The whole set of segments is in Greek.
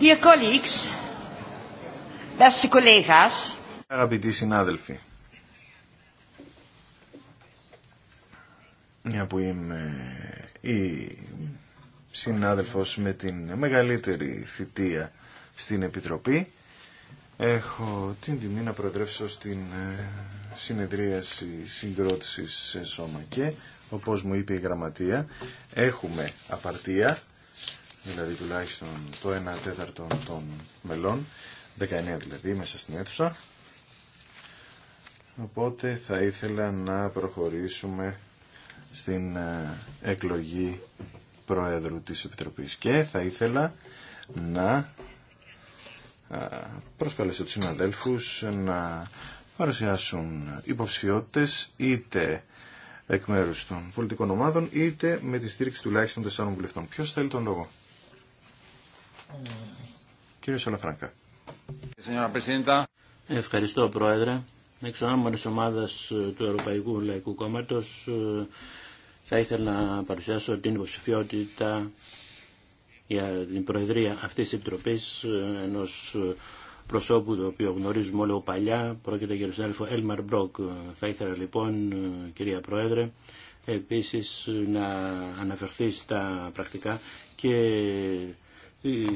Dear colleagues, best colleagues. Αγαπητοί συνάδελφοι, μια που είμαι η συνάδελφος με την μεγαλύτερη θητεία στην Επιτροπή, έχω την τιμή να προεδρεύσω στην ε, συνεδρίαση συγκρότησης σε σώμα και, όπως μου είπε η γραμματεία, έχουμε απαρτία δηλαδή τουλάχιστον το 1 τέταρτο των μελών, 19 δηλαδή μέσα στην αίθουσα. Οπότε θα ήθελα να προχωρήσουμε στην ε, εκλογή Προέδρου της Επιτροπής και θα ήθελα να ε, προσκαλέσω τους συναδέλφους να παρουσιάσουν υποψηφιότητες είτε εκ μέρους των πολιτικών ομάδων είτε με τη στήριξη τουλάχιστον τεσσάρων βουλευτών. Ποιος θέλει τον λόγο. Κύριε Σαλαφράγκα. Ευχαριστώ Πρόεδρε. Εξ τη ομάδας ε, του Ευρωπαϊκού Λαϊκού Κόμματος ε, θα ήθελα να παρουσιάσω την υποψηφιότητα για την Προεδρία αυτής της Επιτροπής ε, ενός προσώπου το οποίο γνωρίζουμε όλο παλιά. Πρόκειται για τον συνάδελφο Έλμαρ Μπρόκ. Θα ήθελα λοιπόν κυρία Πρόεδρε επίσης να αναφερθεί στα πρακτικά και οι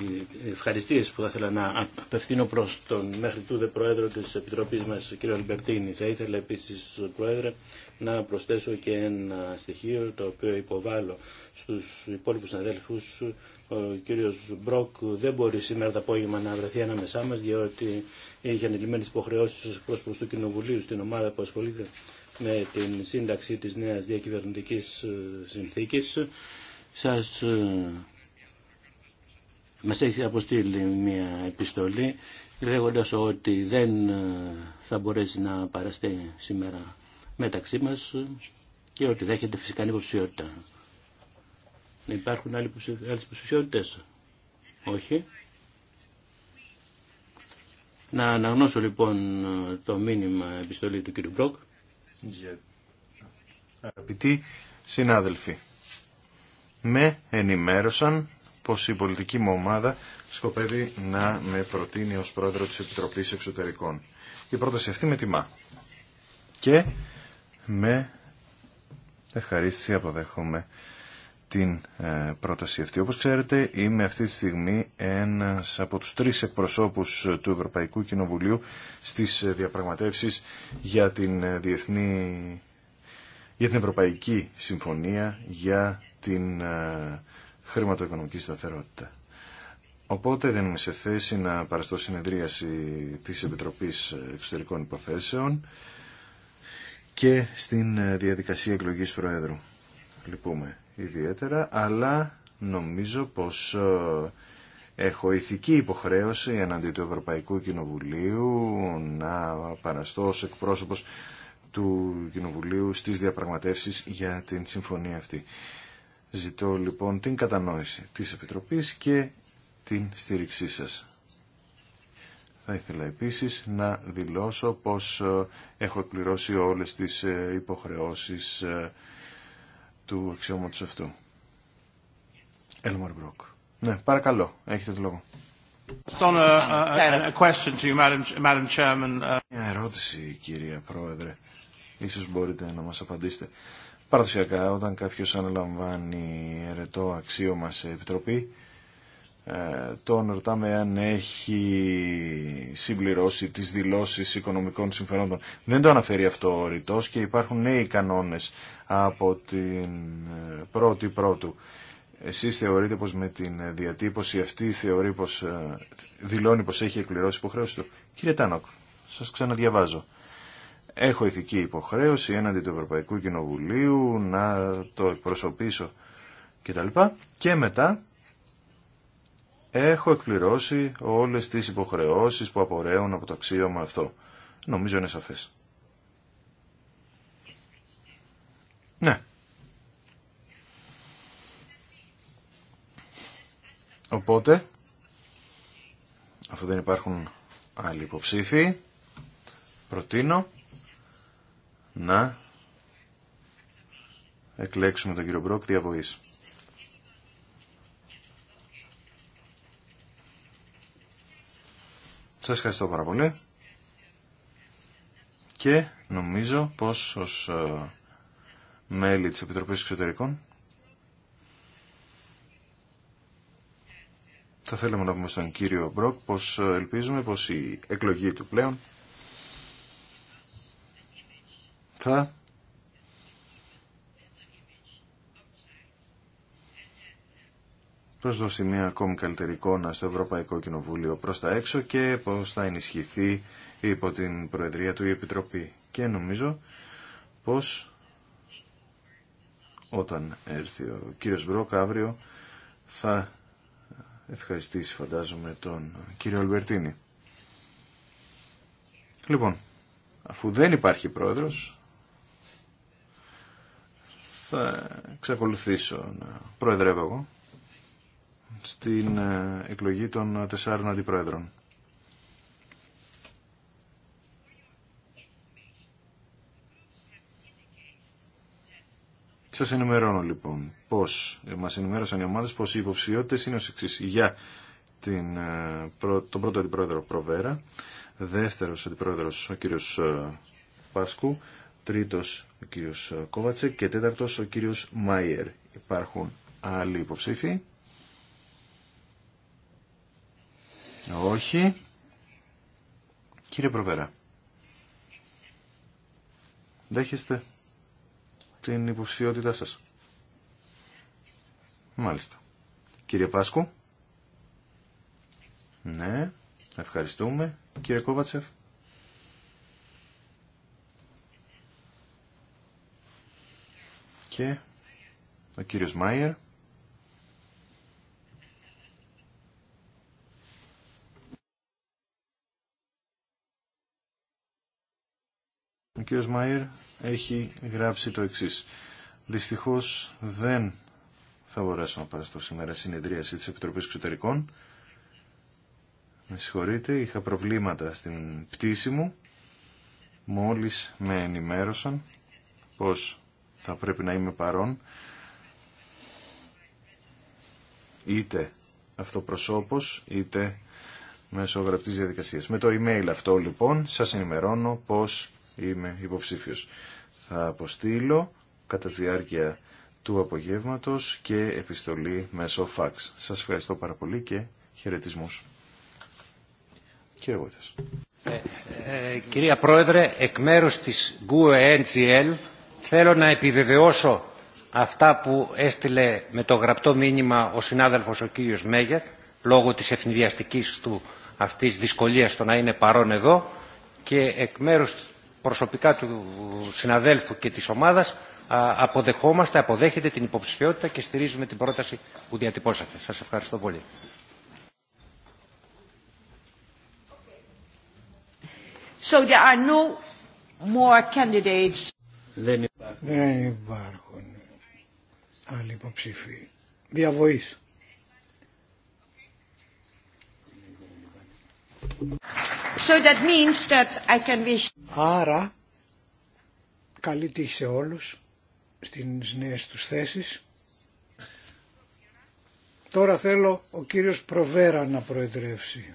ευχαριστίες που θα ήθελα να απευθύνω προς τον μέχρι τούδε Πρόεδρο της Επιτροπής μας, κύριο Αλμπερτίνη. Θα ήθελα επίσης, Πρόεδρε, να προσθέσω και ένα στοιχείο το οποίο υποβάλλω στους υπόλοιπους συναδέλφους. Ο κύριος Μπρόκ δεν μπορεί σήμερα το απόγευμα να βρεθεί ανάμεσά μας, διότι έχει υποχρεώσει υποχρεώσεις προς του Κοινοβουλίου στην ομάδα που ασχολείται με την σύνταξη της νέας διακυβερνητικής συνθήκης. Σας ε, μας έχει αποστείλει μια επιστολή λέγοντας ότι δεν ε, θα μπορέσει να παραστεί σήμερα μεταξύ μας και ότι δέχεται φυσικά υποψηφιότητα. Υπάρχουν άλλες υποψηφιότητες. Όχι. Να αναγνώσω λοιπόν ε, το μήνυμα επιστολή του κ. Μπρόκ. Αγαπητοί συνάδελφοι, με ενημέρωσαν πως η πολιτική μου ομάδα σκοπεύει να με προτείνει ως πρόεδρο της Επιτροπής Εξωτερικών. Η πρόταση αυτή με τιμά. Και με ευχαρίστηση αποδέχομαι την ε, πρόταση αυτή. Όπως ξέρετε είμαι αυτή τη στιγμή ένας από τους τρεις εκπροσώπους του Ευρωπαϊκού Κοινοβουλίου στις διαπραγματεύσεις για την ε, διεθνή για την Ευρωπαϊκή Συμφωνία για την ε, χρηματοοικονομική σταθερότητα. Οπότε δεν είμαι σε θέση να παραστώ συνεδρίαση της Επιτροπής Εξωτερικών Υποθέσεων και στην διαδικασία εκλογής Προέδρου. Λυπούμε ιδιαίτερα, αλλά νομίζω πως ε, έχω ηθική υποχρέωση εναντί του Ευρωπαϊκού Κοινοβουλίου να παραστώ ως εκπρόσωπος του Κοινοβουλίου στις διαπραγματεύσεις για την συμφωνία αυτή. Ζητώ λοιπόν την κατανόηση της Επιτροπής και την στήριξή σας. Θα ήθελα επίσης να δηλώσω πως ε, έχω εκπληρώσει όλες τις ε, υποχρεώσεις ε, του αξιώματος αυτού. Έλμαρ Μπρόκ. Ναι, παρακαλώ, έχετε το λόγο. Μια ερώτηση, κυρία Πρόεδρε. Ίσως μπορείτε να μας απαντήσετε. Παραδοσιακά, όταν κάποιο αναλαμβάνει ερετό αξίωμα σε επιτροπή, ε, τον ρωτάμε αν έχει συμπληρώσει τις δηλώσεις οικονομικών συμφερόντων. Δεν το αναφέρει αυτό ο ρητός και υπάρχουν νέοι κανόνες από την ε, πρώτη πρώτου. Εσείς θεωρείτε πως με την διατύπωση αυτή θεωρεί πως, ε, δηλώνει πως έχει εκπληρώσει υποχρέωση του. Κύριε Τάνοκ, σας ξαναδιαβάζω έχω ηθική υποχρέωση έναντι του Ευρωπαϊκού Κοινοβουλίου να το εκπροσωπήσω κτλ. Και μετά έχω εκπληρώσει όλες τις υποχρεώσεις που απορρέουν από το αξίωμα αυτό. Νομίζω είναι σαφές. Ναι. Οπότε, αφού δεν υπάρχουν άλλοι υποψήφοι, προτείνω να εκλέξουμε τον κύριο Μπρόκ διαβοής. Σας ευχαριστώ πάρα πολύ και νομίζω πως ως ε, μέλη της Επιτροπής Εξωτερικών θα θέλαμε να πούμε στον κύριο Μπρόκ πως ε, ελπίζουμε πως η εκλογή του πλέον θα προσδώσει μια ακόμη καλύτερη εικόνα στο Ευρωπαϊκό Κοινοβούλιο προς τα έξω και πώς θα ενισχυθεί υπό την Προεδρία του η Επιτροπή. Και νομίζω πως όταν έρθει ο κύριος Μπρόκ αύριο θα ευχαριστήσει φαντάζομαι τον κύριο Αλμπερτίνη. Λοιπόν, αφού δεν υπάρχει πρόεδρος, θα εξακολουθήσω να προεδρεύω εγώ στην ε, εκλογή των τεσσάρων αντιπρόεδρων. Σας ενημερώνω λοιπόν πώς ε, μας ενημέρωσαν οι ομάδες πως οι υποψηφιότητες είναι ως εξής. Για την, ε, τον πρώτο αντιπρόεδρο Προβέρα, δεύτερος αντιπρόεδρος ο κύριος Πάσκου, τρίτος ο κύριος Κόβατσε και τέταρτος ο κύριος Μάιερ. Υπάρχουν άλλοι υποψήφοι. Όχι. Κύριε Προβέρα, δέχεστε την υποψηφιότητά σας. Μάλιστα. Κύριε Πάσκου. Ναι, ευχαριστούμε. Κύριε Κόβατσεφ. και ο κύριος Μάιερ. Ο κύριος Μάιερ έχει γράψει το εξής. Δυστυχώς δεν θα μπορέσω να παραστώ σήμερα συνεδρίαση της Επιτροπής Εξωτερικών. Με συγχωρείτε, είχα προβλήματα στην πτήση μου. Μόλις με ενημέρωσαν πως θα πρέπει να είμαι παρόν είτε αυτοπροσώπος είτε μέσω γραπτής διαδικασίας. Με το email αυτό λοιπόν σας ενημερώνω πως είμαι υποψήφιος. Θα αποστείλω κατά τη διάρκεια του απογεύματος και επιστολή μέσω fax. Σας ευχαριστώ πάρα πολύ και χαιρετισμούς. Κύριε Βόητας. Ε, ε, ε, κυρία Πρόεδρε, εκ μέρους της GUE NGL θέλω να επιβεβαιώσω αυτά που έστειλε με το γραπτό μήνυμα ο συνάδελφος ο κύριος Μέγερ λόγω της ευνηδιαστικής του αυτής δυσκολίας στο να είναι παρόν εδώ και εκ μέρους προσωπικά του συναδέλφου και της ομάδας αποδεχόμαστε, αποδέχεται την υποψηφιότητα και στηρίζουμε την πρόταση που διατυπώσατε. Σας ευχαριστώ πολύ. Δεν υπάρχουν. Δεν υπάρχουν άλλοι υποψήφοι. Διαβοής. So that means that I can Άρα, καλή τύχη σε όλους στις νέες τους θέσεις. Τώρα θέλω ο κύριος Προβέρα να προεδρεύσει.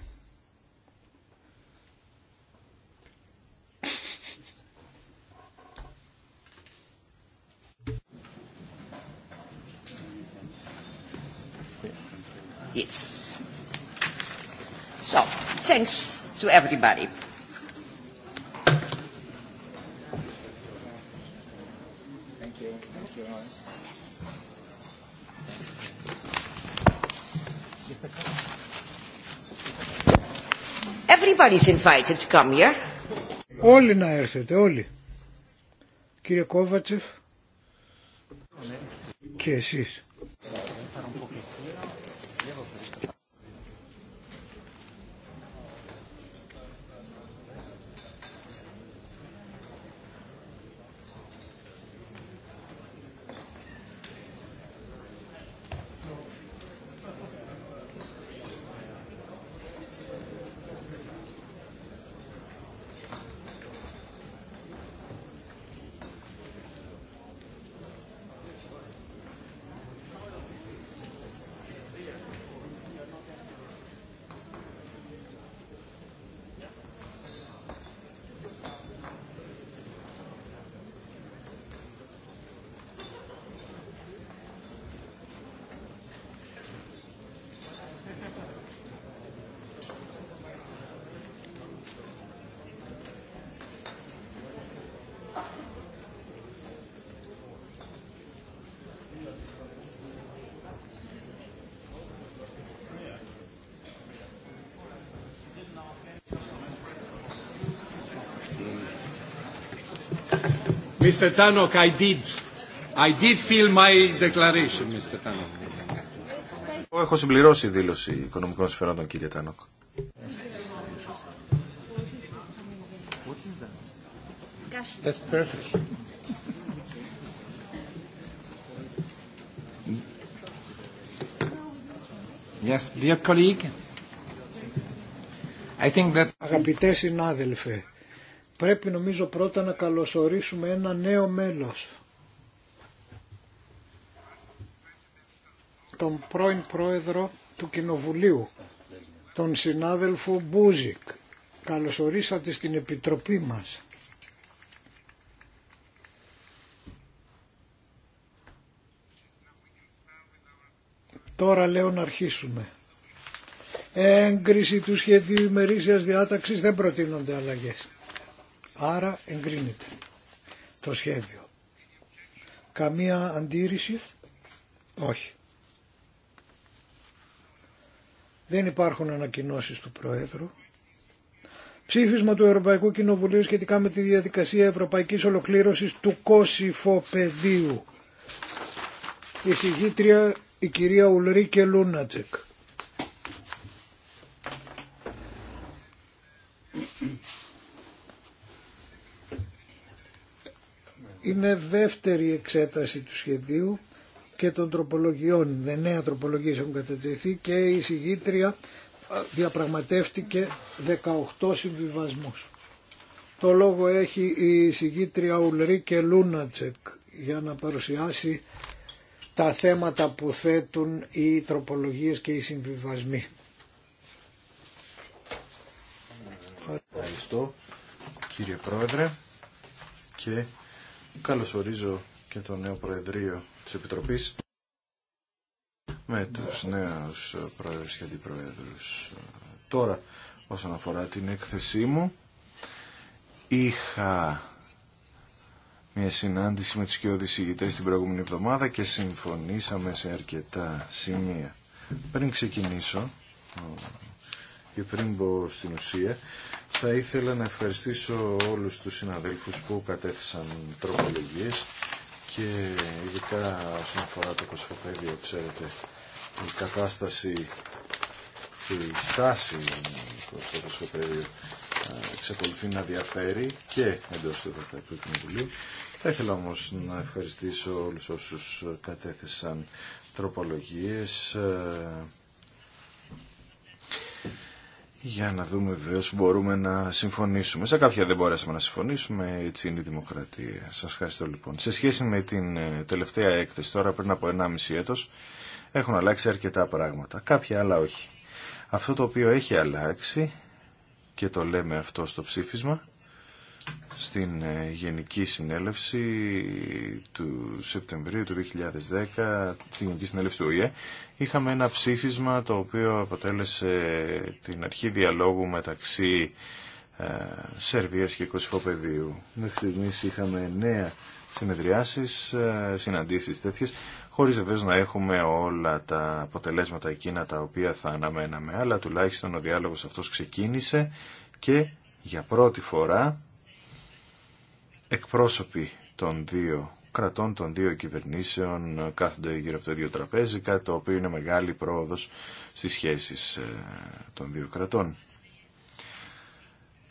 So, thanks to everybody. Thank you. Everybody's invited to come here. Όλοι να έρθετε, όλοι. Κύριε Κόβατσεφ και εσείς. Mr. Tanok, I did. I did fill my declaration, Mr. Tanok. Εγώ έχω συμπληρώσει δήλωση οικονομικών συμφερόντων, κύριε Τάνοκ. That's perfect. Yes, dear colleague. I think that... Αγαπητέ συνάδελφε, πρέπει νομίζω πρώτα να καλωσορίσουμε ένα νέο μέλος. Τον πρώην πρόεδρο του Κοινοβουλίου, τον συνάδελφο Μπούζικ. Καλωσορίσατε στην Επιτροπή μας. Τώρα λέω να αρχίσουμε. Έγκριση του σχεδίου ημερήσιας διάταξης δεν προτείνονται αλλαγές. Άρα εγκρίνεται το σχέδιο. Καμία αντίρρηση. Όχι. Δεν υπάρχουν ανακοινώσεις του Προέδρου. Ψήφισμα του Ευρωπαϊκού Κοινοβουλίου σχετικά με τη διαδικασία ευρωπαϊκής ολοκλήρωσης του Κώσιφο Παιδίου. Η συγγήτρια η κυρία Ουλρίκε Λούνατσεκ. Είναι δεύτερη εξέταση του σχεδίου και των τροπολογιών. Ναι, νέα τροπολογίες έχουν κατατεθεί και η συγγήτρια διαπραγματεύτηκε 18 συμβιβασμούς. Το λόγο έχει η συγγήτρια Ουλρίκε Λούνατσεκ για να παρουσιάσει τα θέματα που θέτουν οι τροπολογίες και οι συμβιβασμοί. Ευχαριστώ κύριε Πρόεδρε και Καλωσορίζω και το νέο Προεδρείο της Επιτροπής με τους νέους Πρόεδρους και Αντιπροέδρους. Τώρα, όσον αφορά την έκθεσή μου, είχα μια συνάντηση με τους κοιόδης ηγητές την προηγούμενη εβδομάδα και συμφωνήσαμε σε αρκετά σημεία. Πριν ξεκινήσω και πριν μπω στην ουσία, θα ήθελα να ευχαριστήσω όλους τους συναδέλφους που κατέθεσαν τροπολογίες και ειδικά όσον αφορά το κοσφοπέδιο, ξέρετε, η κατάσταση και η στάση στο κοσφοπέδιο ε, εξακολουθεί να διαφέρει και εντός του Ευρωπαϊκού Κοινοβουλίου. Θα ήθελα όμως να ευχαριστήσω όλους όσους κατέθεσαν τροπολογίες ε, για να δούμε βεβαίω μπορούμε να συμφωνήσουμε. Σε κάποια δεν μπορέσαμε να συμφωνήσουμε, έτσι είναι η δημοκρατία. Σα ευχαριστώ λοιπόν. Σε σχέση με την ε, τελευταία έκθεση τώρα πριν από 1,5 έτος έχουν αλλάξει αρκετά πράγματα. Κάποια άλλα όχι. Αυτό το οποίο έχει αλλάξει και το λέμε αυτό στο ψήφισμα στην ε, Γενική Συνέλευση του Σεπτεμβρίου του 2010, στην Γενική Συνέλευση του ΟΗΕ, είχαμε ένα ψήφισμα το οποίο αποτέλεσε την αρχή διαλόγου μεταξύ ε, Σερβίας και Κωσυφοπεδίου. Μέχρι στιγμής είχαμε νέα συνεδριάσεις, ε, συναντήσεις τέτοιες, χωρίς βεβαίως να έχουμε όλα τα αποτελέσματα εκείνα τα οποία θα αναμέναμε, αλλά τουλάχιστον ο διάλογος αυτός ξεκίνησε και για πρώτη φορά εκπρόσωποι των δύο κρατών, των δύο κυβερνήσεων ε, κάθονται γύρω από το ίδιο τραπέζι, κάτι το οποίο είναι μεγάλη πρόοδος στις σχέσεις ε, των δύο κρατών.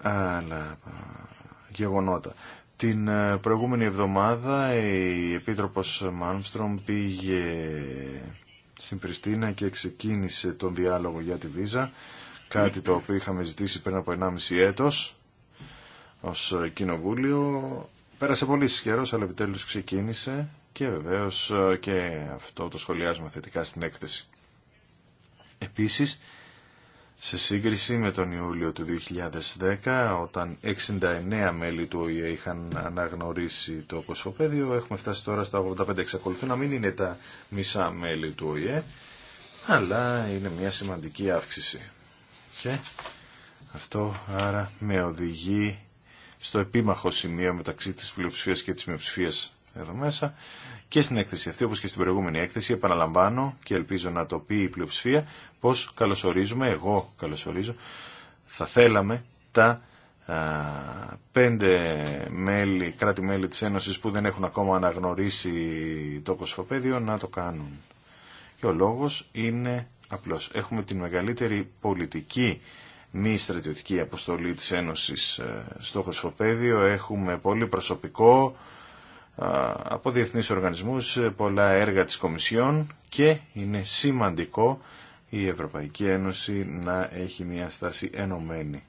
Αλλά γεγονότα. Την ε, προηγούμενη εβδομάδα η Επίτροπος Μάλμστρομ πήγε στην Πριστίνα και ξεκίνησε τον διάλογο για τη Βίζα, κάτι το οποίο είχαμε ζητήσει πριν από 1,5 έτος ως κοινοβούλιο. Πέρασε πολύ καιρός, αλλά επιτέλους ξεκίνησε και βεβαίως ε, και αυτό το σχολιάζουμε θετικά στην έκθεση. Επίσης, σε σύγκριση με τον Ιούλιο του 2010, όταν 69 μέλη του ΟΗΕ είχαν αναγνωρίσει το κοσμοπέδιο, έχουμε φτάσει τώρα στα 85. Εξακολουθούν να μην είναι τα μισά μέλη του ΟΗΕ, αλλά είναι μια σημαντική αύξηση. Και αυτό άρα με οδηγεί στο επίμαχο σημείο μεταξύ της πλειοψηφίας και της μειοψηφίας εδώ μέσα και στην έκθεση αυτή όπως και στην προηγούμενη έκθεση επαναλαμβάνω και ελπίζω να το πει η πλειοψηφία πως καλωσορίζουμε, εγώ καλωσορίζω, θα θέλαμε τα πέντε μέλη, κράτη-μέλη της Ένωσης που δεν έχουν ακόμα αναγνωρίσει το κοσφοπέδιο να το κάνουν. Και ο λόγος είναι απλός. Έχουμε την μεγαλύτερη πολιτική μη στρατιωτική αποστολή της Ένωσης ε, στο Κοσμοπέδιο. Έχουμε πολύ προσωπικό ε, από διεθνείς οργανισμούς, ε, πολλά έργα της Κομισιόν και είναι σημαντικό η Ευρωπαϊκή Ένωση να έχει μια στάση ενωμένη.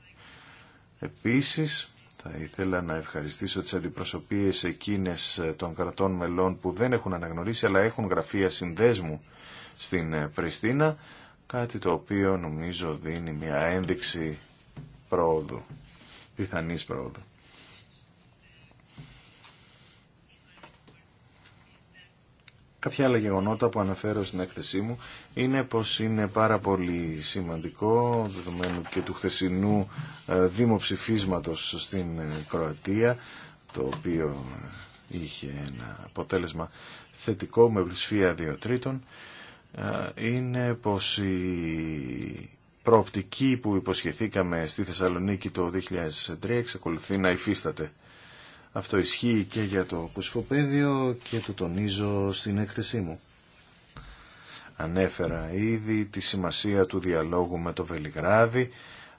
Επίσης, θα ήθελα να ευχαριστήσω τις αντιπροσωπείες εκείνες των κρατών μελών που δεν έχουν αναγνωρίσει αλλά έχουν γραφεία συνδέσμου στην Πριστίνα Κάτι το οποίο νομίζω δίνει μια ένδειξη πρόοδου, πιθανής πρόοδου. Κάποια άλλα γεγονότα που αναφέρω στην έκθεσή μου είναι πως είναι πάρα πολύ σημαντικό δεδομένου και του χθεσινού ε, δημοψηφίσματος στην ε, Κροατία το οποίο είχε ένα αποτέλεσμα θετικό με βρισφία δύο τρίτων ε, είναι πως η προοπτική που υποσχεθήκαμε στη Θεσσαλονίκη το 2003 εξακολουθεί να υφίσταται. Αυτό ισχύει και για το κοσμοπέδιο και το τονίζω στην έκθεσή μου. Ανέφερα ήδη τη σημασία του διαλόγου με το Βελιγράδι,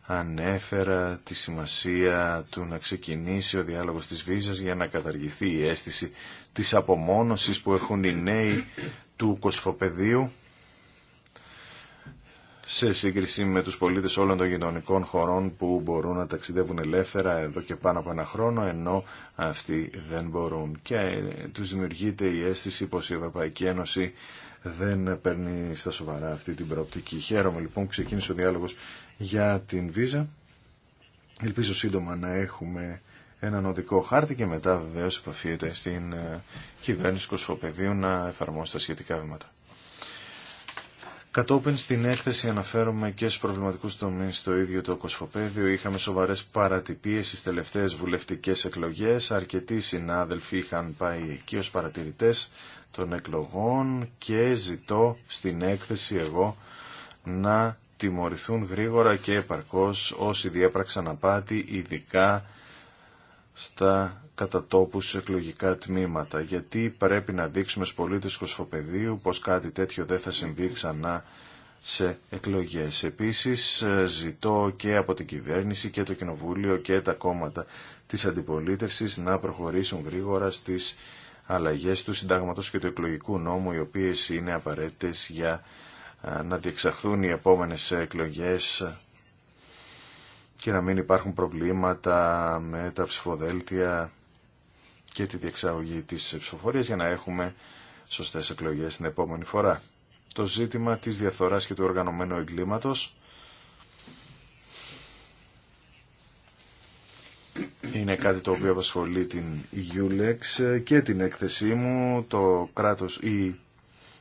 ανέφερα τη σημασία του να ξεκινήσει ο διάλογος της Βίζας για να καταργηθεί η αίσθηση της απομόνωσης που έχουν οι νέοι του κοσφοπεδίου σε σύγκριση με τους πολίτες όλων των γειτονικών χωρών που μπορούν να ταξιδεύουν ελεύθερα εδώ και πάνω από ένα χρόνο, ενώ αυτοί δεν μπορούν. Και ε, τους δημιουργείται η αίσθηση πως η Ευρωπαϊκή Ένωση δεν παίρνει στα σοβαρά αυτή την προοπτική. Χαίρομαι λοιπόν που ξεκίνησε ο διάλογος για την Βίζα. Ελπίζω σύντομα να έχουμε έναν οδικό χάρτη και μετά βεβαίως επαφείται στην ε, κυβέρνηση Κοσφοπεδίου να εφαρμόσει τα σχετικά βήματα. Κατόπιν στην έκθεση αναφέρομαι και στους προβληματικούς τομείς στο ίδιο το κοσφοπέδιο. Είχαμε σοβαρές παρατυπίες στις τελευταίες βουλευτικές εκλογές. Αρκετοί συνάδελφοι είχαν πάει εκεί ως παρατηρητές των εκλογών και ζητώ στην έκθεση εγώ να τιμωρηθούν γρήγορα και επαρκώς όσοι διέπραξαν απάτη ειδικά στα κατά τόπους εκλογικά τμήματα. Γιατί πρέπει να δείξουμε στους πολίτες κοσφοπεδίου πως κάτι τέτοιο δεν θα συμβεί ξανά σε εκλογές. Επίσης ε, ζητώ και από την κυβέρνηση και το Κοινοβούλιο και τα κόμματα της αντιπολίτευσης να προχωρήσουν γρήγορα στις αλλαγές του συντάγματο και του εκλογικού νόμου οι οποίες είναι απαραίτητε για ε, να διεξαχθούν οι επόμενες εκλογές και να μην υπάρχουν προβλήματα με τα ψηφοδέλτια και τη διεξαγωγή της ψηφοφορία για να έχουμε σωστές εκλογές την επόμενη φορά. Το ζήτημα της διαφθοράς και του οργανωμένου εγκλήματος είναι κάτι το οποίο απασχολεί την EULEX και την έκθεσή μου, το κράτος, η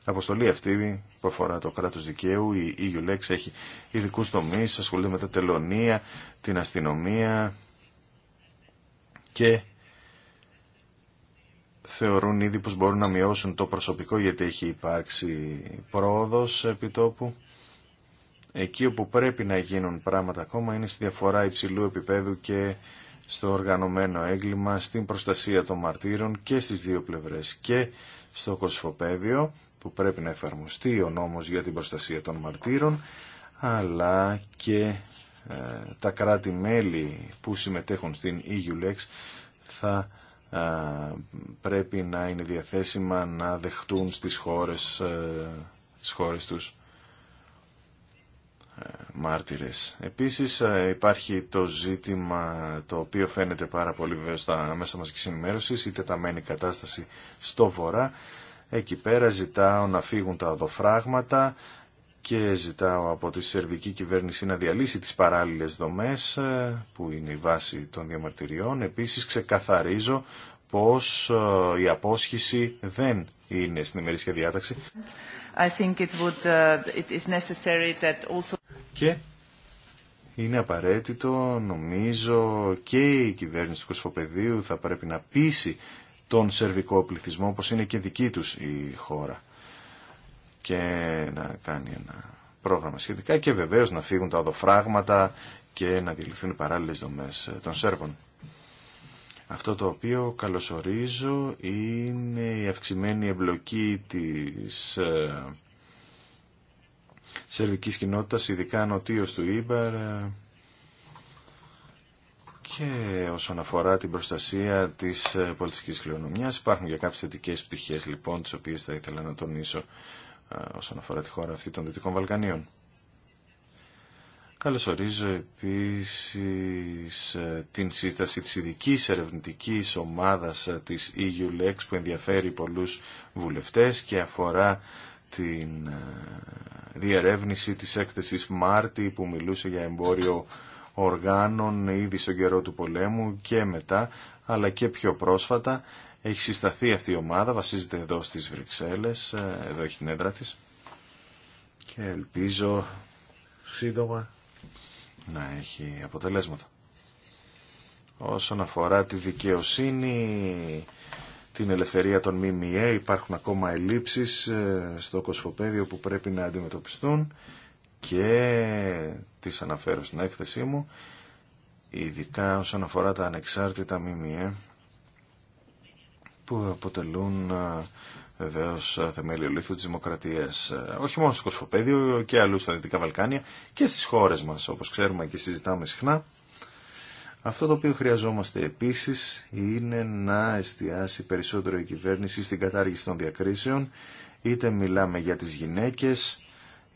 αποστολή αυτή που αφορά το κράτος δικαίου, η EULEX έχει ειδικού τομεί, ασχολείται με τα τελωνία, την αστυνομία και θεωρούν ήδη πως μπορούν να μειώσουν το προσωπικό γιατί έχει υπάρξει πρόοδος τόπου. Εκεί όπου πρέπει να γίνουν πράγματα ακόμα είναι στη διαφορά υψηλού επίπεδου και στο οργανωμένο έγκλημα, στην προστασία των μαρτύρων και στις δύο πλευρές και στο κοσφοπέδιο που πρέπει να εφαρμοστεί ο νόμος για την προστασία των μαρτύρων αλλά και ε, τα κράτη-μέλη που συμμετέχουν στην EULEX θα πρέπει να είναι διαθέσιμα να δεχτούν στις χώρες, ε, στις χώρες τους ε, μάρτυρες. Επίσης ε, υπάρχει το ζήτημα το οποίο φαίνεται πάρα πολύ βέβαια στα μέσα μαζικής είτε η τεταμένη κατάσταση στο βορρά. Εκεί πέρα ζητάω να φύγουν τα οδοφράγματα, και ζητάω από τη σερβική κυβέρνηση να διαλύσει τις παράλληλες δομές ε, που είναι η βάση των διαμαρτυριών. Επίσης ξεκαθαρίζω πως ε, η απόσχηση δεν είναι στην ημερήσια διάταξη. I think uh, Και είναι απαραίτητο, νομίζω, και η κυβέρνηση του Κοσφοπεδίου θα πρέπει να πείσει τον σερβικό πληθυσμό όπως είναι και δική τους η χώρα και να κάνει ένα πρόγραμμα σχετικά και βεβαίως να φύγουν τα οδοφράγματα και να διαλυθούν οι παράλληλες δομές των Σέρβων. Αυτό το οποίο καλωσορίζω είναι η αυξημένη εμπλοκή της ε, σερβικής κοινότητας, ειδικά νοτίως του Ήμπαρ ε, και όσον αφορά την προστασία της ε, πολιτικής κληρονομιάς. Υπάρχουν και κάποιες θετικές πτυχές λοιπόν, τις οποίες θα ήθελα να τονίσω. Ε, όσον αφορά τη χώρα αυτή των Δυτικών Βαλκανίων. Καλωσορίζω επίσης ε, την σύσταση της ειδική ερευνητική ομάδας ε, της EULEX που ενδιαφέρει πολλούς βουλευτές και αφορά την διερεύνηση της έκθεσης Μάρτη που μιλούσε για εμπόριο οργάνων ήδη στον καιρό του πολέμου και μετά αλλά και πιο πρόσφατα έχει συσταθεί αυτή η ομάδα, βασίζεται εδώ στις Βρυξέλλες, ε, εδώ έχει την έδρα της και ελπίζω σύντομα να έχει αποτελέσματα. Όσον αφορά τη δικαιοσύνη, την ελευθερία των ΜΜΕ, υπάρχουν ακόμα ελλείψεις ε, στο κοσφοπέδιο που πρέπει να αντιμετωπιστούν και τις αναφέρω στην έκθεσή μου, ειδικά όσον αφορά τα ανεξάρτητα ΜΜΕ που αποτελούν βεβαίω θεμέλιο λίθου τη δημοκρατία. Όχι μόνο στο κοσφοπέδιο και αλλού στα Δυτικά Βαλκάνια και στι χώρε μα, όπω ξέρουμε και συζητάμε συχνά. Αυτό το οποίο χρειαζόμαστε επίσης είναι να εστιάσει περισσότερο η κυβέρνηση στην κατάργηση των διακρίσεων, είτε μιλάμε για τι γυναίκε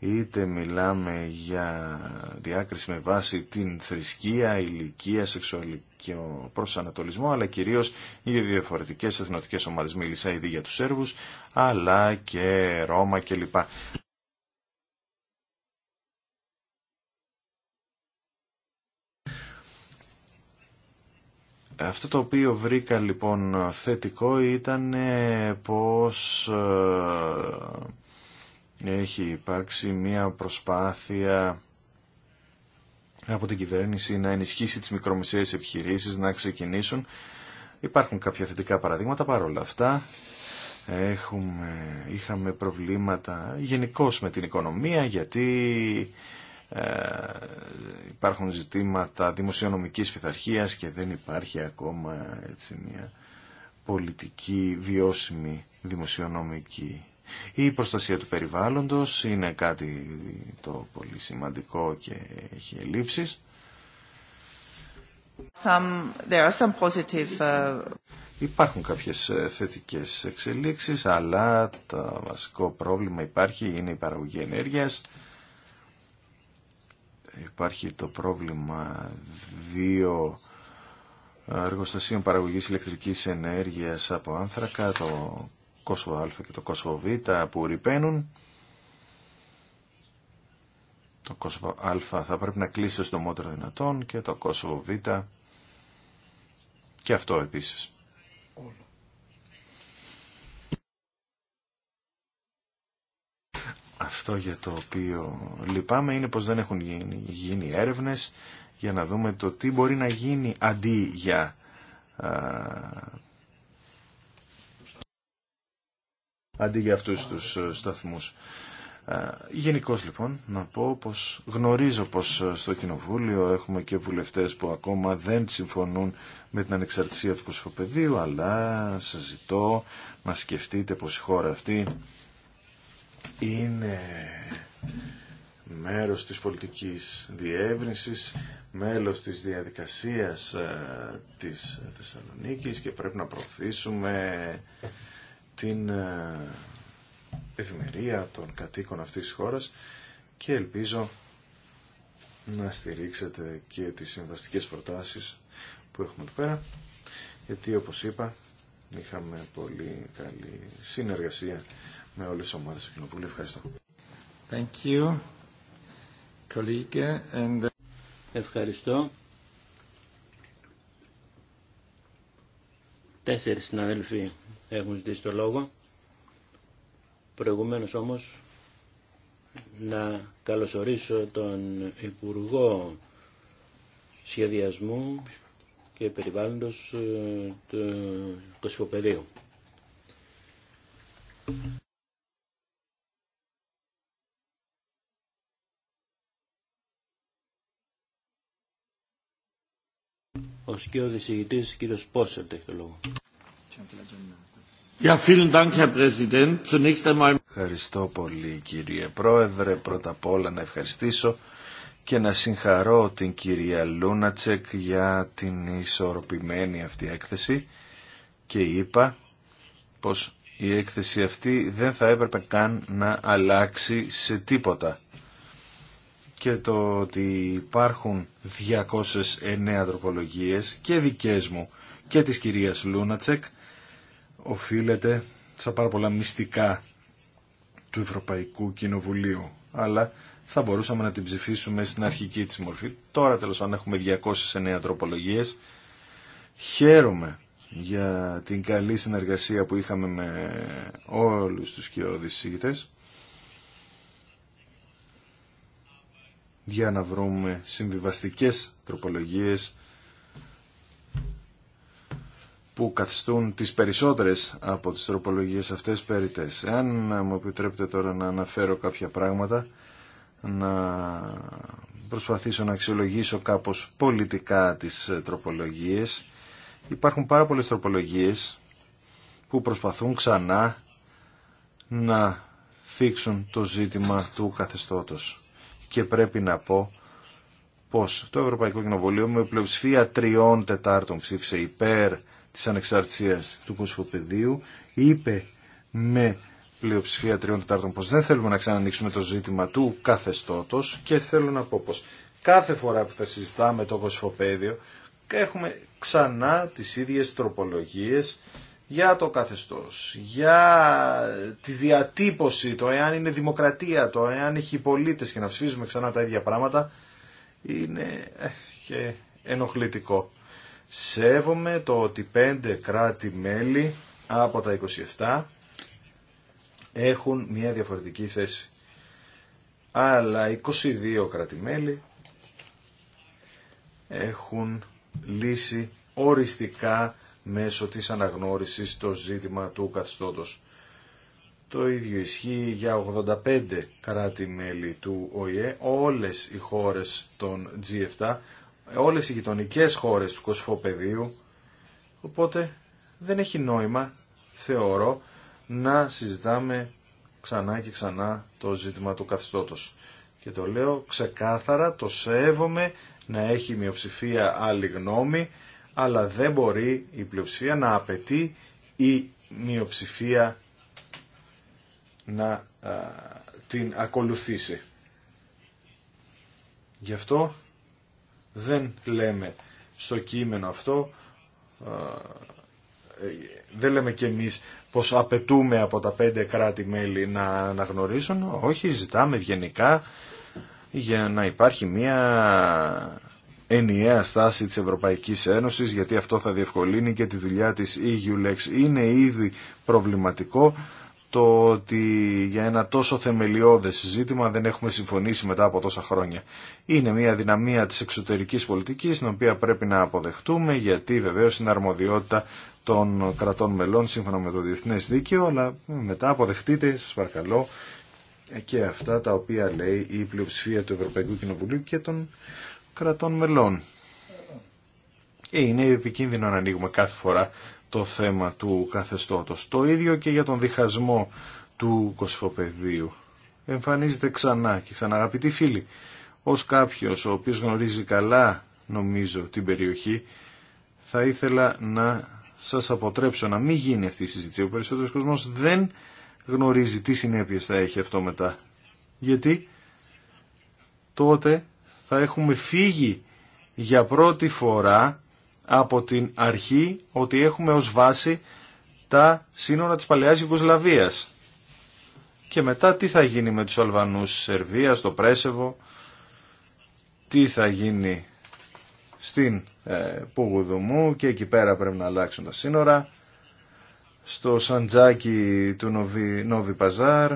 είτε μιλάμε για διάκριση με βάση την θρησκεία, ηλικία, σεξουαλικό προσανατολισμό, αλλά κυρίως για διαφορετικές εθνοτικές ομάδες. Μίλησα ήδη για τους Σέρβους, αλλά και Ρώμα κλπ. Αυτό το οποίο βρήκα λοιπόν θετικό ήταν πως ε, έχει υπάρξει μια προσπάθεια από την κυβέρνηση να ενισχύσει τις μικρομεσαίες επιχειρήσεις να ξεκινήσουν. Υπάρχουν κάποια θετικά παραδείγματα παρόλα αυτά. Έχουμε, είχαμε προβλήματα γενικώ με την οικονομία γιατί ε, υπάρχουν ζητήματα δημοσιονομικής πειθαρχίας και δεν υπάρχει ακόμα έτσι, μια πολιτική βιώσιμη δημοσιονομική η προστασία του περιβάλλοντος είναι κάτι το πολύ σημαντικό και έχει ελλείψεις. Some, there uh, Υπάρχουν κάποιες ε, θετικές εξελίξεις, αλλά το βασικό πρόβλημα υπάρχει είναι η παραγωγή ενέργειας. Υπάρχει το πρόβλημα δύο ε, εργοστασίων παραγωγής ηλεκτρικής ενέργειας από άνθρακα, το Κόσοβο Α και το κόσμο Β που ρηπαίνουν. Το Κόσοβο Α θα πρέπει να κλείσει το μότρο δυνατόν και το Κόσοβο Β και αυτό επίσης. Αυτό για το οποίο λυπάμαι είναι πως δεν έχουν γίνει, γίνει έρευνες για να δούμε το τι μπορεί να γίνει αντί για αντί για αυτούς τους ε, σταθμούς. Ε, Γενικώ λοιπόν να πω πως γνωρίζω πως ε, στο Κοινοβούλιο έχουμε και βουλευτές που ακόμα δεν συμφωνούν με την ανεξαρτησία του κοσμοπεδίου αλλά σας ζητώ να σκεφτείτε πως η χώρα αυτή είναι μέρος της πολιτικής διεύρυνσης, μέλος της διαδικασίας της Θεσσαλονίκης και πρέπει να προωθήσουμε την ευημερία των κατοίκων αυτής της χώρας και ελπίζω να στηρίξετε και τις συμβαστικές προτάσεις που έχουμε εδώ πέρα γιατί όπως είπα είχαμε πολύ καλή συνεργασία με όλες τις ομάδες του Κοινοβούλου. Ευχαριστώ. Thank you. And... Ευχαριστώ. Τέσσερις συναδελφοί έχουν ζητήσει το λόγο. Προηγουμένως όμως να καλωσορίσω τον Υπουργό Σχεδιασμού και Περιβάλλοντος ε, του Κοσυποπεδίου. Ο σκιώδης ηγητής κύριος Πόσελτ έχει το λόγο. Ευχαριστώ πολύ κύριε Πρόεδρε. Πρώτα απ' όλα να ευχαριστήσω και να συγχαρώ την κυρία Λούνατσεκ για την ισορροπημένη αυτή έκθεση και είπα πως η έκθεση αυτή δεν θα έπρεπε καν να αλλάξει σε τίποτα. Και το ότι υπάρχουν 209 τροπολογίες και δικές μου και της κυρίας Λούνατσεκ οφείλεται στα πάρα πολλά μυστικά του Ευρωπαϊκού Κοινοβουλίου. Αλλά θα μπορούσαμε να την ψηφίσουμε στην αρχική της μορφή. Τώρα τέλος πάντων έχουμε 209 τροπολογίες. Χαίρομαι για την καλή συνεργασία που είχαμε με όλους τους κοιόδης για να βρούμε συμβιβαστικές τροπολογίες που καθιστούν τις περισσότερες από τις τροπολογίες αυτές περιτές. Εάν μου επιτρέπετε τώρα να αναφέρω κάποια πράγματα, να προσπαθήσω να αξιολογήσω κάπως πολιτικά τις τροπολογίες. Υπάρχουν πάρα πολλές τροπολογίες που προσπαθούν ξανά να θίξουν το ζήτημα του καθεστώτος. Και πρέπει να πω πως το Ευρωπαϊκό Κοινοβουλίο με πλειοψηφία τριών τετάρτων ψήφισε υπέρ της ανεξαρτησίας του κοσφοπεδίου είπε με πλειοψηφία τριών τετάρτων πως δεν θέλουμε να ξανανοίξουμε το ζήτημα του καθεστώτος και θέλω να πω πως κάθε φορά που θα συζητάμε το κοσφοπέδιο έχουμε ξανά τις ίδιες τροπολογίες για το καθεστώς, για τη διατύπωση, το εάν είναι δημοκρατία, το εάν έχει πολίτες και να ψηφίζουμε ξανά τα ίδια πράγματα είναι ε, και ενοχλητικό. Σέβομαι το οτι 5 πέντε κράτη-μέλη από τα 27 έχουν μια διαφορετική θέση. Αλλά 22 κράτη-μέλη έχουν λύσει οριστικά μέσω της αναγνώρισης το ζήτημα του καθιστότος. Το ίδιο ισχύει για 85 κράτη-μέλη του ΟΗΕ. Όλες οι χώρες των G7 όλες οι γειτονικέ χώρες του Κοσφοπεδίου, οπότε δεν έχει νόημα, θεωρώ, να συζητάμε ξανά και ξανά το ζήτημα του καθιστώτος. Και το λέω ξεκάθαρα, το σέβομαι να έχει μειοψηφία άλλη γνώμη, αλλά δεν μπορεί η πλειοψηφία να απαιτεί η μειοψηφία να την ακολουθήσει. Γι' αυτό δεν λέμε στο κείμενο αυτό, ε, δεν λέμε κι εμείς πως απαιτούμε από τα πέντε κράτη-μέλη να αναγνωρίσουν, όχι ζητάμε γενικά για να υπάρχει μια ενιαία στάση της Ευρωπαϊκής Ένωσης γιατί αυτό θα διευκολύνει και τη δουλειά της EULEX. Είναι ήδη προβληματικό το ότι για ένα τόσο θεμελιώδες συζήτημα δεν έχουμε συμφωνήσει μετά από τόσα χρόνια. Είναι μια δυναμία της εξωτερικής πολιτικής την οποία πρέπει να αποδεχτούμε γιατί βεβαίως είναι αρμοδιότητα των κρατών μελών σύμφωνα με το διεθνές δίκαιο αλλά μετά αποδεχτείτε σας παρακαλώ και αυτά τα οποία λέει η πλειοψηφία του Ευρωπαϊκού Κοινοβουλίου και των κρατών μελών. Ε, είναι επικίνδυνο να ανοίγουμε κάθε φορά το θέμα του καθεστώτος. Το ίδιο και για τον διχασμό του κοσφοπεδίου. Εμφανίζεται ξανά και ξανά αγαπητοί φίλοι, ως κάποιος ο οποίος γνωρίζει καλά νομίζω την περιοχή, θα ήθελα να σας αποτρέψω να μην γίνει αυτή η συζήτηση. Ο περισσότερος κόσμος δεν γνωρίζει τι συνέπειες θα έχει αυτό μετά. Γιατί τότε θα έχουμε φύγει για πρώτη φορά από την αρχή ότι έχουμε ως βάση τα σύνορα της παλαιάς Ιουγκοσλαβίας. Και μετά τι θα γίνει με τους Αλβανούς Σερβίας, το Πρέσεβο, τι θα γίνει στην ε, Πουγουδουμού και εκεί πέρα πρέπει να αλλάξουν τα σύνορα, στο Σαντζάκι του Νοβι, Νόβι Παζάρ,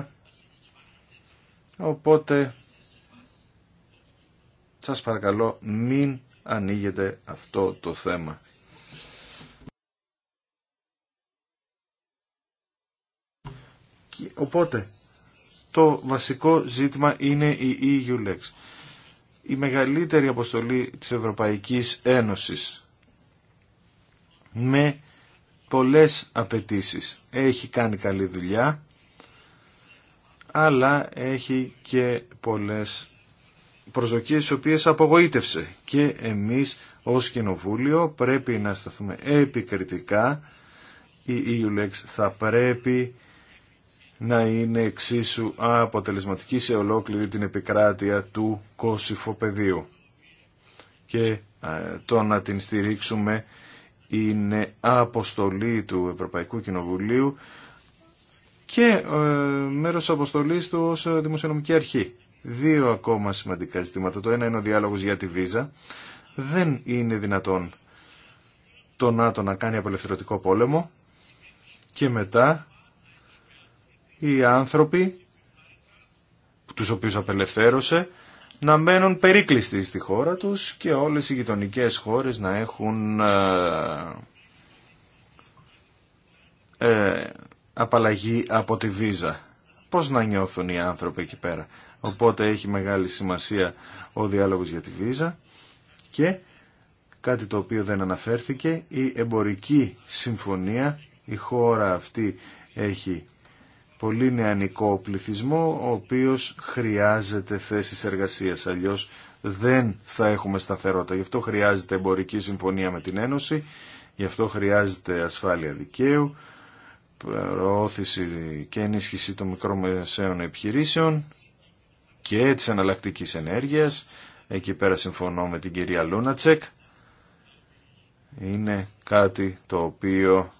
οπότε σας παρακαλώ μην ανοίγεται αυτό το θέμα. Οπότε, το βασικό ζήτημα είναι η EULEX. Η μεγαλύτερη αποστολή της Ευρωπαϊκής Ένωσης με πολλές απαιτήσει. Έχει κάνει καλή δουλειά, αλλά έχει και πολλές προσδοκίες τις οποίες απογοήτευσε και εμείς ως Κοινοβούλιο πρέπει να σταθούμε επικριτικά η EULEX θα πρέπει να είναι εξίσου αποτελεσματική σε ολόκληρη την επικράτεια του πεδίου και το να την στηρίξουμε είναι αποστολή του Ευρωπαϊκού Κοινοβουλίου και ε, μέρος αποστολής του ως Δημοσιονομική Αρχή δύο ακόμα σημαντικά ζητήματα. Το ένα είναι ο διάλογος για τη βίζα. Δεν είναι δυνατόν το ΝΑΤΟ να κάνει απελευθερωτικό πόλεμο και μετά οι άνθρωποι τους οποίους απελευθέρωσε να μένουν περίκλειστοι στη χώρα τους και όλες οι γειτονικέ χώρες να έχουν ε, ε απαλλαγή από τη βίζα. Πώς να νιώθουν οι άνθρωποι εκεί πέρα. Οπότε έχει μεγάλη σημασία ο διάλογος για τη βίζα και κάτι το οποίο δεν αναφέρθηκε, η εμπορική συμφωνία, η χώρα αυτή έχει πολύ νεανικό πληθυσμό, ο οποίος χρειάζεται θέσεις εργασίας, αλλιώς δεν θα έχουμε σταθερότητα. Γι' αυτό χρειάζεται εμπορική συμφωνία με την Ένωση, γι' αυτό χρειάζεται ασφάλεια δικαίου, προώθηση και ενίσχυση των μικρομεσαίων επιχειρήσεων και τη εναλλακτική ενέργεια Εκεί πέρα συμφωνώ με την κυρία Λούνατσεκ. Είναι κάτι το οποίο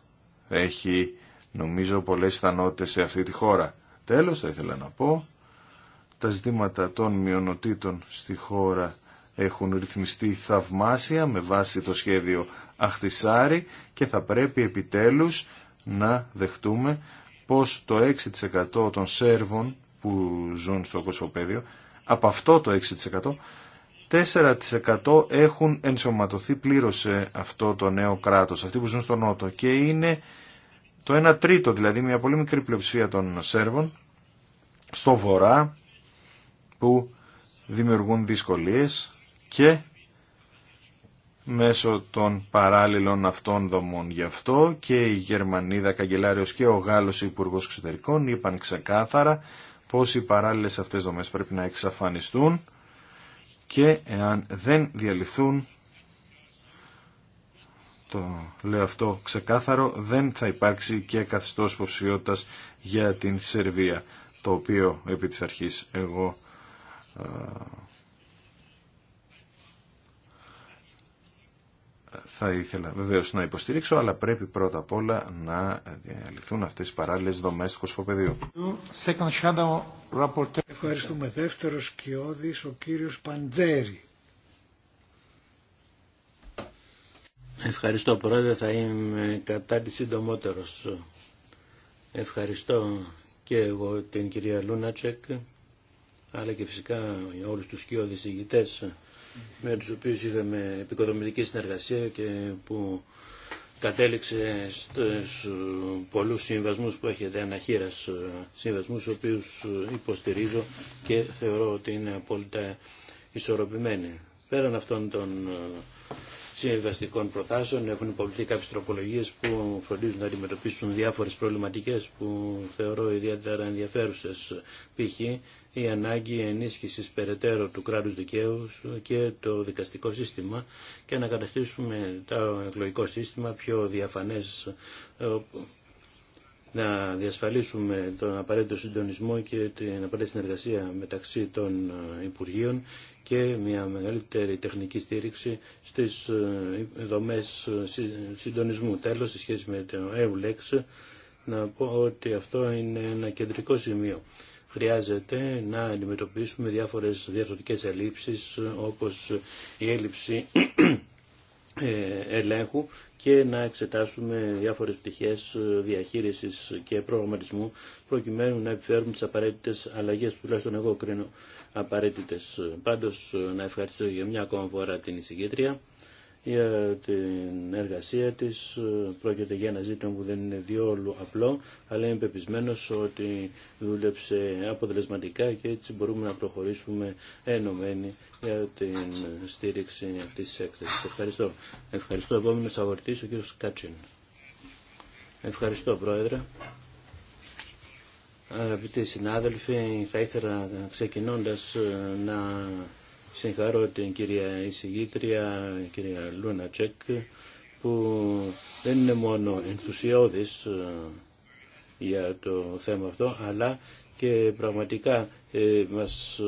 έχει νομίζω πολλές ικανότητες σε αυτή τη χώρα. Τέλος θα ήθελα να πω, τα ζητήματα των μειονοτήτων στη χώρα έχουν ρυθμιστεί θαυμάσια με βάση το σχέδιο Αχτισάρη και θα πρέπει επιτέλους να δεχτούμε πως το 6% των Σέρβων που ζουν στο κοσμοπέδιο, από αυτό το 6%, 4% έχουν ενσωματωθεί πλήρως σε αυτό το νέο κράτος, αυτοί που ζουν στο Νότο και είναι το 1 τρίτο, δηλαδή μια πολύ μικρή πλειοψηφία των Σέρβων, στο Βορρά που δημιουργούν δυσκολίες και μέσω των παράλληλων αυτών δομών. Γι' αυτό και η Γερμανίδα Καγκελάριος και ο Γάλλος Υπουργός Εξωτερικών είπαν ξεκάθαρα πως οι παράλληλες αυτές δομές πρέπει να εξαφανιστούν και εάν δεν διαλυθούν, το λέω αυτό ξεκάθαρο, δεν θα υπάρξει και καθιστός υποψηφιότητα για την Σερβία, το οποίο επί της αρχής εγώ ε, θα ήθελα βεβαίω να υποστηρίξω, αλλά πρέπει πρώτα απ' όλα να διαλυθούν αυτέ οι παράλληλε δομέ του κοσφοπεδίου. Ευχαριστούμε. Δεύτερο σκιώδη, ο κύριο Παντζέρη. Ευχαριστώ πρόεδρε, θα είμαι κατά τη συντομότερο. Ευχαριστώ και εγώ την κυρία Λούνατσεκ, αλλά και φυσικά όλου του σκιώδη ηγητέ με τους οποίους είχαμε επικοδομητική συνεργασία και που κατέληξε στους πολλούς συμβασμούς που έχετε αναχείρας ε, συμβασμούς, ο οποίους ε, υποστηρίζω και θεωρώ ότι είναι απόλυτα ισορροπημένοι. Πέραν αυτών των ε, συμβαστικών προτάσεων έχουν υποβληθεί κάποιες τροπολογίες που φροντίζουν να αντιμετωπίσουν διάφορες προβληματικές που θεωρώ ιδιαίτερα ενδιαφέρουσες π.χ η ανάγκη ενίσχυσης περαιτέρω του κράτους δικαίου και το δικαστικό σύστημα και να καταστήσουμε το εκλογικό σύστημα πιο διαφανές ε, να διασφαλίσουμε τον απαραίτητο συντονισμό και την απαραίτητη συνεργασία μεταξύ των ε, Υπουργείων και μια μεγαλύτερη τεχνική στήριξη στις ε, δομές συντονισμού. Τέλος, σε σχέση με το EULEX, να πω ότι αυτό είναι ένα κεντρικό σημείο χρειάζεται να αντιμετωπίσουμε διάφορες διαφορετικές ελλείψεις όπως η έλλειψη ε, ελέγχου και να εξετάσουμε διάφορες πτυχές διαχείρισης και προγραμματισμού προκειμένου να επιφέρουμε τις απαραίτητες αλλαγές που τουλάχιστον εγώ κρίνω απαραίτητες. Πάντως να ευχαριστώ για μια ακόμα φορά την εισηγήτρια για την εργασία της. Πρόκειται για ένα ζήτημα που δεν είναι διόλου απλό, αλλά είμαι πεπισμένος ότι δούλεψε αποτελεσματικά και έτσι μπορούμε να προχωρήσουμε ενωμένοι για την στήριξη αυτής της έκθεσης. Ευχαριστώ. Ευχαριστώ. Επόμενος αγορητής, ο κ. Κάτσιν. Ευχαριστώ, Πρόεδρε. Αγαπητοί συνάδελφοι, θα ήθελα ξεκινώντας να συγχαρώ την κυρία εισηγήτρια, κυρία Λούνα Τσεκ, που δεν είναι μόνο ενθουσιώδης ε, για το θέμα αυτό, αλλά και πραγματικά ε, μας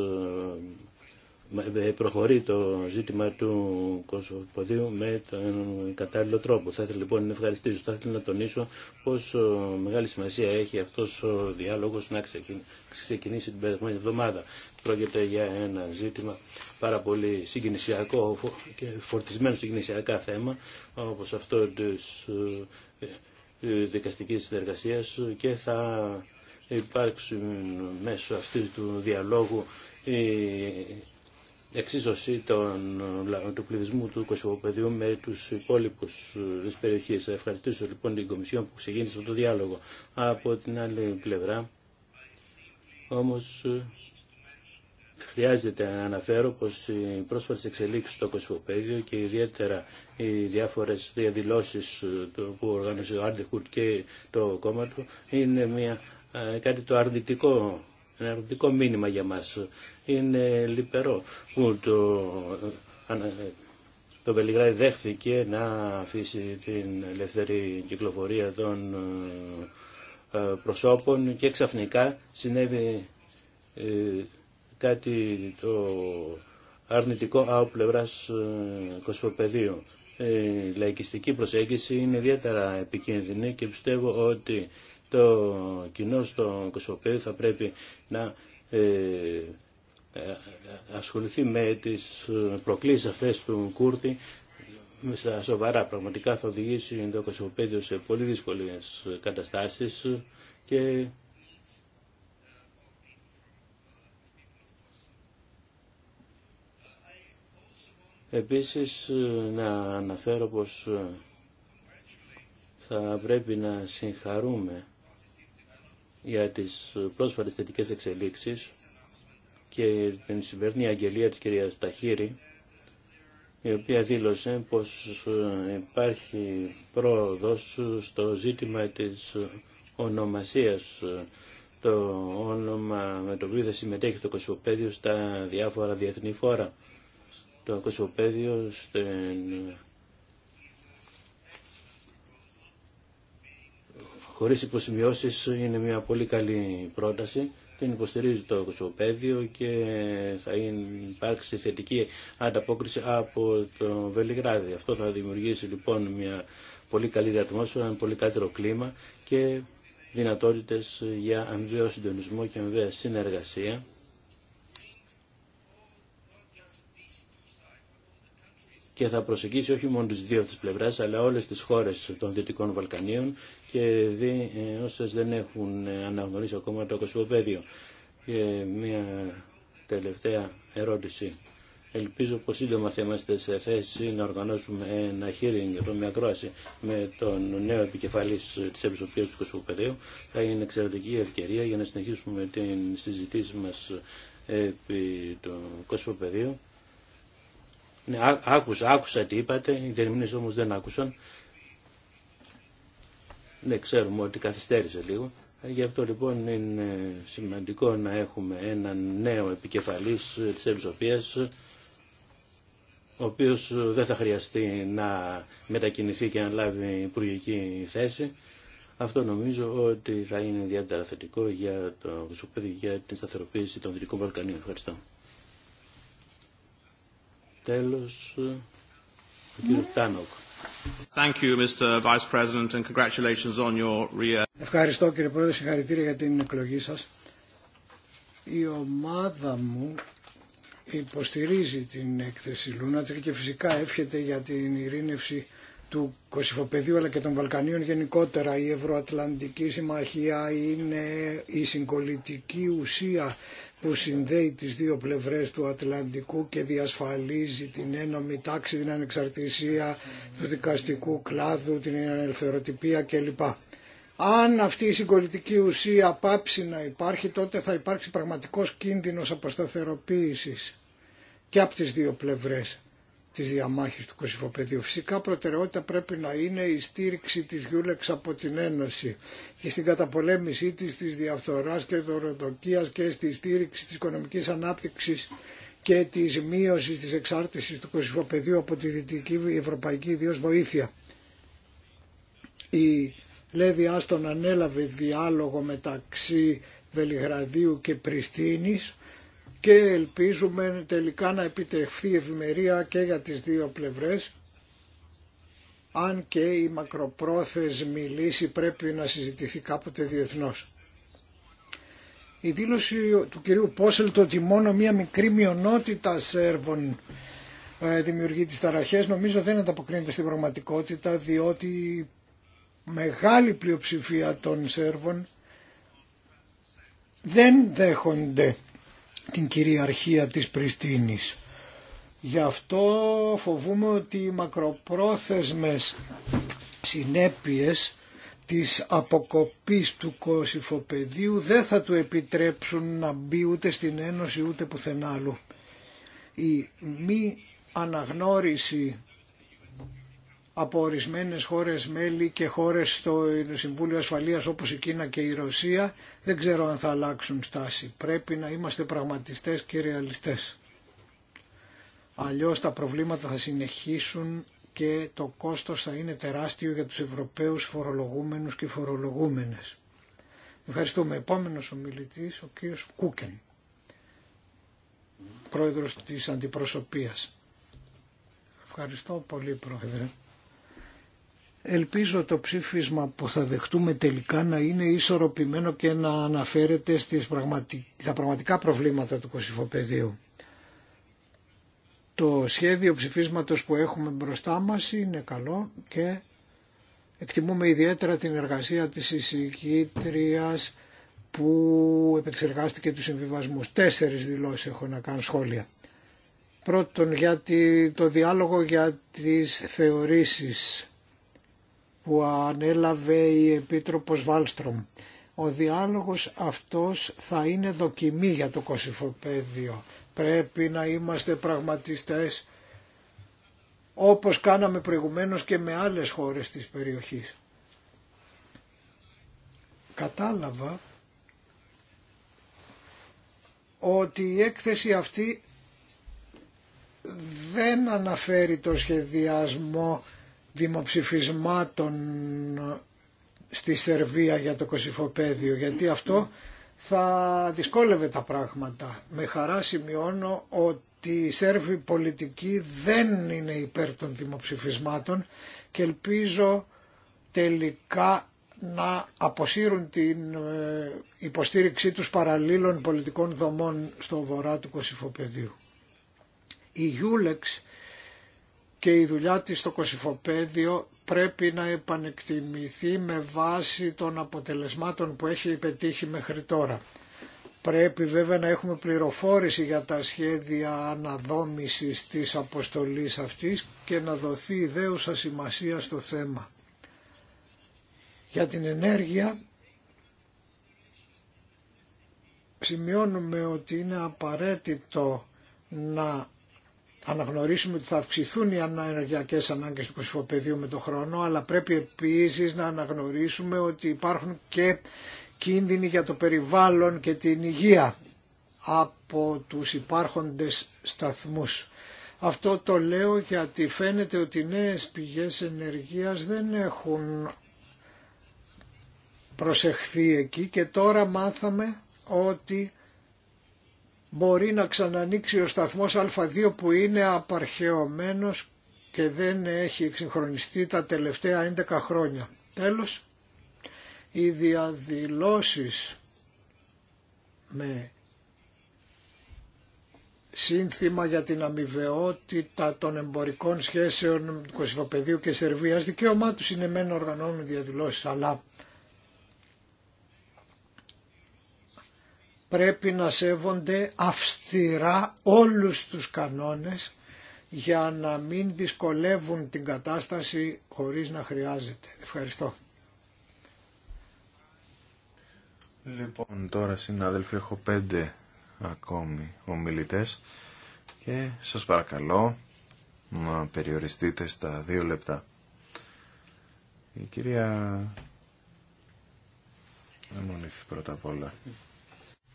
ε, προχωρεί το ζήτημα του Κοσμοποδίου με τον κατάλληλο τρόπο. Θα ήθελα λοιπόν να ευχαριστήσω, θα ήθελα να τονίσω πόσο μεγάλη σημασία έχει αυτός ο διάλογος να ξεκινήσει την περασμένη εβδομάδα. Πρόκειται για ένα ζήτημα πάρα πολύ συγκινησιακό και φορτισμένο συγκινησιακά θέμα, όπως αυτό της ε, ε, δικαστικής συνεργασίας και θα υπάρξουν μέσω αυτού του διαλόγου η εξίσωση των, του πληθυσμού του Κωσυφοπαιδίου με τους υπόλοιπους ε, της περιοχής. Θα ευχαριστήσω λοιπόν την Κομισιόν που ξεκίνησε αυτό το διάλογο. Από την άλλη πλευρά όμως Χρειάζεται να αναφέρω πως οι πρόσφατη εξελίξεις στο Κοσμοπέδιο και ιδιαίτερα οι διάφορες διαδηλώσεις που οργάνωσε ο Άρντεχουρτ και το κόμμα του είναι μια, ε, κάτι το αρνητικό, ένα αρνητικό μήνυμα για μας. Είναι λυπερό που το, ε, ε, το Βελιγράδι δέχθηκε να αφήσει την ελευθερή κυκλοφορία των προσώπων και ξαφνικά συνέβη κάτι το αρνητικό από πλευρά ε, κοσμοπεδίου. Η λαϊκιστική προσέγγιση είναι ιδιαίτερα επικίνδυνη και πιστεύω ότι το κοινό στο κοσμοπέδιο θα πρέπει να ε, ε, ασχοληθεί με τις προκλήσεις αυτές του Κούρτη στα σοβαρά πραγματικά θα οδηγήσει το κοσμοπέδιο σε πολύ δύσκολες καταστάσεις και Επίσης ε, να αναφέρω πως ε, θα πρέπει να συγχαρούμε για τις πρόσφατες θετικές εξελίξεις και την σημερινή αγγελία της κυρίας Ταχύρη η οποία δήλωσε πως ε, υπάρχει πρόοδος στο ζήτημα της ονομασίας το όνομα με το οποίο θα συμμετέχει το κοσμοπέδιο στα διάφορα διεθνή φόρα το κοσμοπέδιο στην... χωρίς υποσημειώσεις είναι μια πολύ καλή πρόταση. Την υποστηρίζει το κοσμοπέδιο και θα υπάρξει θετική ανταπόκριση από το Βελιγράδι. Αυτό θα δημιουργήσει λοιπόν μια πολύ καλή ατμόσφαιρα, ένα πολύ καλύτερο κλίμα και δυνατότητες για αμοιβαίο συντονισμό και αμοιβαία συνεργασία και θα προσεγγίσει όχι μόνο τις δύο τις πλευράς αλλά όλες τις χώρες των Δυτικών Βαλκανίων και δει ε, όσες δεν έχουν ε, αναγνωρίσει ακόμα το κοσμοπέδιο. Και μια τελευταία ερώτηση. Ελπίζω πως σύντομα θα είμαστε σε θέση να οργανώσουμε ένα hearing για με ακρόαση με τον νέο επικεφαλής της Επισοφίας του Κοσμοπεδίου. Θα είναι εξαιρετική ευκαιρία για να συνεχίσουμε την συζητήση μας επί του Κοσμοπεδίου ναι, άκουσα, άκουσα τι είπατε, οι διερμηνείς όμως δεν άκουσαν. Ναι, ξέρουμε ότι καθυστέρησε λίγο. Ε, γι' αυτό λοιπόν είναι σημαντικό να έχουμε έναν νέο επικεφαλής της Ευσοπίας, ο οποίος ε, δεν θα χρειαστεί να μετακινηθεί και να λάβει υπουργική θέση. Αυτό νομίζω ότι θα είναι ιδιαίτερα θετικό για το για την σταθεροποίηση των Δυτικών Βαλκανίων. Ευχαριστώ. Ευχαριστώ κύριε Πρόεδρε, συγχαρητήρια για την εκλογή σας. Η ομάδα μου υποστηρίζει την έκθεση Λούνατζερ και φυσικά εύχεται για την ειρήνευση του Κωσυφοπεδίου αλλά και των Βαλκανίων γενικότερα. Η Ευρωατλαντική Συμμαχία είναι η συγκολητική ουσία που συνδέει τις δύο πλευρές του Ατλαντικού και διασφαλίζει την ένωμη τάξη, την ανεξαρτησία του δικαστικού κλάδου, την ελευθεροτυπία κλπ. Αν αυτή η συγκολητική ουσία πάψει να υπάρχει, τότε θα υπάρξει πραγματικός κίνδυνος αποσταθεροποίησης και από τις δύο πλευρές της διαμάχης του Κωσυφοπεδίου. Φυσικά προτεραιότητα πρέπει να είναι η στήριξη της Γιούλεξ από την Ένωση και στην καταπολέμησή της της διαφθοράς και δωροδοκίας και στη στήριξη της οικονομικής ανάπτυξης και της μείωσης της εξάρτησης του Κωσυφοπεδίου από τη Δυτική Ευρωπαϊκή Ιδίως Βοήθεια. Η Λέβη Άστον ανέλαβε διάλογο μεταξύ Βελιγραδίου και Πριστίνης και ελπίζουμε τελικά να επιτευχθεί ευημερία και για τις δύο πλευρές αν και η μακροπρόθεσμη λύση πρέπει να συζητηθεί κάποτε διεθνώς. Η δήλωση του κυρίου Πόσελτ ότι μόνο μία μικρή μειονότητα Σέρβων ε, δημιουργεί τις ταραχές νομίζω δεν ανταποκρίνεται στην πραγματικότητα διότι μεγάλη πλειοψηφία των Σέρβων δεν δέχονται την κυριαρχία της Πριστίνης. Γι' αυτό φοβούμε ότι οι μακροπρόθεσμες συνέπειες της αποκοπής του κοσυφοπεδίου δεν θα του επιτρέψουν να μπει ούτε στην Ένωση ούτε πουθενάλλου. Η μη αναγνώριση από ορισμένε χώρες μέλη και χώρες στο Συμβούλιο Ασφαλείας όπως η Κίνα και η Ρωσία δεν ξέρω αν θα αλλάξουν στάση. Πρέπει να είμαστε πραγματιστές και ρεαλιστές. Αλλιώς τα προβλήματα θα συνεχίσουν και το κόστος θα είναι τεράστιο για τους Ευρωπαίους φορολογούμενους και φορολογούμενες. Ευχαριστούμε. Επόμενος ομιλητής, ο κύριος Κούκεν, πρόεδρος της Αντιπροσωπείας. Ευχαριστώ πολύ, Πρόεδρε. Ελπίζω το ψήφισμα που θα δεχτούμε τελικά να είναι ισορροπημένο και να αναφέρεται στις τα πραγματικά προβλήματα του κοσυφοπεδίου. Το σχέδιο ψηφίσματος που έχουμε μπροστά μας είναι καλό και εκτιμούμε ιδιαίτερα την εργασία της εισηγήτριας που επεξεργάστηκε τους συμβιβασμούς. Τέσσερις δηλώσεις έχω να κάνω σχόλια. Πρώτον, για το διάλογο για τις θεωρήσεις που ανέλαβε η Επίτροπος Βάλστρομ. Ο διάλογος αυτός θα είναι δοκιμή για το κοσυφοπαίδιο. Πρέπει να είμαστε πραγματιστές όπως κάναμε προηγουμένως και με άλλες χώρες της περιοχής. Κατάλαβα ότι η έκθεση αυτή δεν αναφέρει το σχεδιασμό δημοψηφισμάτων στη Σερβία για το Κωσυφοπαίδιο γιατί αυτό θα δυσκόλευε τα πράγματα. Με χαρά σημειώνω ότι η Σέρβη πολιτική δεν είναι υπέρ των δημοψηφισμάτων και ελπίζω τελικά να αποσύρουν την ε, υποστήριξή τους παραλλήλων πολιτικών δομών στο βορρά του Κωσυφοπεδίου. Η Γιούλεξ και η δουλειά της στο Κωσυφοπαίδιο πρέπει να επανεκτιμηθεί με βάση των αποτελεσμάτων που έχει πετύχει μέχρι τώρα. Πρέπει βέβαια να έχουμε πληροφόρηση για τα σχέδια αναδόμησης της αποστολής αυτής και να δοθεί ιδέουσα σημασία στο θέμα. Για την ενέργεια σημειώνουμε ότι είναι απαραίτητο να αναγνωρίσουμε ότι θα αυξηθούν οι ενεργειακές ανάγκες του κοσυφοπεδίου με τον χρόνο, αλλά πρέπει επίσης να αναγνωρίσουμε ότι υπάρχουν και κίνδυνοι για το περιβάλλον και την υγεία από τους υπάρχοντες σταθμούς. Αυτό το λέω γιατί φαίνεται ότι οι νέες πηγές ενεργείας δεν έχουν προσεχθεί εκεί και τώρα μάθαμε ότι μπορεί να ξανανοίξει ο σταθμός Α2 που είναι απαρχαιωμένος και δεν έχει εξυγχρονιστεί τα τελευταία 11 χρόνια. Τέλος, οι διαδηλώσεις με σύνθημα για την αμοιβαιότητα των εμπορικών σχέσεων Κωσυφοπεδίου και Σερβίας. Δικαίωμά είναι μεν οργανώνουν διαδηλώσεις, αλλά πρέπει να σέβονται αυστηρά όλους τους κανόνες για να μην δυσκολεύουν την κατάσταση χωρίς να χρειάζεται. Ευχαριστώ. Λοιπόν, τώρα συνάδελφοι έχω πέντε ακόμη ομιλητές και σας παρακαλώ να περιοριστείτε στα δύο λεπτά. Η κυρία Αμονήθη πρώτα απ' όλα.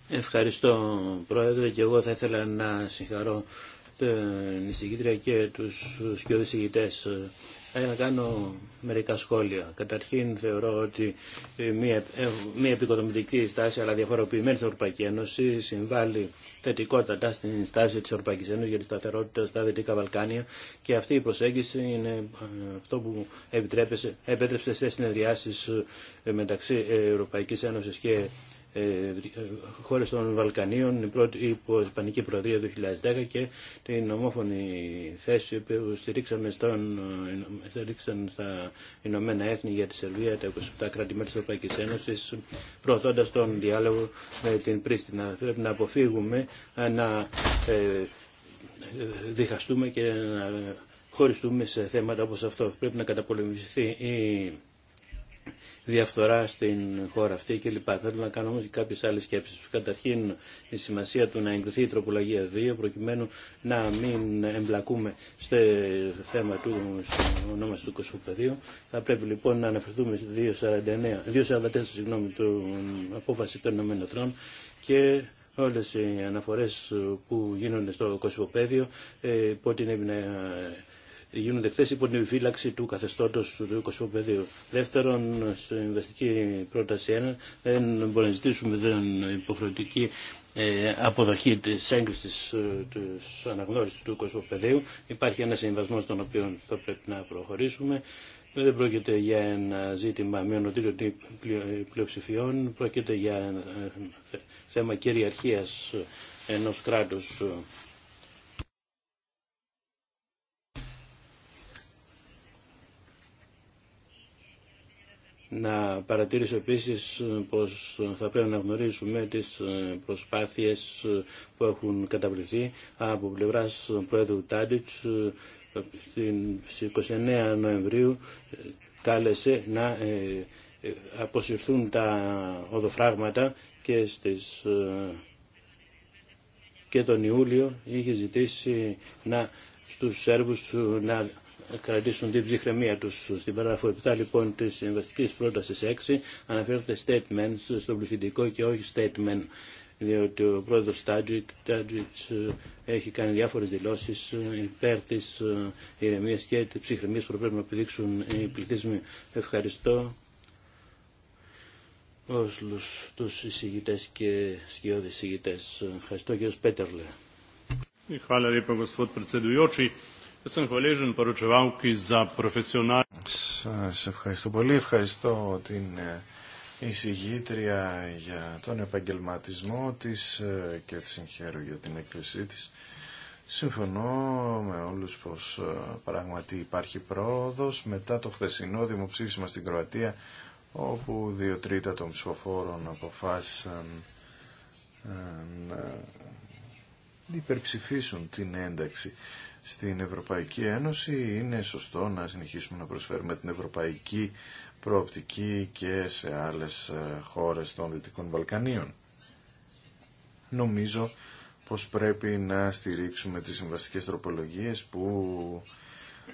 Ευχαριστώ Πρόεδρε και εγώ θα ήθελα να συγχαρώ την εισηγήτρια και τους σκιώδης ηγητές. Θα ε, να κάνω μερικά σχόλια. Καταρχήν θεωρώ ότι μια, ε, μια επικοδομητική στάση αλλά διαφοροποιημένη στην Ευρωπαϊκή Ένωση συμβάλλει θετικότατα στην στάση της Ευρωπαϊκής Ένωσης για τη σταθερότητα στα Δυτικά Βαλκάνια και αυτή η προσέγγιση είναι ε, αυτό που επέτρεψε σε συνεδριάσεις μεταξύ Ευρωπαϊκής Ένωσης και ε, ε, χώρες των Βαλκανίων, η πρώτη υπό Ισπανική Προεδρία 2010 και την ομόφωνη θέση που στηρίξαμε στον, ε, στηρίξαν στα Ηνωμένα Έθνη για τη Σερβία, τα 27 κράτη μέλη της Ευρωπαϊκής Ένωσης, προωθώντας τον διάλογο με την Πρίστινα. Πρέπει να αποφύγουμε να διχαστούμε και να χωριστούμε σε θέματα όπως αυτό. Πρέπει να καταπολεμηθεί η διαφθορά στην χώρα αυτή κλπ. Θέλω να κάνω όμω και κάποιε άλλε σκέψει. Καταρχήν η σημασία του να εγκριθεί η τροπολογία 2 προκειμένου να μην εμπλακούμε στο θέμα του ονόματο του Κοσμοπεδίου. Θα πρέπει λοιπόν να αναφερθούμε στις 244 συγγνώμη, του απόφαση των ΗΠΑ και όλε οι αναφορέ που γίνονται στο Κοσμοπέδιο ε, υπό την Γίνονται χθε υπό την επιφύλαξη του καθεστώτος του 20 πεδίου. Δεύτερον, στην εμβαστική πρόταση 1 δεν μπορούμε να ζητήσουμε την υποχρεωτική ε, αποδοχή της έγκρισης ε, τη αναγνώριση του 20 Υπάρχει ένα συμβασμό στον οποίο θα πρέπει να προχωρήσουμε. Δεν πρόκειται για ένα ζήτημα μειονοτήτων ε, πλειοψηφιών, πρόκειται για ένα θέμα κυριαρχίας ενός κράτους να παρατηρήσω επίσης ε, πως θα πρέπει να γνωρίσουμε τις ε, προσπάθειες ε, που έχουν καταβληθεί από πλευράς Πρόεδρου Τάντιτς στις 29 Νοεμβρίου κάλεσε να αποσυρθούν τα οδοφράγματα και στις και τον Ιούλιο είχε ζητήσει να στους Σέρβους να κρατήσουν την ψυχραιμία του Στην παράγραφο 7 λοιπόν τη συμβαστική πρόταση 6 αναφέρονται statements στο πληθυντικό και όχι statement διότι ο πρόεδρο Τάτζιτ ε, έχει κάνει διάφορε δηλώσει, υπέρ τη ε, ηρεμία και τη ψυχραιμία που πρέπει να επιδείξουν οι πληθυσμοί. Ευχαριστώ όλου του εισηγητέ και σκιώδει εισηγητέ. Ευχαριστώ κύριο Πέτερλε. Ευχαριστώ, σας ευχαριστώ πολύ. Ευχαριστώ την ε, εισηγήτρια για τον επαγγελματισμό της ε, και τη συγχαίρω για την έκθεσή της. Συμφωνώ με όλους πως ε, πραγματι υπάρχει πρόοδος μετά το χθεσινό δημοψήφισμα στην Κροατία όπου δύο τρίτα των ψηφοφόρων αποφάσισαν να υπερψηφίσουν την ένταξη στην Ευρωπαϊκή Ένωση, είναι σωστό να συνεχίσουμε να προσφέρουμε την ευρωπαϊκή προοπτική και σε άλλες ε, χώρες των Δυτικών Βαλκανίων. Νομίζω πως πρέπει να στηρίξουμε τις συμβαστικές τροπολογίες που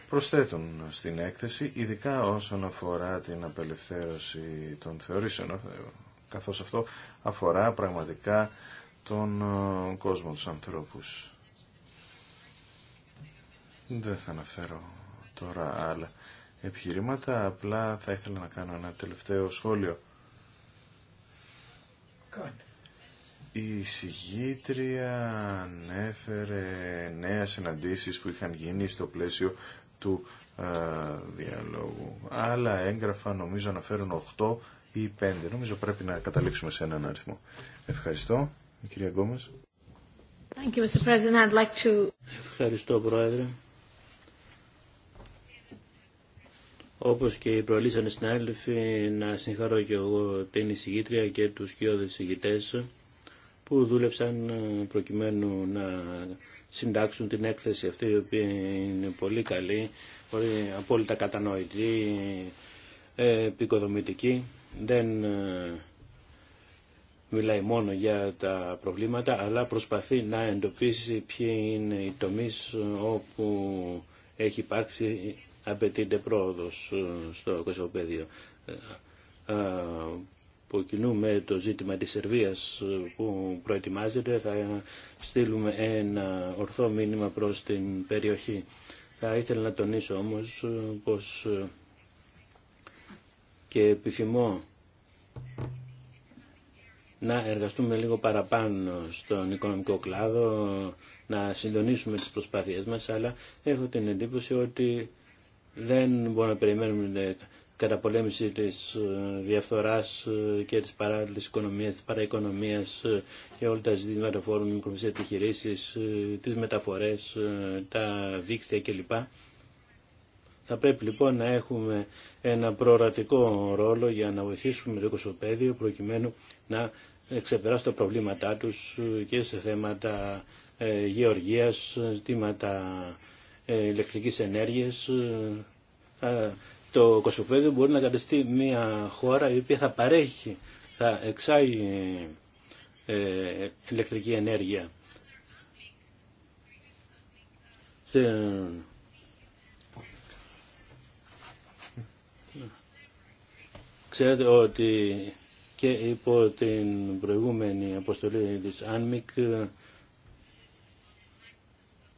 προσθέτουν στην έκθεση, ειδικά όσον αφορά την απελευθέρωση των θεωρήσεων, ε, καθώς αυτό αφορά πραγματικά τον ε, κόσμο, τους ανθρώπους. Δεν θα αναφέρω τώρα άλλα επιχειρήματα, απλά θα ήθελα να κάνω ένα τελευταίο σχόλιο. Η συγγήτρια ανέφερε νέα συναντήσεις που είχαν γίνει στο πλαίσιο του ε, διαλόγου. Άλλα έγγραφα νομίζω αναφέρουν 8 ή 5. Νομίζω πρέπει να καταλήξουμε σε έναν αριθμό. Ευχαριστώ. Κυρία Γκόμες. Ευχαριστώ, Πρόεδρε. Όπως και οι στην συνάδελφοι, να συγχαρώ και εγώ την εισηγήτρια και τους κοιόδες εισηγητές που δούλεψαν ε, προκειμένου να συντάξουν την έκθεση αυτή η οποία είναι πολύ καλή, πολύ απόλυτα κατανοητή, ε, επικοδομητική. Δεν ε, μιλάει μόνο για τα προβλήματα, αλλά προσπαθεί να εντοπίσει ποιοι είναι οι τομείς όπου έχει υπάρξει απαιτείται πρόοδος ε, στο πεδίο, ε, ε, Που κινούμε το ζήτημα της Σερβίας που προετοιμάζεται θα στείλουμε ένα ορθό μήνυμα προς την περιοχή. Θα ήθελα να τονίσω όμως πως και επιθυμώ να εργαστούμε λίγο παραπάνω στον οικονομικό κλάδο, να συντονίσουμε τις προσπάθειές μας, αλλά έχω την εντύπωση ότι δεν μπορούμε να περιμένουμε ε, καταπολέμηση της ε, διαφθοράς ε, και της παράλληλης οικονομίας, της παραοικονομίας και όλα τα ζητήματα που αφορούν της τι τις μεταφορές, τα δίκτυα κλπ. Θα πρέπει λοιπόν να έχουμε ένα προορατικό ρόλο για να βοηθήσουμε το οικοσοπαίδιο προκειμένου να ξεπεράσουν τα προβλήματά τους και σε θέματα γεωργίας, ζητήματα ηλεκτρικής ενέργειας, ε, ε, το Κοσμοπέδιο μπορεί να καταστεί μια χώρα η οποία θα παρέχει, θα εξάγει ε, ηλεκτρική ενέργεια. Ξέρετε ότι και υπό την προηγούμενη αποστολή της ΑΝΜΙΚ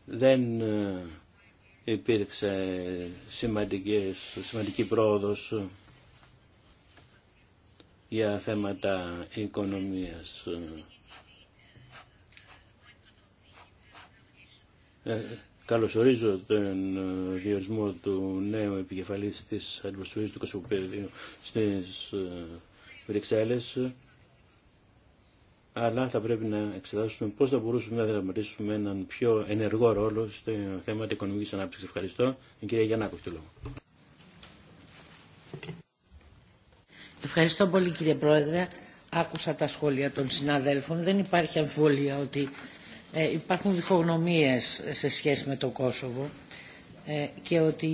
δεν υπήρξε σημαντική πρόοδος για θέματα οικονομίας. Ε, καλωσορίζω τον διορισμό του νέου επικεφαλής της Αντιπροσωπής του Κωσοπέδιου στις ε, Βρυξέλλες αλλά θα πρέπει να εξετάσουμε πώς θα μπορούσαμε να δραματίσουμε έναν πιο ενεργό ρόλο στο θέμα της οικονομικής ανάπτυξης. Ευχαριστώ. Η κυρία Γιαννάκου, το λόγο. Ευχαριστώ πολύ κύριε Πρόεδρε. Άκουσα τα σχόλια των συναδέλφων. Δεν υπάρχει αμφιβολία ότι ε, υπάρχουν διχογνωμίες σε σχέση με το Κόσοβο ε, και ότι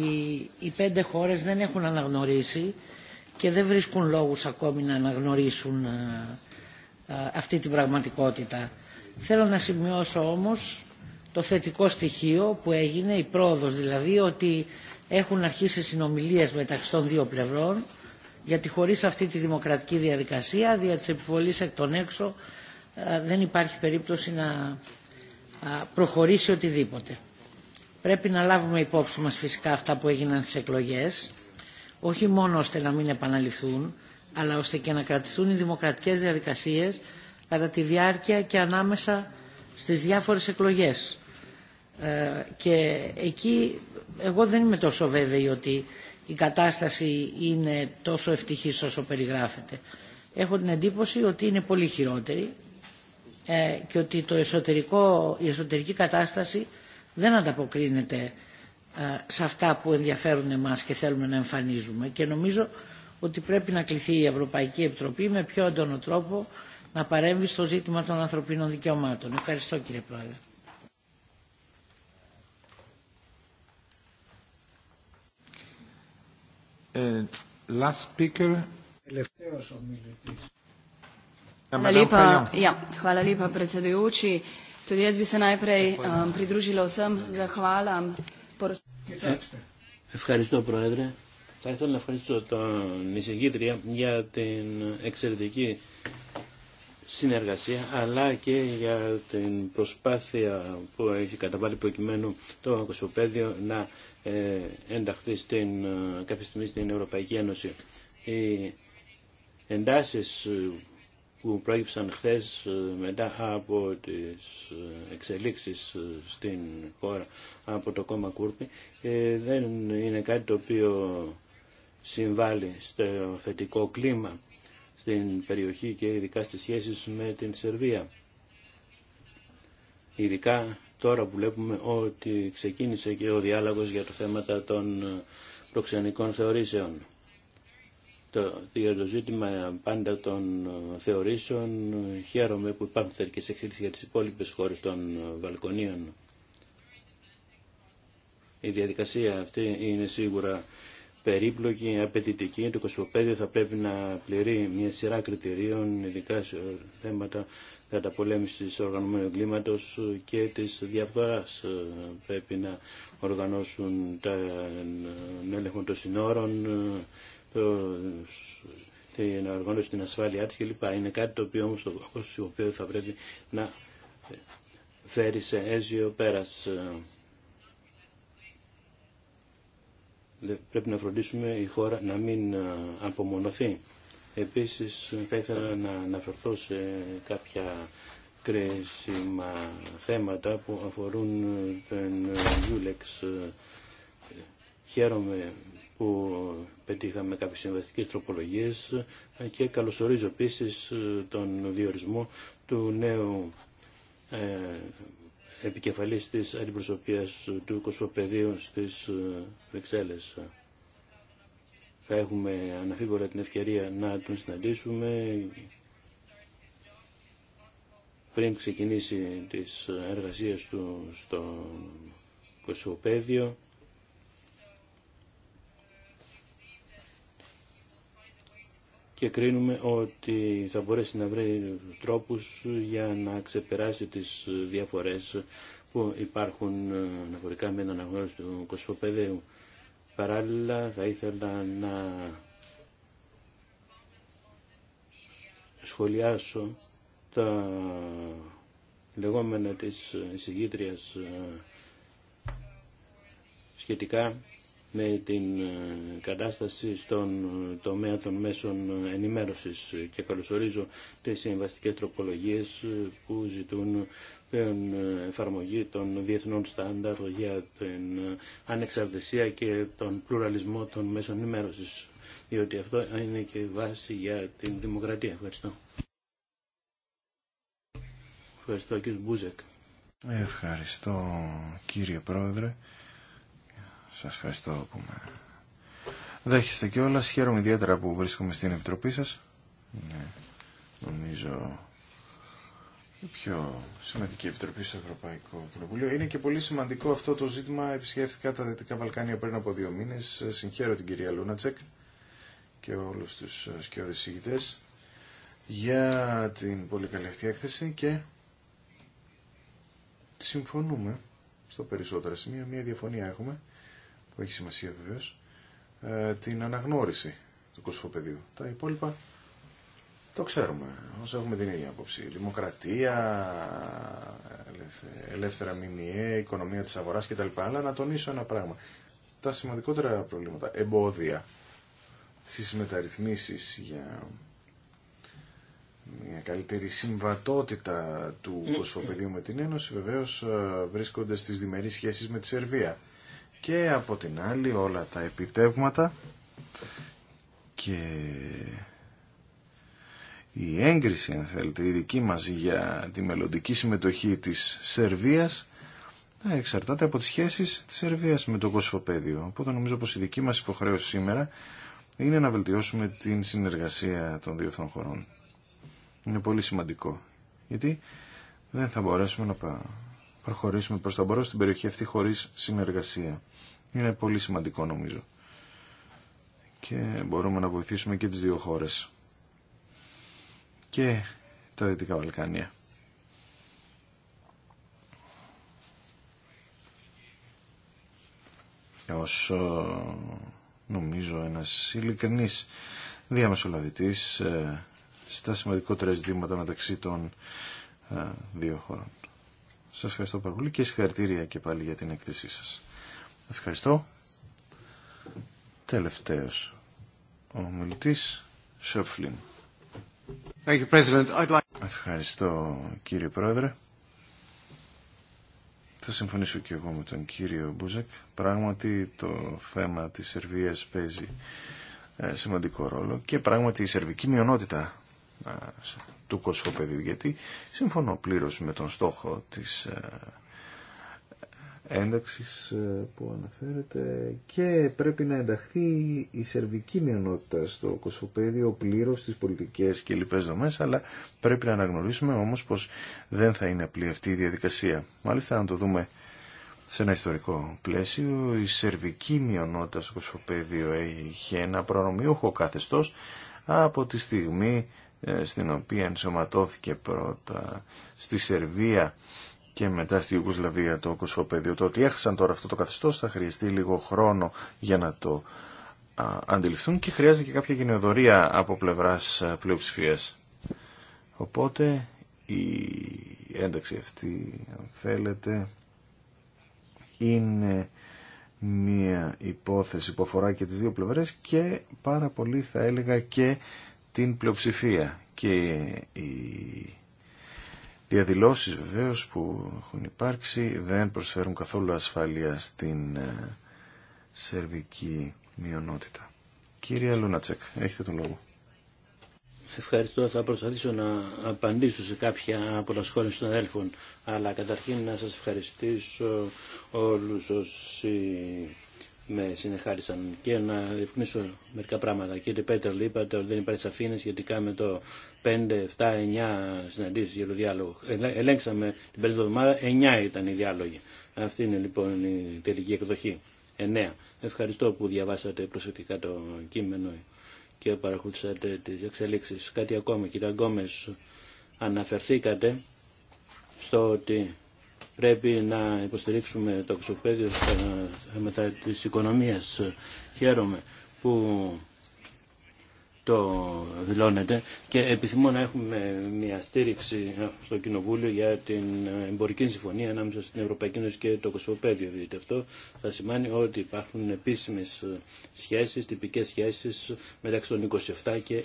οι πέντε χώρες δεν έχουν αναγνωρίσει και δεν βρίσκουν λόγους ακόμη να αναγνωρίσουν ε, ε, αυτή την πραγματικότητα. Θέλω να σημειώσω όμως το θετικό στοιχείο που έγινε, η πρόοδος δηλαδή, ότι έχουν αρχίσει συνομιλίες μεταξύ των δύο πλευρών, γιατί χωρίς αυτή τη δημοκρατική διαδικασία, δια της επιβολής εκ των έξω, ε, δεν υπάρχει περίπτωση να προχωρήσει οτιδήποτε. Πρέπει να λάβουμε υπόψη μας φυσικά αυτά που έγιναν στις εκλογές, όχι μόνο ώστε να μην επαναληφθούν, αλλά ώστε και να κρατηθούν οι δημοκρατικές διαδικασίες κατά τη διάρκεια και ανάμεσα στις διάφορες εκλογές. Ε, και εκεί εγώ δεν είμαι τόσο βέβαιη ότι η κατάσταση είναι τόσο ευτυχής όσο περιγράφεται. Έχω την εντύπωση ότι είναι πολύ χειρότερη ε, και ότι το εσωτερικό, η εσωτερική κατάσταση δεν ανταποκρίνεται ε, σε αυτά που ενδιαφέρουν εμάς και θέλουμε να εμφανίζουμε. Και νομίζω ότι πρέπει να κληθεί η Ευρωπαϊκή Επιτροπή με πιο έντονο τρόπο να παρέμβει στο ζήτημα των ανθρωπίνων δικαιωμάτων. Ευχαριστώ κύριε Πρόεδρε. Ε, last speaker. Ε, hvala lepa, ja, hvala lepa predsedujoči. Tudi jaz bi se najprej um, pridružila vsem zahvalam. Ευχαριστώ, Πρόεδρε. Θα ήθελα να ευχαριστήσω τον εισηγήτρια για την εξαιρετική συνεργασία αλλά και για την προσπάθεια που έχει καταβάλει προκειμένου το Κοσμοπέδιο να ε, ενταχθεί στην, ε, κάποια στιγμή στην Ευρωπαϊκή Ένωση. Οι εντάσεις ε, που προέκυψαν χθες μετά από τις εξελίξεις στην χώρα από το κόμμα Κούρπη δεν είναι κάτι το οποίο συμβάλλει στο θετικό κλίμα στην περιοχή και ειδικά στις σχέσεις με την Σερβία. Ειδικά τώρα που βλέπουμε ότι ξεκίνησε και ο διάλογος για το θέματα των προξενικών θεωρήσεων. Το, για το ζήτημα πάντα των θεωρήσεων χαίρομαι που υπάρχουν θερμικές εξέλιξεις για τις υπόλοιπες χώρες των Βαλκονίων. Η διαδικασία αυτή είναι σίγουρα περίπλοκη, απαιτητική. Το κοσμοπέδιο θα πρέπει να πληρεί μια σειρά κριτηρίων, ειδικά σε θέματα κατά πολέμησης οργανωμένου εγκλήματος και της διαφοράς. Πρέπει να οργανώσουν τα έλεγχο των συνόρων, το, να οργανώσουν την ασφάλειά της κλπ. Είναι κάτι το οποίο όμως το οποίο θα πρέπει να φέρει σε έζιο πέρας. πρέπει να φροντίσουμε η χώρα να μην απομονωθεί. Επίσης θα ήθελα να αναφερθώ σε κάποια κρίσιμα θέματα που αφορούν ε, τον ε, Ιούλεξ. Χαίρομαι που πετύχαμε κάποιες συμβαστικές τροπολογίες και καλωσορίζω επίσης ε, τον διορισμό του νέου επικεφαλής της αντιπροσωπείας του Κοσμοπεδίου στις ε, Βρυξέλλες. Θα έχουμε αναφίβολα την ευκαιρία να τον συναντήσουμε πριν ξεκινήσει τις εργασίες του στο Κοσμοπέδιο. και κρίνουμε ότι θα μπορέσει να βρει τρόπους για να ξεπεράσει τις διαφορές που υπάρχουν αναφορικά με την αναγνώριση του κοσμοπεδίου. Παράλληλα θα ήθελα να σχολιάσω τα λεγόμενα της εισηγήτριας ε, σχετικά με την ε, κατάσταση στον ε, τομέα των μέσων ενημέρωσης και καλωσορίζω τις συμβαστικές τροπολογίες ε, που ζητούν την εφαρμογή των διεθνών στάνταρ για την ανεξαρτησία και τον πλουραλισμό των μέσων ενημέρωσης διότι αυτό είναι και βάση για την δημοκρατία. Ευχαριστώ. Ευχαριστώ κύριε Μπούζεκ. Ευχαριστώ κύριε Πρόεδρε. Σας ευχαριστώ που με δέχεστε κιόλας. Χαίρομαι ιδιαίτερα που βρίσκομαι στην Επιτροπή σας. Ναι, νομίζω η πιο σημαντική επιτροπή στο Ευρωπαϊκό Κοινοβούλιο. Είναι και πολύ σημαντικό αυτό το ζήτημα. Επισκέφθηκα τα Δυτικά Βαλκάνια πριν από δύο μήνες. Συγχαίρω την κυρία Λούνατσεκ και όλους τους σκιώδες ηγητές για την πολύ καλή αυτή έκθεση και συμφωνούμε στο περισσότερο σημείο. Μία διαφωνία έχουμε που έχει σημασία βεβαίως, ε, την αναγνώριση του κοσφοπεδίου. Τα υπόλοιπα το ξέρουμε, όσο έχουμε την ίδια άποψη. Δημοκρατία, ελεύθερα μηνιαία, οικονομία της αγοράς κτλ. Αλλά να τονίσω ένα πράγμα. Τα σημαντικότερα προβλήματα, εμπόδια στις μεταρρυθμίσεις για μια καλύτερη συμβατότητα του κοσφοπεδίου με την Ένωση βεβαίως ε, βρίσκονται στις διμερείς σχέσεις με τη Σερβία και από την άλλη όλα τα επιτεύγματα και η έγκριση, αν θέλετε, η δική μας για τη μελλοντική συμμετοχή της Σερβίας να εξαρτάται από τις σχέσεις της Σερβίας με το Κοσφοπέδιο. Οπότε νομίζω πως η δική μας υποχρέωση σήμερα είναι να βελτιώσουμε την συνεργασία των δύο αυτών χωρών. Είναι πολύ σημαντικό, γιατί δεν θα μπορέσουμε να προχωρήσουμε προς τα μπρος στην περιοχή αυτή χωρίς συνεργασία. Είναι πολύ σημαντικό νομίζω. Και μπορούμε να βοηθήσουμε και τις δύο χώρες. Και τα Δυτικά Βαλκάνια. Όσο νομίζω ένας ειλικρινής διαμεσολαβητής ε, στα σημαντικότερα ζητήματα μεταξύ των ε, δύο χωρών. Σας ευχαριστώ πάρα πολύ και συγχαρητήρια και πάλι για την έκθεσή σας. Ευχαριστώ. Τελευταίος ο μιλητής Σεφλίν. Ευχαριστώ κύριε Πρόεδρε. Θα συμφωνήσω και εγώ με τον κύριο Μπούζεκ. Πράγματι το θέμα της Σερβίας παίζει ε, σημαντικό ρόλο και πράγματι η σερβική μειονότητα ε, του παιδίου γιατί συμφωνώ πλήρως με τον στόχο της ε, ένταξης ε, που αναφέρεται και πρέπει να ενταχθεί η σερβική μειονότητα στο κοσμοπέδιο πλήρως στις πολιτικές και λοιπές δομές αλλά πρέπει να αναγνωρίσουμε όμως πως δεν θα είναι απλή αυτή η διαδικασία. Μάλιστα να το δούμε σε ένα ιστορικό πλαίσιο η σερβική μειονότητα στο κοσμοπέδιο είχε ένα προνομιούχο καθεστώς από τη στιγμή ε, στην οποία ενσωματώθηκε πρώτα στη Σερβία και μετά στη Ιουγκοσλαβία το κοσφοπέδιο. Το ότι έχασαν τώρα αυτό το καθεστώς θα χρειαστεί λίγο χρόνο για να το αντιληφθούν και χρειάζεται και κάποια γενεοδορία από πλευράς πλειοψηφία. Οπότε η ένταξη αυτή, αν θέλετε, είναι μία υπόθεση που αφορά και τις δύο πλευρές και πάρα πολύ θα έλεγα και την πλειοψηφία. Και η διαδηλώσεις βεβαίως που έχουν υπάρξει δεν προσφέρουν καθόλου ασφάλεια στην ε, σερβική μειονότητα. Κύριε Λούνατσεκ, έχετε τον λόγο. Ευχαριστώ. Θα προσπαθήσω να απαντήσω σε κάποια από τα σχόλια των αδέλφων. Αλλά καταρχήν να σας ευχαριστήσω όλους όσοι με συνεχάρισαν και να ρυθμίσω μερικά πράγματα. Κύριε Πέτερ, είπατε ότι δεν υπάρχει σαφήνεια σχετικά με το 5, 7, 9 συναντήσει για το διάλογο. Ελέγξαμε την περίοδο εβδομάδα, 9 ήταν οι διάλογοι. Αυτή είναι λοιπόν η τελική εκδοχή. 9. Ευχαριστώ που διαβάσατε προσεκτικά το κείμενο και παρακολουθήσατε τις εξελίξει. Κάτι ακόμα, κύριε Γκόμες, αναφερθήκατε στο ότι πρέπει να υποστηρίξουμε το αξιοπαίδιο μετά τις της οικονομίας. Χαίρομαι που το δηλώνετε. και επιθυμώ να έχουμε μια στήριξη στο Κοινοβούλιο για την εμπορική συμφωνία ανάμεσα στην Ευρωπαϊκή Ένωση και το Κοσμοπέδιο. γιατί αυτό θα σημαίνει ότι υπάρχουν επίσημες σχέσεις, τυπικές σχέσεις μεταξύ των 27 και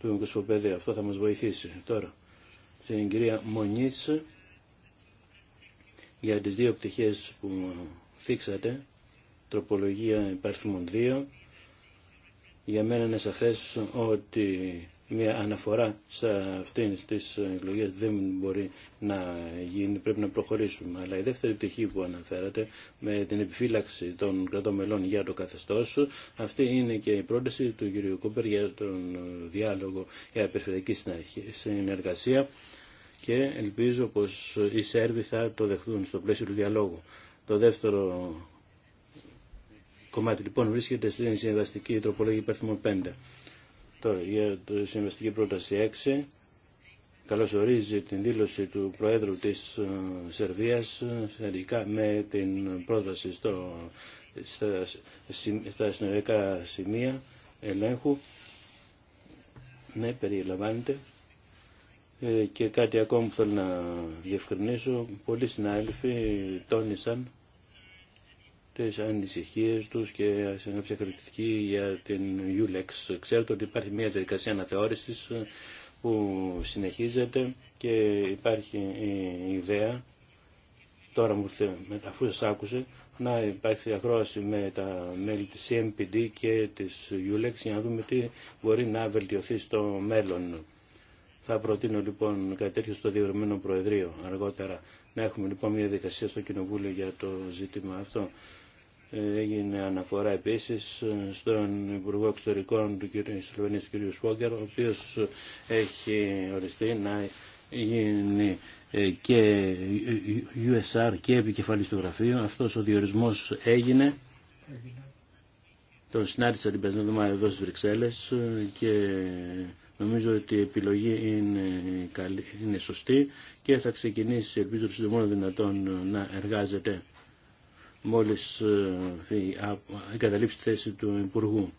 του Κοσμοπέδιου. Αυτό θα μας βοηθήσει. Τώρα, στην κυρία Μονής για τις δύο πτυχές που θίξατε, τροπολογία υπάρχουν 2, για μένα είναι σαφές ότι μια αναφορά σε αυτήν τις εκλογέ δεν μπορεί να γίνει, πρέπει να προχωρήσουμε. Αλλά η δεύτερη πτυχή που αναφέρατε με την επιφύλαξη των κρατών μελών για το καθεστώς, αυτή είναι και η πρόταση του κ. Κούπερ για τον διάλογο για περιφερειακή συνεργασία και ελπίζω πως οι Σέρβοι θα το δεχτούν στο πλαίσιο του διαλόγου. Το δεύτερο κομμάτι λοιπόν βρίσκεται στην συμβαστική τροπολογία υπερθυμών 5. Τώρα για τη συμβαστική πρόταση 6 καλωσορίζει την δήλωση του Προέδρου της ε, Σερβίας συνεργικά με την πρόταση στο, στα, στα συνεργικά σημεία ελέγχου. Ναι, περιλαμβάνεται ε, και κάτι ακόμα που θέλω να διευκρινίσω, πολλοί συνάδελφοι τόνισαν τις ανησυχίες τους και συνέψε κριτική για την ULEX. Ξέρετε ότι υπάρχει μια διαδικασία αναθεώρησης που συνεχίζεται και υπάρχει η ιδέα, τώρα μου αφού σας άκουσε, να υπάρξει ακρόαση με τα μέλη της CMPD και της ULEX για να δούμε τι μπορεί να βελτιωθεί στο μέλλον θα προτείνω λοιπόν κάτι τέτοιο στο διευρυμένο Προεδρείο αργότερα. Να έχουμε λοιπόν μια διαδικασία στο Κοινοβούλιο για το ζήτημα αυτό. Ε, έγινε αναφορά επίσης στον Υπουργό Εξωτερικών του κ. Σλοβενής κ. Σπόγκερ, ο οποίος έχει οριστεί να γίνει ε, και USR και επικεφαλής του γραφείου. Αυτός ο διορισμός έγινε. Τον συνάντησα την περσμένη εδώ στις Βρυξέλλες ε, και Νομίζω ότι η επιλογή είναι, είναι σωστή και θα ξεκινήσει ελπίζω το μόνο δυνατόν να εργάζεται μόλις ε, εγκαταλείψει τη θέση του Υπουργού.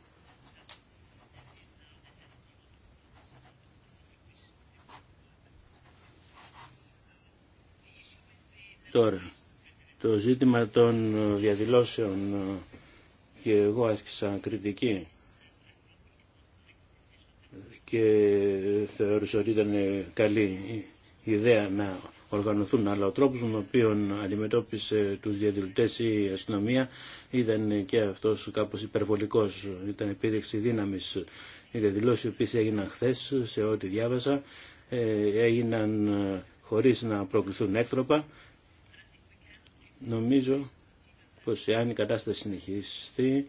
Τώρα, το ζήτημα των ε, διαδηλώσεων ε, και εγώ άσκησα κριτική και θεώρησε ότι ήταν καλή ιδέα να οργανωθούν, αλλά ο τρόπος με τον οποίο αντιμετώπισε τους διαδηλωτές η αστυνομία ήταν και αυτός κάπως υπερβολικός, ήταν επίδειξη δύναμης. Οι διαδηλώσεις οι οποίες έγιναν χθε σε ό,τι διάβασα ε, έγιναν ε, χωρίς να προκληθούν έκτροπα. Νομίζω πως εάν η κατάσταση συνεχιστεί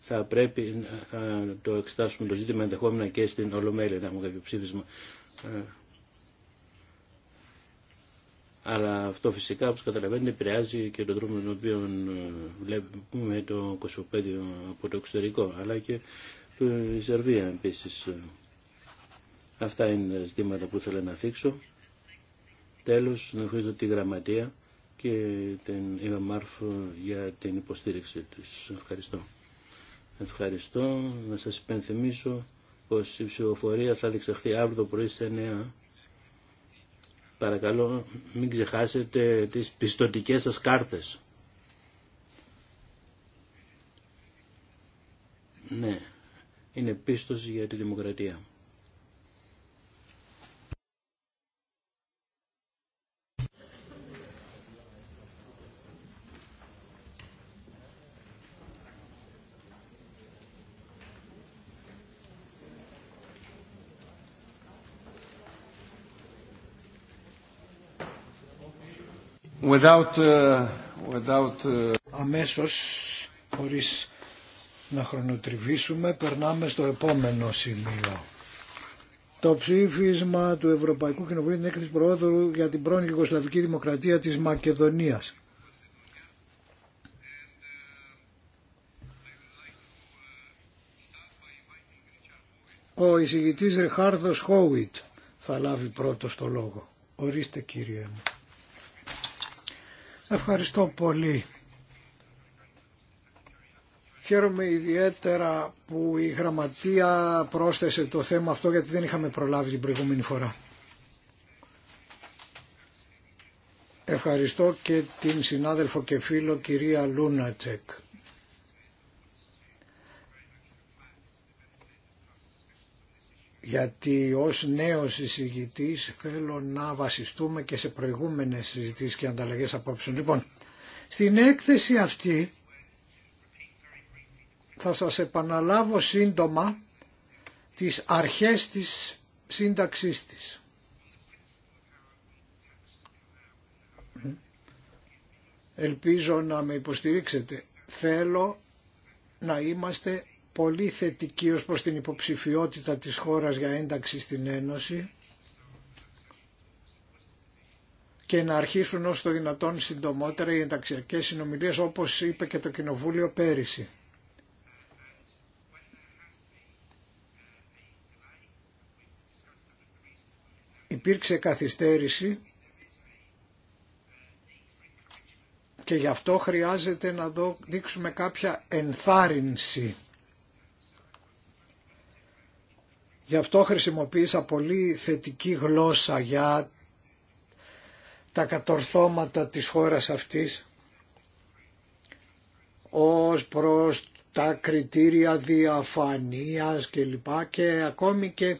θα πρέπει θα το εξετάσουμε το ζήτημα ενδεχόμενα και στην Ολομέλεια να έχουμε κάποιο ψήφισμα. Ε, αλλά αυτό φυσικά, όπως καταλαβαίνετε, επηρεάζει και τον τρόπο με τον οποίο ε, βλέπουμε το κοσμοπέδιο από το εξωτερικό, αλλά και η Σερβία επίσης. Ε, αυτά είναι ζητήματα που ήθελα να θίξω. Τέλος, να ευχαριστώ τη γραμματεία και την Εύα για την υποστήριξη της. Ευχαριστώ. Ευχαριστώ. Να σας υπενθυμίσω πως η ψηφοφορία θα διεξαχθεί αύριο το πρωί στις 9. Παρακαλώ μην ξεχάσετε τις πιστοτικές σας κάρτες. Ναι, είναι πίστος για τη δημοκρατία. Without, uh, without... Uh, Αμέσως, χωρίς να χρονοτριβήσουμε, περνάμε στο επόμενο σημείο. Το ψήφισμα του Ευρωπαϊκού Κοινοβουλίου την έκθεση προόδου για την πρώην Ιγκοσλαβική Δημοκρατία της Μακεδονίας. Ο εισηγητής Ριχάρδος Χόουιτ θα λάβει πρώτος το λόγο. Ορίστε κύριε μου. Ευχαριστώ πολύ. Χαίρομαι ιδιαίτερα που η Γραμματεία πρόσθεσε το θέμα αυτό γιατί δεν είχαμε προλάβει την προηγούμενη φορά. Ευχαριστώ και την συνάδελφο και φίλο κυρία Λούνατσεκ. γιατί ως νέος εισηγητής θέλω να βασιστούμε και σε προηγούμενες συζητήσεις και ανταλλαγές απόψεων. Λοιπόν, στην έκθεση αυτή θα σας επαναλάβω σύντομα τις αρχές της σύνταξής της. Ελπίζω να με υποστηρίξετε. Θέλω να είμαστε πολύ θετική ως προς την υποψηφιότητα της χώρας για ένταξη στην Ένωση και να αρχίσουν όσο το δυνατόν συντομότερα οι ενταξιακές συνομιλίες όπως είπε και το Κοινοβούλιο πέρυσι. Υπήρξε καθυστέρηση και γι' αυτό χρειάζεται να δείξουμε κάποια ενθάρρυνση Γι' αυτό χρησιμοποίησα πολύ θετική γλώσσα για τα κατορθώματα της χώρας αυτής ως προς τα κριτήρια διαφανείας και λοιπά και ακόμη και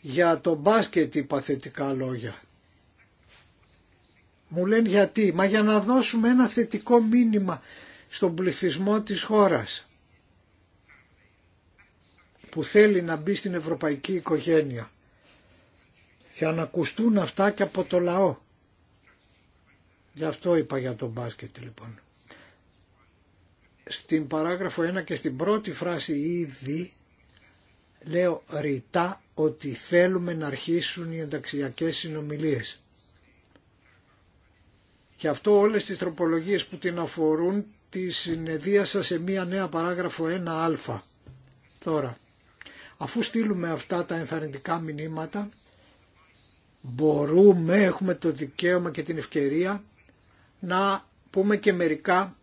για το μπάσκετ είπα θετικά λόγια. Μου λένε γιατί, μα για να δώσουμε ένα θετικό μήνυμα στον πληθυσμό της χώρας που θέλει να μπει στην ευρωπαϊκή οικογένεια. Για να ακουστούν αυτά και από το λαό. Γι' αυτό είπα για τον μπάσκετ λοιπόν. Στην παράγραφο 1 και στην πρώτη φράση ήδη λέω ρητά ότι θέλουμε να αρχίσουν οι ενταξιακές συνομιλίες. Γι' αυτό όλες τις τροπολογίες που την αφορούν τη συνεδίασα σε μία νέα παράγραφο 1α. Τώρα, Αφού στείλουμε αυτά τα ενθαρρυντικά μηνύματα, μπορούμε, έχουμε το δικαίωμα και την ευκαιρία να πούμε και μερικά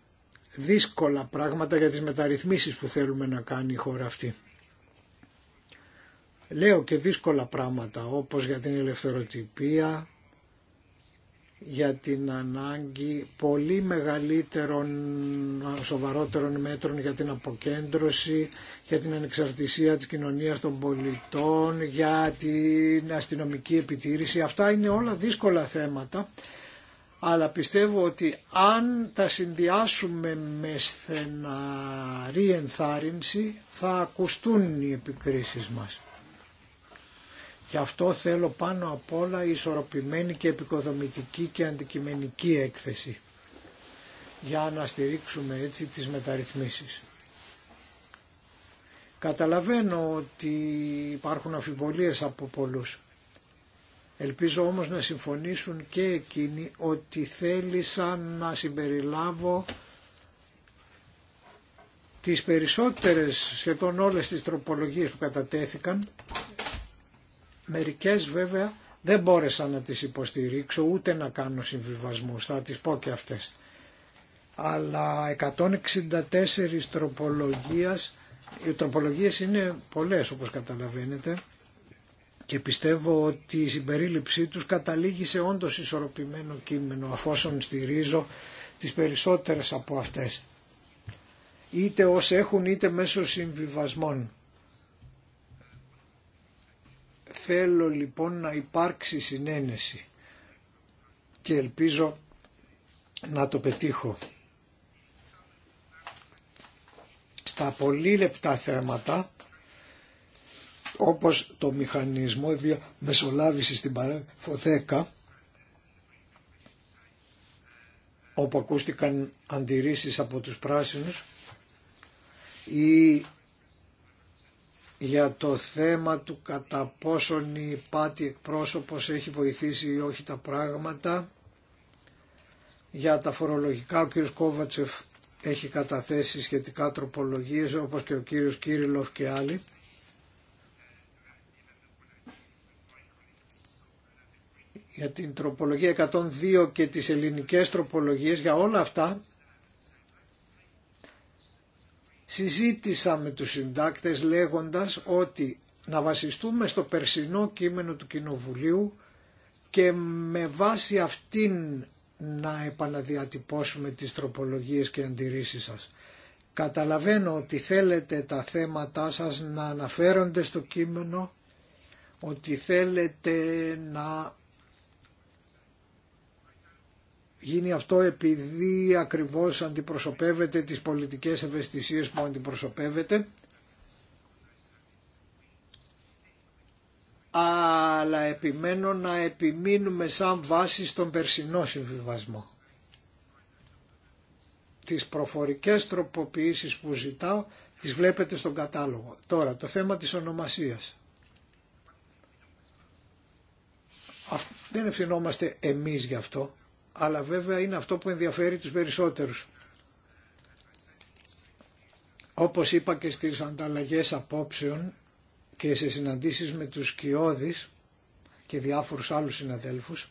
δύσκολα πράγματα για τις μεταρρυθμίσεις που θέλουμε να κάνει η χώρα αυτή. Λέω και δύσκολα πράγματα όπως για την ελευθεροτυπία, για την ανάγκη πολύ μεγαλύτερων, σοβαρότερων μέτρων για την αποκέντρωση, για την ανεξαρτησία της κοινωνίας των πολιτών, για την αστυνομική επιτήρηση. Αυτά είναι όλα δύσκολα θέματα, αλλά πιστεύω ότι αν τα συνδυάσουμε με στεναρή ενθάρρυνση θα ακουστούν οι επικρίσεις μας. Γι' αυτό θέλω πάνω απ' όλα ισορροπημένη και επικοδομητική και αντικειμενική έκθεση για να στηρίξουμε έτσι τις μεταρρυθμίσεις. Καταλαβαίνω ότι υπάρχουν αφιβολίες από πολλούς. Ελπίζω όμως να συμφωνήσουν και εκείνοι ότι θέλησα να συμπεριλάβω τις περισσότερες σχεδόν όλες τις τροπολογίες που κατατέθηκαν Μερικές βέβαια δεν μπόρεσα να τις υποστηρίξω ούτε να κάνω συμβιβασμούς, θα τις πω και αυτές. Αλλά 164 τροπολογίες, οι τροπολογίες είναι πολλές όπως καταλαβαίνετε και πιστεύω ότι η συμπερίληψή τους καταλήγει σε όντως ισορροπημένο κείμενο αφόσον στηρίζω τις περισσότερες από αυτές είτε ως έχουν είτε μέσω συμβιβασμών. Θέλω λοιπόν να υπάρξει συνένεση και ελπίζω να το πετύχω. Στα πολύ λεπτά θέματα, όπως το μηχανισμό μεσολάβηση στην παρέμφωθέκα, όπου ακούστηκαν αντιρρήσεις από τους πράσινους, ή για το θέμα του κατά πόσον η πάτη εκπρόσωπος έχει βοηθήσει ή όχι τα πράγματα. Για τα φορολογικά ο κ. Κόβατσεφ έχει καταθέσει σχετικά τροπολογίες όπως και ο κύριος Κύριλοφ και άλλοι. Για την τροπολογία 102 και τις ελληνικές τροπολογίες, για όλα αυτά συζήτησα με τους συντάκτες λέγοντας ότι να βασιστούμε στο περσινό κείμενο του Κοινοβουλίου και με βάση αυτήν να επαναδιατυπώσουμε τις τροπολογίες και αντιρρήσεις σας. Καταλαβαίνω ότι θέλετε τα θέματά σας να αναφέρονται στο κείμενο, ότι θέλετε να γίνει αυτό επειδή ακριβώς αντιπροσωπεύεται τις πολιτικές ευαισθησίες που αντιπροσωπεύεται αλλά επιμένω να επιμείνουμε σαν βάση στον περσινό συμβιβασμό. Τις προφορικές τροποποιήσεις που ζητάω τις βλέπετε στον κατάλογο. Τώρα το θέμα της ονομασίας. Δεν ευθυνόμαστε εμείς γι' αυτό αλλά βέβαια είναι αυτό που ενδιαφέρει τους περισσότερους. Όπως είπα και στις ανταλλαγές απόψεων και σε συναντήσεις με τους Κιώδης και διάφορους άλλους συναδέλφους,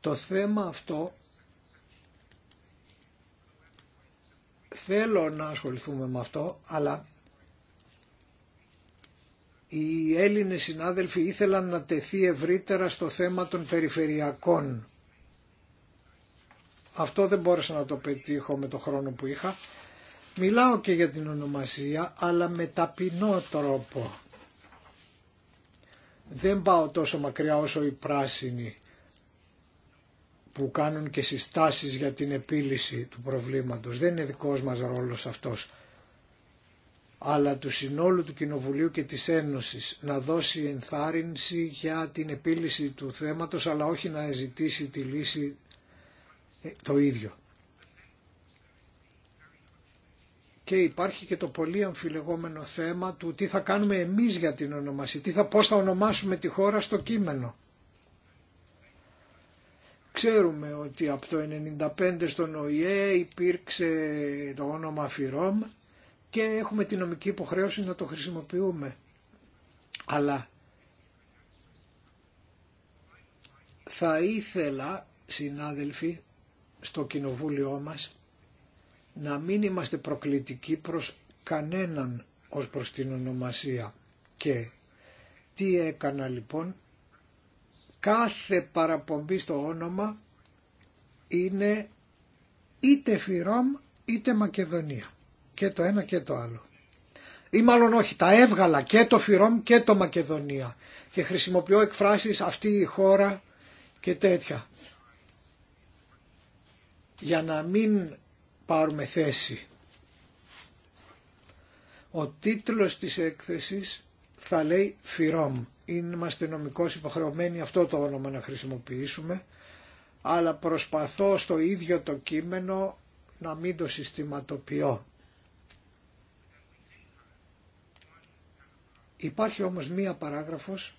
το θέμα αυτό θέλω να ασχοληθούμε με αυτό, αλλά οι Έλληνες συνάδελφοι ήθελαν να τεθεί ευρύτερα στο θέμα των περιφερειακών αυτό δεν μπόρεσα να το πετύχω με το χρόνο που είχα. Μιλάω και για την ονομασία, αλλά με ταπεινό τρόπο. Δεν πάω τόσο μακριά όσο οι πράσινοι που κάνουν και συστάσεις για την επίλυση του προβλήματος. Δεν είναι δικός μας ρόλος αυτός. Αλλά του συνόλου του Κοινοβουλίου και της Ένωσης να δώσει ενθάρρυνση για την επίλυση του θέματος, αλλά όχι να ζητήσει τη λύση ε, το ίδιο. Και υπάρχει και το πολύ αμφιλεγόμενο θέμα του τι θα κάνουμε εμείς για την ονομασία, τι θα, πώς θα ονομάσουμε τη χώρα στο κείμενο. Ξέρουμε ότι από το 1995 στον ΟΗΕ υπήρξε το όνομα ΦΥΡΟΜ και έχουμε την νομική υποχρέωση να το χρησιμοποιούμε. Αλλά θα ήθελα, συνάδελφοι, στο κοινοβούλιο μας να μην είμαστε προκλητικοί προς κανέναν ως προς την ονομασία. Και τι έκανα λοιπόν, κάθε παραπομπή στο όνομα είναι είτε Φιρόμ είτε Μακεδονία. Και το ένα και το άλλο. Ή μάλλον όχι, τα έβγαλα και το Φιρόμ και το Μακεδονία. Και χρησιμοποιώ εκφράσεις αυτή η χώρα και τέτοια για να μην πάρουμε θέση. Ο τίτλος της έκθεσης θα λέει «Φυρόμ». Είμαστε νομικώς υποχρεωμένοι αυτό το όνομα να χρησιμοποιήσουμε, αλλά προσπαθώ στο ίδιο το κείμενο να μην το συστηματοποιώ. Υπάρχει όμως μία παράγραφος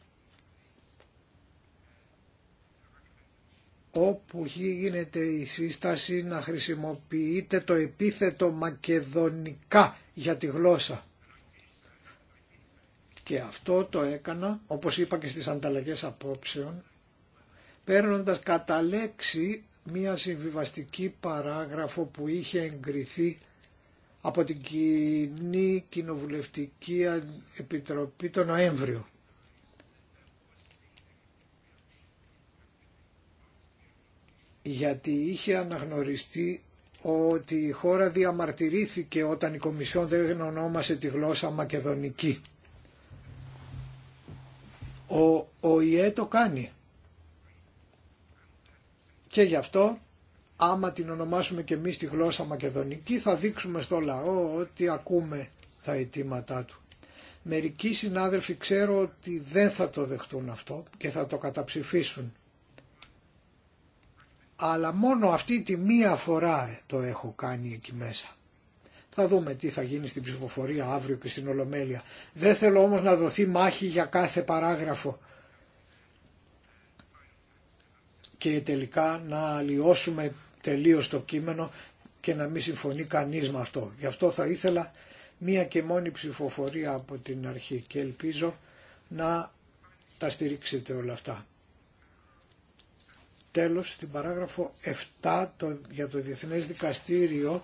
όπου γίνεται η σύσταση να χρησιμοποιείται το επίθετο μακεδονικά για τη γλώσσα. Και αυτό το έκανα, όπως είπα και στις ανταλλαγές απόψεων, παίρνοντας κατά λέξη μία συμβιβαστική παράγραφο που είχε εγκριθεί από την Κοινή Κοινοβουλευτική Επιτροπή το Νοέμβριο. γιατί είχε αναγνωριστεί ότι η χώρα διαμαρτυρήθηκε όταν η Κομισιόν δεν ονόμασε τη γλώσσα μακεδονική. Ο, ο ΙΕ το κάνει. Και γι' αυτό άμα την ονομάσουμε και εμείς τη γλώσσα μακεδονική θα δείξουμε στο λαό ότι ακούμε τα αιτήματά του. Μερικοί συνάδελφοι ξέρω ότι δεν θα το δεχτούν αυτό και θα το καταψηφίσουν αλλά μόνο αυτή τη μία φορά το έχω κάνει εκεί μέσα. Θα δούμε τι θα γίνει στην ψηφοφορία αύριο και στην Ολομέλεια. Δεν θέλω όμως να δοθεί μάχη για κάθε παράγραφο και τελικά να αλλοιώσουμε τελείως το κείμενο και να μην συμφωνεί κανείς με αυτό. Γι' αυτό θα ήθελα μία και μόνη ψηφοφορία από την αρχή και ελπίζω να τα στηρίξετε όλα αυτά τέλος στην παράγραφο 7 για το Διεθνές Δικαστήριο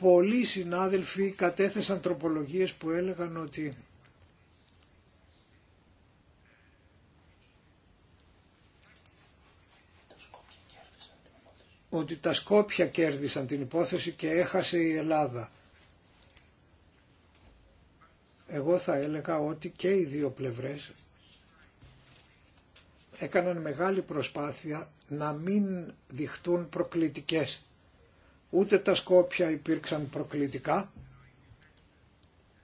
πολλοί συνάδελφοι κατέθεσαν τροπολογίες που έλεγαν ότι ότι τα Σκόπια κέρδισαν την υπόθεση και έχασε η Ελλάδα. Εγώ θα έλεγα ότι και οι δύο πλευρές έκαναν μεγάλη προσπάθεια να μην διχτούν προκλητικές. Ούτε τα Σκόπια υπήρξαν προκλητικά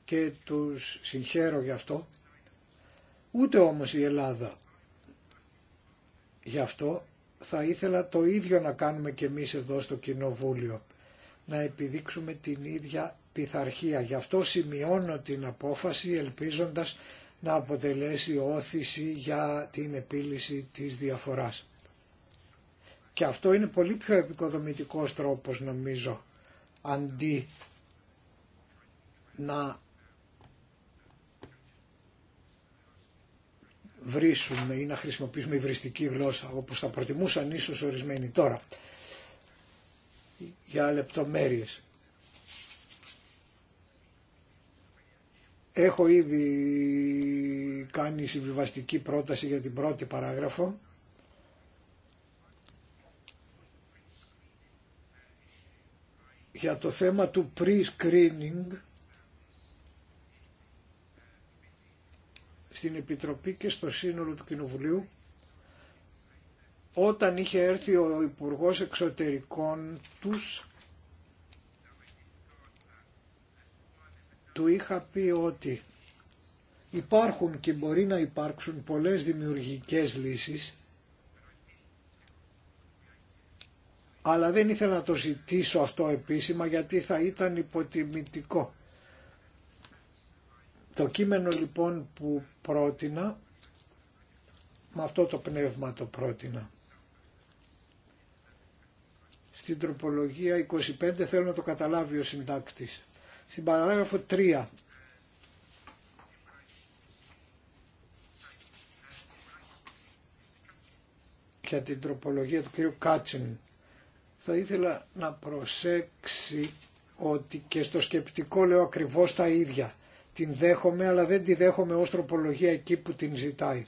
και τους συγχαίρω γι' αυτό, ούτε όμως η Ελλάδα. Γι' αυτό θα ήθελα το ίδιο να κάνουμε και εμείς εδώ στο Κοινοβούλιο, να επιδείξουμε την ίδια πειθαρχία. Γι' αυτό σημειώνω την απόφαση ελπίζοντας να αποτελέσει όθηση για την επίλυση της διαφοράς. Και αυτό είναι πολύ πιο επικοδομητικός τρόπος νομίζω, αντί να βρίσουμε ή να χρησιμοποιήσουμε υβριστική γλώσσα, όπως θα προτιμούσαν ίσως ορισμένοι τώρα, για λεπτομέρειες. Έχω ήδη κάνει συμβιβαστική πρόταση για την πρώτη παράγραφο. Για το θέμα του pre-screening στην Επιτροπή και στο σύνολο του Κοινοβουλίου όταν είχε έρθει ο Υπουργός Εξωτερικών τους του είχα πει ότι υπάρχουν και μπορεί να υπάρξουν πολλές δημιουργικές λύσεις αλλά δεν ήθελα να το ζητήσω αυτό επίσημα γιατί θα ήταν υποτιμητικό. Το κείμενο λοιπόν που πρότεινα, με αυτό το πνεύμα το πρότεινα. Στην τροπολογία 25 θέλω να το καταλάβει ο συντάκτης στην παράγραφο 3. για την τροπολογία του κύριου Κάτσιν. Θα ήθελα να προσέξει ότι και στο σκεπτικό λέω ακριβώς τα ίδια. Την δέχομαι αλλά δεν τη δέχομαι ως τροπολογία εκεί που την ζητάει.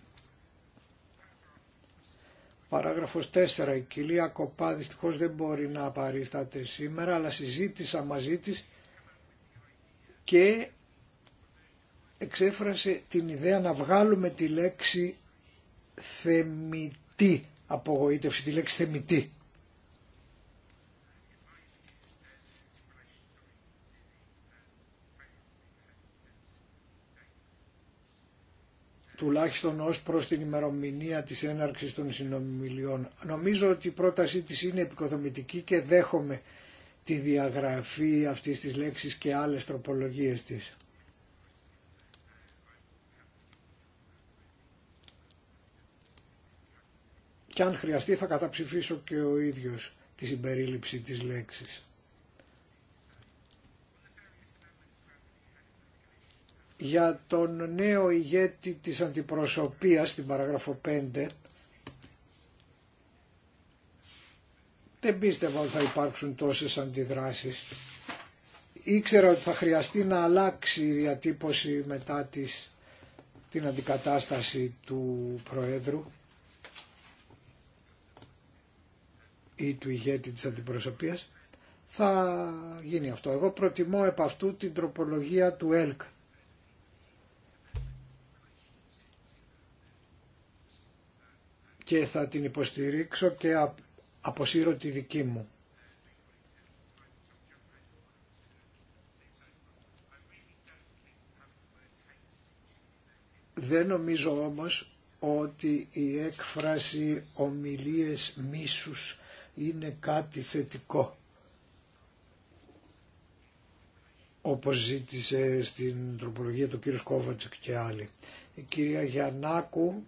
Παράγραφος 4. Η κυρία Κοπά δυστυχώς δεν μπορεί να παρίσταται σήμερα αλλά συζήτησα μαζί της και εξέφρασε την ιδέα να βγάλουμε τη λέξη θεμητή απογοήτευση, τη λέξη θεμητή. τουλάχιστον ως προς την ημερομηνία της έναρξης των συνομιλιών. Νομίζω ότι η πρότασή της είναι επικοδομητική και δέχομαι τη διαγραφή αυτής της λέξης και άλλες τροπολογίες της. Και αν χρειαστεί θα καταψηφίσω και ο ίδιος τη συμπερίληψη της λέξης. Για τον νέο ηγέτη της αντιπροσωπείας στην παραγραφό 5 Δεν πίστευα ότι θα υπάρξουν τόσες αντιδράσεις. Ήξερα ότι θα χρειαστεί να αλλάξει η διατύπωση μετά της, την αντικατάσταση του Προέδρου ή του ηγέτη της αντιπροσωπείας. Θα γίνει αυτό. Εγώ προτιμώ επ' αυτού την τροπολογία του ΕΛΚ. και θα την υποστηρίξω και αποσύρω τη δική μου. Δεν νομίζω όμως ότι η έκφραση ομιλίες μίσους είναι κάτι θετικό. όπως ζήτησε στην τροπολογία του κύριου Σκόβατσικ και άλλοι. Η κυρία Γιαννάκου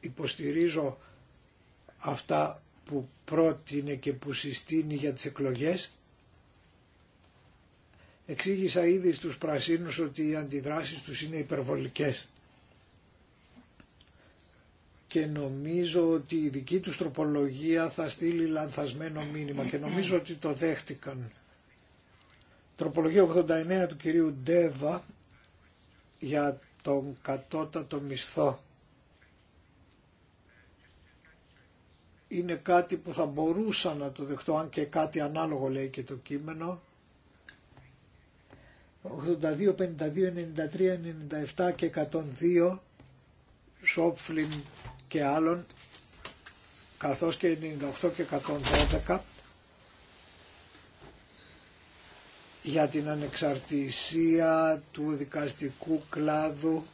υποστηρίζω αυτά που πρότεινε και που συστήνει για τις εκλογές. Εξήγησα ήδη στους πρασίνους ότι οι αντιδράσεις τους είναι υπερβολικές και νομίζω ότι η δική τους τροπολογία θα στείλει λανθασμένο μήνυμα και νομίζω ότι το δέχτηκαν. Τροπολογία 89 του κυρίου Ντέβα για τον κατώτατο μισθό. είναι κάτι που θα μπορούσα να το δεχτώ, αν και κάτι ανάλογο λέει και το κείμενο. 82, 52, 93, 97 και 102 Σόπφλιν και άλλων καθώς και 98 και 112 για την ανεξαρτησία του δικαστικού κλάδου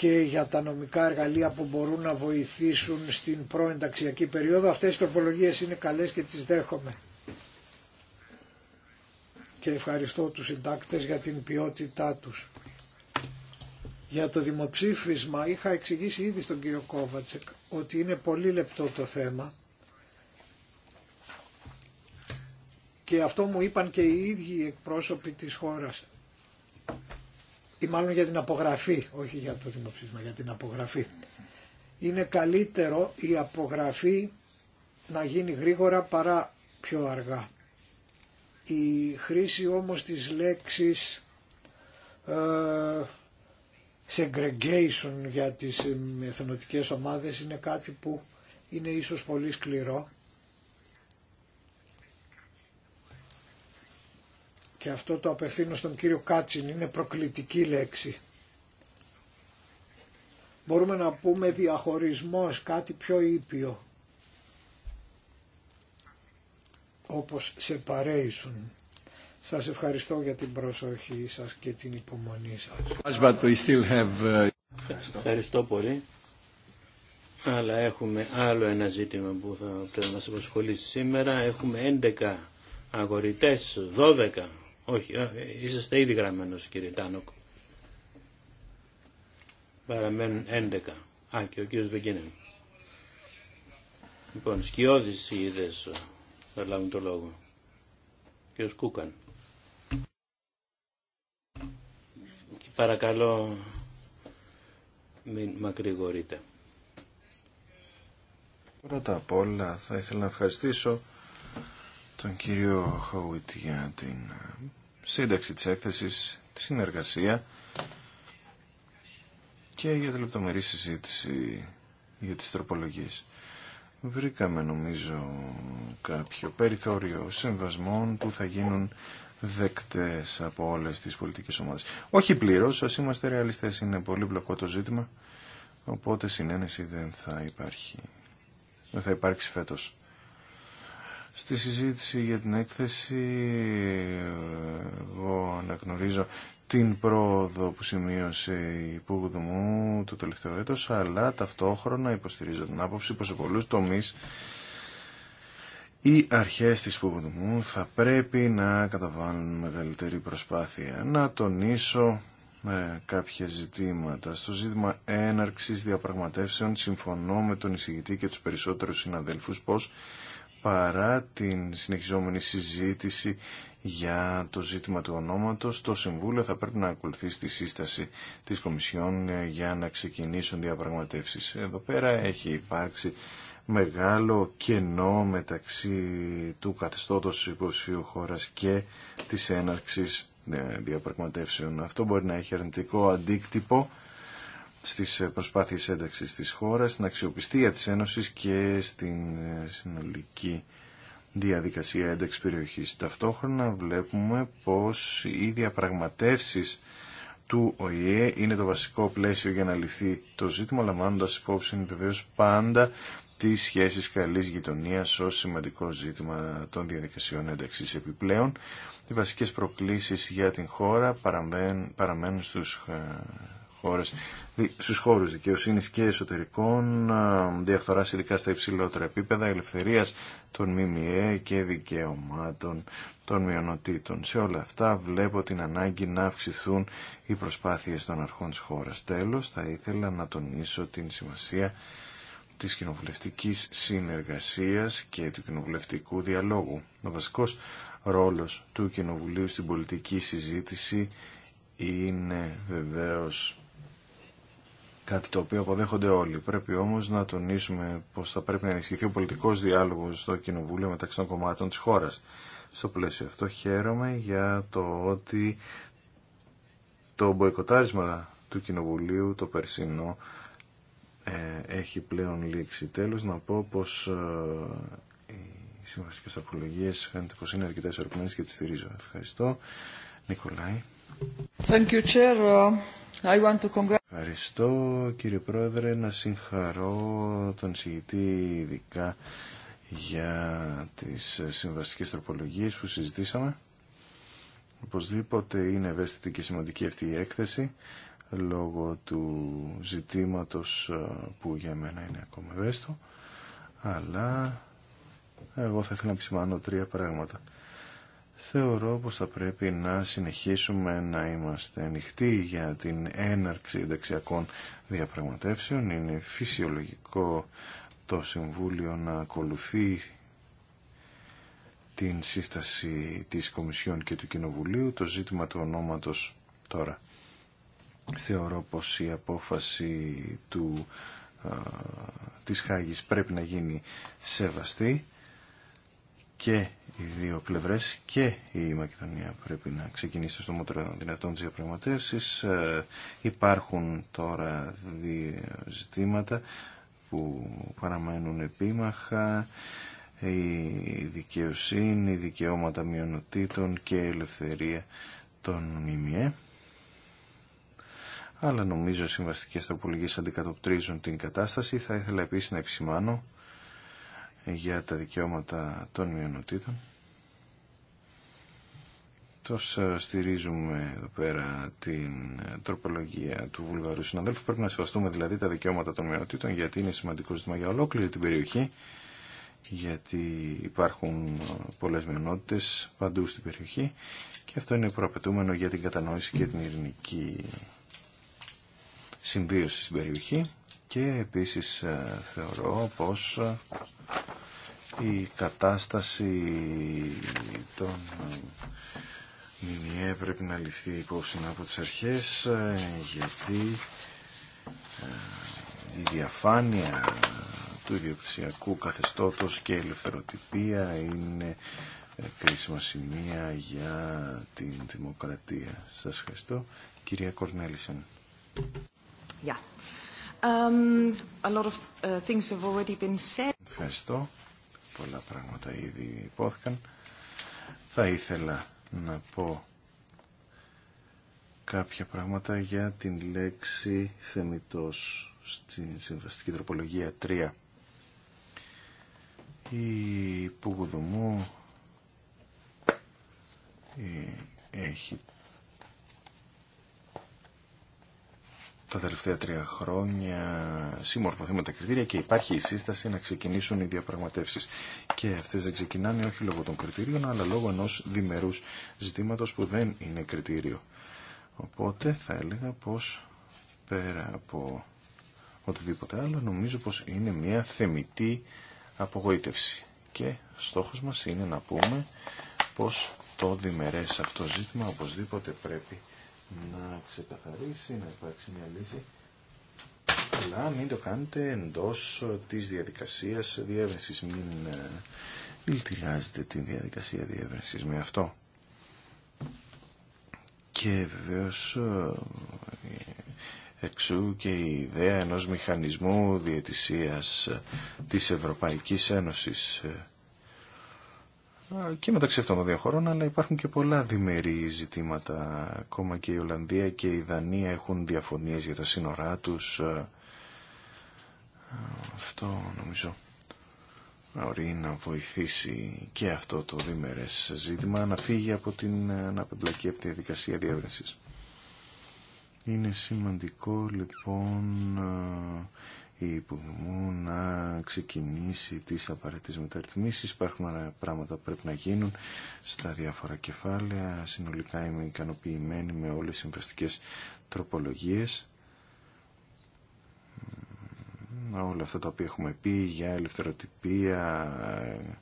και για τα νομικά εργαλεία που μπορούν να βοηθήσουν στην προενταξιακή περίοδο. Αυτές οι τροπολογίες είναι καλές και τις δέχομαι. Και ευχαριστώ τους συντάκτες για την ποιότητά τους. Για το δημοψήφισμα είχα εξηγήσει ήδη στον κύριο Κόβατσεκ ότι είναι πολύ λεπτό το θέμα και αυτό μου είπαν και οι ίδιοι εκπρόσωποι της χώρας ή μάλλον για την απογραφή, όχι για το δημοψήφισμα, για την απογραφή. Είναι καλύτερο η απογραφή να γίνει γρήγορα παρά πιο αργά. Η χρήση όμως της λέξης ε, segregation για τις ε, εθνοτικές ομάδες είναι κάτι που είναι ίσως πολύ σκληρό και αυτό το απευθύνω στον κύριο Κάτσιν, είναι προκλητική λέξη. Μπορούμε να πούμε διαχωρισμός, κάτι πιο ήπιο, όπως separation. Σας ευχαριστώ για την προσοχή σας και την υπομονή σας. Uh, ευχαριστώ, πολύ. Αλλά έχουμε άλλο ένα ζήτημα που θα πρέπει να μας απασχολήσει σήμερα. Έχουμε 11 αγορητές, 12 όχι, είσαστε ήδη γραμμένος κύριε Τάνοκ. Παραμένουν 11. Α, και ο κύριος Βεγγίνεν. Λοιπόν, σκιώδεις οι είδες θα λάβουν το λόγο. Κύριος Κούκαν. Και παρακαλώ μην μακρηγορείτε. Πρώτα απ' όλα θα ήθελα να ευχαριστήσω τον κύριο Χαουίτ για την ε, σύνταξη της έκθεσης, τη συνεργασία και για τη λεπτομερή συζήτηση για τις τροπολογίες. Βρήκαμε νομίζω κάποιο περιθώριο συμβασμών που θα γίνουν δεκτές από όλες τις πολιτικές ομάδες. Όχι πλήρως, ας είμαστε ρεαλιστές, είναι πολύ πλοκό το ζήτημα, οπότε συνένεση δεν θα υπάρχει. Δεν θα υπάρξει φέτος. Στη συζήτηση για την έκθεση εγώ αναγνωρίζω την πρόοδο που σημείωσε η Υπουργού μου το τελευταίο έτος, αλλά ταυτόχρονα υποστηρίζω την άποψη πως σε πολλούς τομείς οι αρχές της Υπουργού θα πρέπει να καταβάλουν μεγαλύτερη προσπάθεια. Να τονίσω ε, κάποια ζητήματα. Στο ζήτημα έναρξης διαπραγματεύσεων συμφωνώ με τον εισηγητή και τους περισσότερους συναδέλφους πως παρά την συνεχιζόμενη συζήτηση για το ζήτημα του ονόματος, το Συμβούλιο θα πρέπει να ακολουθήσει τη σύσταση της Κομισιόν ε, για να ξεκινήσουν διαπραγματεύσεις. Εδώ πέρα έχει υπάρξει μεγάλο κενό μεταξύ του καθεστώτος υποψηφίου χώρας και της έναρξης ε, διαπραγματεύσεων. Αυτό μπορεί να έχει αρνητικό αντίκτυπο στις ε, προσπάθειες ένταξης της χώρας, στην αξιοπιστία της Ένωσης και στην ε, συνολική διαδικασία ένταξη περιοχής. Ταυτόχρονα βλέπουμε πως οι διαπραγματεύσεις του ΟΗΕ είναι το βασικό πλαίσιο για να λυθεί το ζήτημα, λαμβάνοντα υπόψη βεβαίω πάντα τι σχέσει καλή γειτονία ω σημαντικό ζήτημα των διαδικασιών ένταξη. Επιπλέον, οι βασικέ προκλήσει για την χώρα παραμένουν, παραμένουν στου ε, χώρες, στους χώρους δικαιοσύνης και εσωτερικών, διαφθορά ειδικά στα υψηλότερα επίπεδα, ελευθερίας των ΜΜΕ και δικαιωμάτων των μειονοτήτων. Σε όλα αυτά βλέπω την ανάγκη να αυξηθούν οι προσπάθειες των αρχών της χώρας. Τέλος, θα ήθελα να τονίσω την σημασία της κοινοβουλευτική συνεργασίας και του κοινοβουλευτικού διαλόγου. Ο βασικός ρόλος του Κοινοβουλίου στην πολιτική συζήτηση είναι βεβαίως κάτι το οποίο αποδέχονται όλοι. Πρέπει όμως να τονίσουμε πως θα πρέπει να ενισχυθεί ο πολιτικός διάλογος στο Κοινοβούλιο μεταξύ των κομμάτων της χώρας. Στο πλαίσιο αυτό χαίρομαι για το ότι το μποϊκοτάρισμα του Κοινοβουλίου το περσινό ε, έχει πλέον λήξει. Τέλο να πω πως ε, οι συμβασικές απολογίες φαίνεται πώ είναι αρκετά ισορροπημένε και τι στηρίζω. Ευχαριστώ. Νικολάη. Thank you, Chair. Uh, I want to Ευχαριστώ κύριε Πρόεδρε να συγχαρώ τον συγητή ειδικά για τις συμβαστικές τροπολογίες που συζητήσαμε. Οπωσδήποτε είναι ευαίσθητη και σημαντική αυτή η έκθεση λόγω του ζητήματος ε, που για μένα είναι ακόμα ευαίσθητο αλλά εγώ θα ήθελα να επισημάνω τρία πράγματα θεωρώ πως θα πρέπει να συνεχίσουμε να είμαστε ανοιχτοί για την έναρξη δεξιακών διαπραγματεύσεων. Είναι φυσιολογικό το Συμβούλιο να ακολουθεί την σύσταση της Κομισιόν και του Κοινοβουλίου. Το ζήτημα του ονόματος τώρα θεωρώ πως η απόφαση του, της Χάγης πρέπει να γίνει σεβαστή και οι δύο πλευρές και η Μακεδονία πρέπει να ξεκινήσει στο μοτρό δυνατόν τις διαπραγματεύσεις. Ε, υπάρχουν τώρα δύο ζητήματα που παραμένουν επίμαχα η δικαιοσύνη, δικαιώματα μειονοτήτων και η ελευθερία των ΜΜΕ. Αλλά νομίζω οι συμβαστικές τροπολογίες αντικατοπτρίζουν την κατάσταση. Θα ήθελα επίσης να επισημάνω για τα δικαιώματα των μειονοτήτων. Τόσο στηρίζουμε εδώ πέρα την τροπολογία του Βουλγαρού συναδέλφου. Πρέπει να σεβαστούμε δηλαδή τα δικαιώματα των μειονοτήτων γιατί είναι σημαντικό ζήτημα για ολόκληρη την περιοχή γιατί υπάρχουν πολλές μειονότητες παντού στην περιοχή και αυτό είναι προαπαιτούμενο για την κατανόηση και την ειρηνική συμβίωση στην περιοχή και επίσης ε, θεωρώ πως η κατάσταση των ΜΜΕ πρέπει να ληφθεί υπόψη από τις αρχές ε, γιατί ε, η διαφάνεια του ιδιοκτησιακού καθεστώτος και η ελευθεροτυπία είναι κρίσιμα σημεία για την δημοκρατία. Σας ευχαριστώ. Κυρία Κορνέλησεν. Ευχαριστώ. Πολλά πράγματα ήδη υπόθηκαν. Θα ήθελα να πω κάποια πράγματα για την λέξη θεμητός στην συμβαστική τροπολογία 3. Η Πουγουδουμού ε, έχει τα τελευταία τρία χρόνια συμμορφωθεί με τα κριτήρια και υπάρχει η σύσταση να ξεκινήσουν οι διαπραγματεύσεις. Και αυτές δεν ξεκινάνε όχι λόγω των κριτήριων, αλλά λόγω ενός διμερούς ζητήματος που δεν είναι κριτήριο. Οπότε θα έλεγα πως πέρα από οτιδήποτε άλλο, νομίζω πως είναι μια θεμητή απογοήτευση. Και στόχος μας είναι να πούμε πως το διμερές αυτό ζήτημα οπωσδήποτε πρέπει να ξεκαθαρίσει, να υπάρξει μια λύση. Αλλά μην το κάνετε εντός της διαδικασίας διεύρυνσης. Μην ε, δηλητηριάζετε τη διαδικασία διεύρυνσης με αυτό. Και βεβαίως ε, εξού και η ιδέα ενός μηχανισμού διαιτησίας της Ευρωπαϊκής Ένωσης ε, και μεταξύ αυτών των δύο χωρών, αλλά υπάρχουν και πολλά διμερεί ζητήματα. Ακόμα και η Ολλανδία και η Δανία έχουν διαφωνίες για τα σύνορά τους. Αυτό νομίζω μπορεί να βοηθήσει και αυτό το διμερές ζήτημα να φύγει από την, αναπεμπλακή τη διαδικασία διεύρυνσης. Είναι σημαντικό λοιπόν μου να ξεκινήσει τις απαραίτητες μεταρρυθμίσεις. Υπάρχουν πράγματα που πρέπει να γίνουν στα διάφορα κεφάλαια. Συνολικά είμαι ικανοποιημένη με όλες τις συμβαστικέ τροπολογίες. Όλα αυτά τα οποία έχουμε πει για ελευθεροτυπία, ε,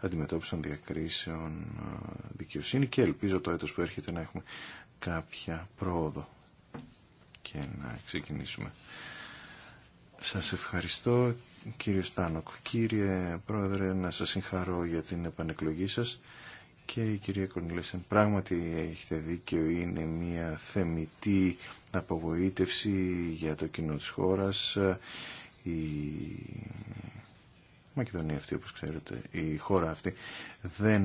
αντιμετώπιση των διακρίσεων, ε, δικαιοσύνη και ελπίζω το έτος που έρχεται να έχουμε κάποια πρόοδο και να ξεκινήσουμε σας ευχαριστώ κύριε Στάνοκ. Κύριε Πρόεδρε, να σας συγχαρώ για την επανεκλογή σας και η κυρία Κορνιλέσεν. Πράγματι έχετε δίκιο, είναι μια θεμητή απογοήτευση για το κοινό της χώρας. Η Μακεδονία αυτή, όπως ξέρετε, η χώρα αυτή δεν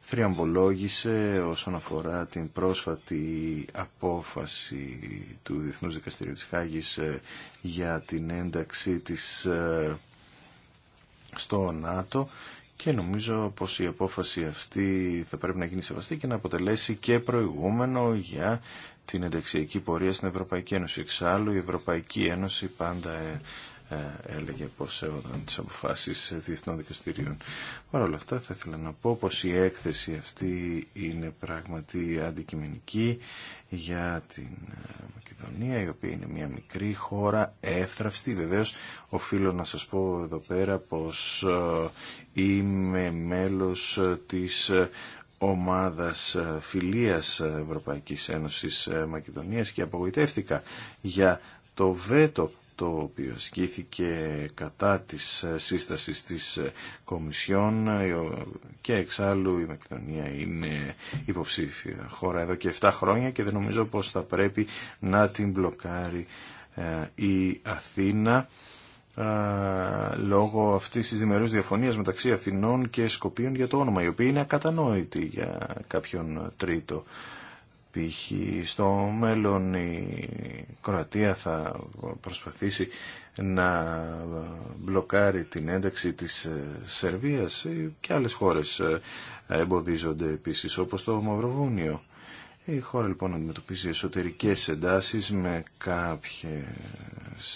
θριαμβολόγησε όσον αφορά την πρόσφατη απόφαση του Διεθνούς Δικαστηρίου της Χάγης ε, για την ένταξή της ε, στο ΝΑΤΟ και νομίζω πως η απόφαση αυτή θα πρέπει να γίνει σεβαστή και να αποτελέσει και προηγούμενο για την ενταξιακή πορεία στην Ευρωπαϊκή Ένωση. Εξάλλου η Ευρωπαϊκή Ένωση πάντα ε, ε, έλεγε πως έβαλαν τις αποφάσεις διεθνών δικαστηρίων. Παρ' όλα αυτά θα ήθελα να πω πως η έκθεση αυτή είναι πράγματι αντικειμενική για την ε, Μακεδονία η οποία είναι μια μικρή χώρα εύθραυστη. Βεβαίως οφείλω να σας πω εδώ πέρα πως ε, είμαι μέλος της ομάδας φιλίας Ευρωπαϊκής Ένωσης Μακεδονίας και απογοητεύτηκα για το βέτο το οποίο ασκήθηκε κατά της σύστασης της Κομισιόν και εξάλλου η Μακεδονία είναι υποψήφια χώρα εδώ και 7 χρόνια και δεν νομίζω πως θα πρέπει να την μπλοκάρει ε, η Αθήνα ε, λόγω αυτής της διμερούς διαφωνίας μεταξύ Αθηνών και Σκοπίων για το όνομα, η οποία είναι ακατανόητη για κάποιον τρίτο π.χ. στο μέλλον η Κροατία θα προσπαθήσει να μπλοκάρει την ένταξη της ε, Σερβίας ε, και άλλες χώρες ε, εμποδίζονται επίσης όπως το Μαυροβούνιο. Η χώρα λοιπόν αντιμετωπίζει εσωτερικές εντάσεις με κάποιες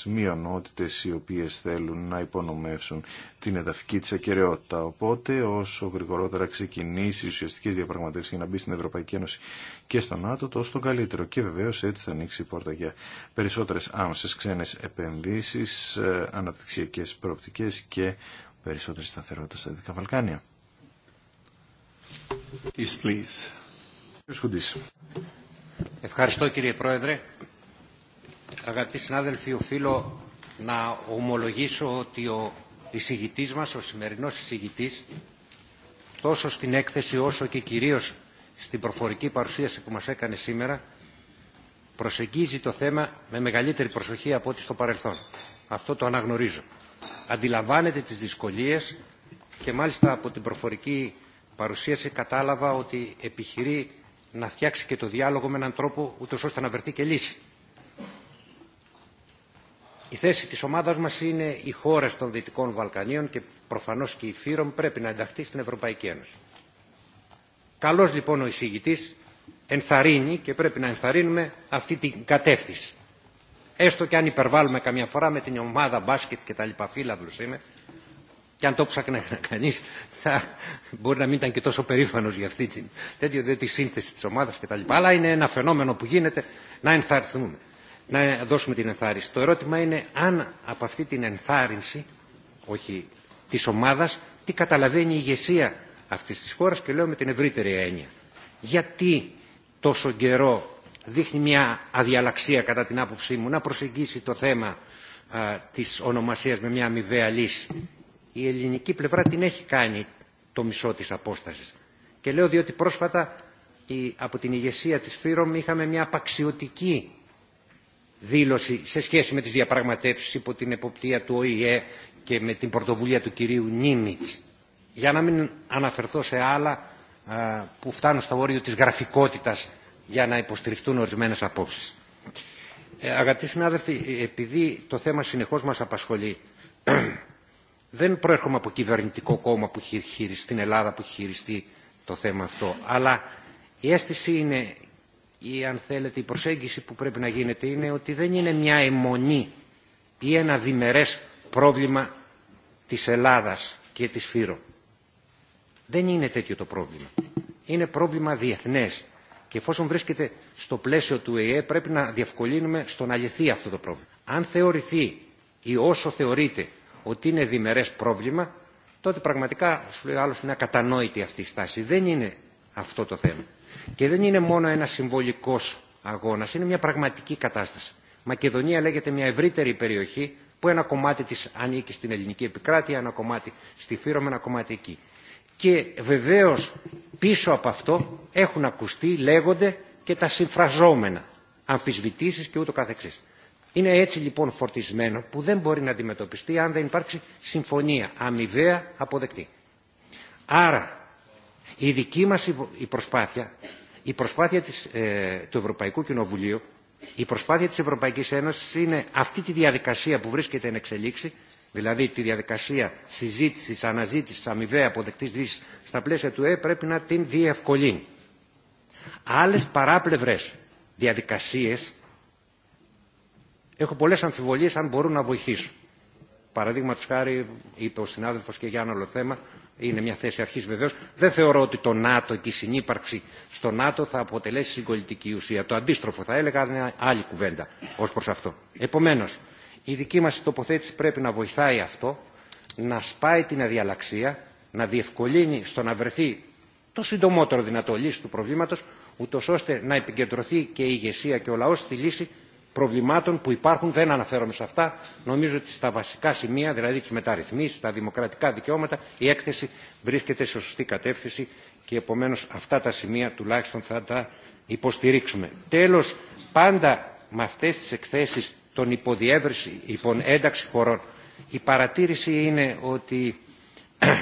μειονότητες οι οποίες θέλουν να υπονομεύσουν την εδαφική της ακεραιότητα. Οπότε όσο γρηγορότερα ξεκινήσει οι ουσιαστική διαπραγματεύσεις για να μπει στην Ευρωπαϊκή Ένωση και στο ΝΑΤΟ, τόσο το καλύτερο. Και βεβαίω έτσι θα ανοίξει η πόρτα για περισσότερες άμεσε ξένες επενδύσεις, ε, αναπτυξιακές προοπτικές και περισσότερη σταθερότητα στα Δυτικά Βαλκάνια. Ευχαριστώ κύριε Πρόεδρε. Αγαπητοί συνάδελφοι, οφείλω να ομολογήσω ότι ο εισηγητής μας, ο σημερινός εισηγητής, τόσο στην έκθεση όσο και κυρίως στην προφορική παρουσίαση που μας έκανε σήμερα, προσεγγίζει το θέμα με μεγαλύτερη προσοχή από ό,τι στο παρελθόν. Αυτό το αναγνωρίζω. Αντιλαμβάνεται τις δυσκολίες και μάλιστα από την προφορική παρουσίαση κατάλαβα ότι επιχειρεί να φτιάξει και το διάλογο με έναν τρόπο ούτως ώστε να βρεθεί και λύση. Η θέση της ομάδας μας είναι οι χώρες των Δυτικών Βαλκανίων και προφανώς και η Φύρων πρέπει να ενταχθεί στην Ευρωπαϊκή Ένωση. Καλός λοιπόν ο εισηγητής ενθαρρύνει και πρέπει να ενθαρρύνουμε αυτή την κατεύθυνση. Έστω και αν υπερβάλλουμε καμιά φορά με την ομάδα μπάσκετ και τα λοιπά φύλλα είμαι και αν το ψάχνει κανεί θα μπορεί να μην ήταν και τόσο περήφανο για αυτή την σύνθεση τη ομάδα και τα λοιπά. Αλλά είναι ένα φαινόμενο που γίνεται να ενθαρρυνθούμε να δώσουμε την ενθάρρυνση. Το ερώτημα είναι αν από αυτή την ενθάρρυνση, όχι της ομάδας, τι καταλαβαίνει η ηγεσία αυτής της χώρας και λέω με την ευρύτερη έννοια. Γιατί τόσο καιρό δείχνει μια αδιαλαξία κατά την άποψή μου να προσεγγίσει το θέμα α, της ονομασίας με μια αμοιβαία λύση. Η ελληνική πλευρά την έχει κάνει το μισό της απόστασης. Και λέω διότι πρόσφατα από την ηγεσία της ΦΥΡΟΜ είχαμε μια απαξιωτική δήλωση σε σχέση με τις διαπραγματεύσεις υπό την εποπτεία του ΟΗΕ και με την πρωτοβουλία του κυρίου Νίμιτς. Για να μην αναφερθώ σε άλλα που φτάνουν στα όριο της γραφικότητας για να υποστηριχτούν ορισμένες απόψεις. Ε, αγαπητοί συνάδελφοι, ε, επειδή το θέμα συνεχώς μας απασχολεί, δεν προέρχομαι από κυβερνητικό κόμμα που χειριστεί, στην Ελλάδα που έχει χειριστεί το θέμα αυτό, αλλά η αίσθηση είναι ή αν θέλετε η προσέγγιση που πρέπει να γίνεται είναι ότι δεν είναι μια αιμονή ή ένα διμερές πρόβλημα της Ελλάδας και της Φύρο. Δεν είναι τέτοιο το πρόβλημα. Είναι πρόβλημα διεθνές και εφόσον βρίσκεται στο πλαίσιο του ΕΕ πρέπει να διευκολύνουμε στο να λυθεί αυτό το πρόβλημα. Αν θεωρηθεί ή όσο θεωρείται ότι είναι διμερές πρόβλημα τότε πραγματικά σου λέει άλλος είναι ακατανόητη αυτή η οσο θεωρειται οτι ειναι διμερες προβλημα τοτε πραγματικα σου λεει αλλωστε ειναι ακατανοητη αυτη η σταση Δεν είναι αυτό το θέμα. Και δεν είναι μόνο ένα συμβολικό αγώνα, είναι μια πραγματική κατάσταση. Μακεδονία λέγεται μια ευρύτερη περιοχή που ένα κομμάτι της ανήκει στην ελληνική επικράτεια, ένα κομμάτι στη Φύρο, ένα κομμάτι εκεί. Και βεβαίως πίσω από αυτό έχουν ακουστεί, λέγονται και τα συμφραζόμενα, αμφισβητήσεις και ούτω καθεξής. Είναι έτσι λοιπόν φορτισμένο που δεν μπορεί να αντιμετωπιστεί αν δεν υπάρξει συμφωνία αμοιβαία αποδεκτή. Άρα η δική μας η προσπάθεια, η προσπάθεια ε, του Ευρωπαϊκού Κοινοβουλίου, η προσπάθεια της Ευρωπαϊκής Ένωσης είναι αυτή τη διαδικασία που βρίσκεται εν εξελίξη, δηλαδή τη διαδικασία συζήτησης, αναζήτησης, αμοιβαία αποδεκτής λύσης στα πλαίσια του ΕΕ πρέπει να την διευκολύνει. Άλλες παράπλευρες διαδικασίες έχω πολλές αμφιβολίες αν μπορούν να βοηθήσουν. Παραδείγματο χάρη, είπε ο συνάδελφο και για ένα άλλο θέμα, είναι μια θέση αρχή βεβαίω. Δεν θεωρώ ότι το ΝΑΤΟ και η συνύπαρξη στο ΝΑΤΟ θα αποτελέσει συγκολητική ουσία. Το αντίστροφο θα έλεγα είναι άλλη κουβέντα ω προ αυτό. Επομένω, η δική μα τοποθέτηση πρέπει να βοηθάει αυτό, να σπάει την αδιαλαξία, να διευκολύνει στο να βρεθεί το συντομότερο δυνατό λύση του προβλήματο, ούτω ώστε να επικεντρωθεί και η ηγεσία και ο λαό στη λύση προβλημάτων που υπάρχουν, δεν αναφέρομαι σε αυτά. Νομίζω ότι στα βασικά σημεία, δηλαδή τι μεταρρυθμίσεις, τα δημοκρατικά δικαιώματα, η έκθεση βρίσκεται σε σωστή κατεύθυνση και επομένω αυτά τα σημεία τουλάχιστον θα τα υποστηρίξουμε. Τέλος, πάντα με αυτέ τι εκθέσει των υποδιεύρυνση, λοιπόν, ένταξη χωρών, η παρατήρηση είναι ότι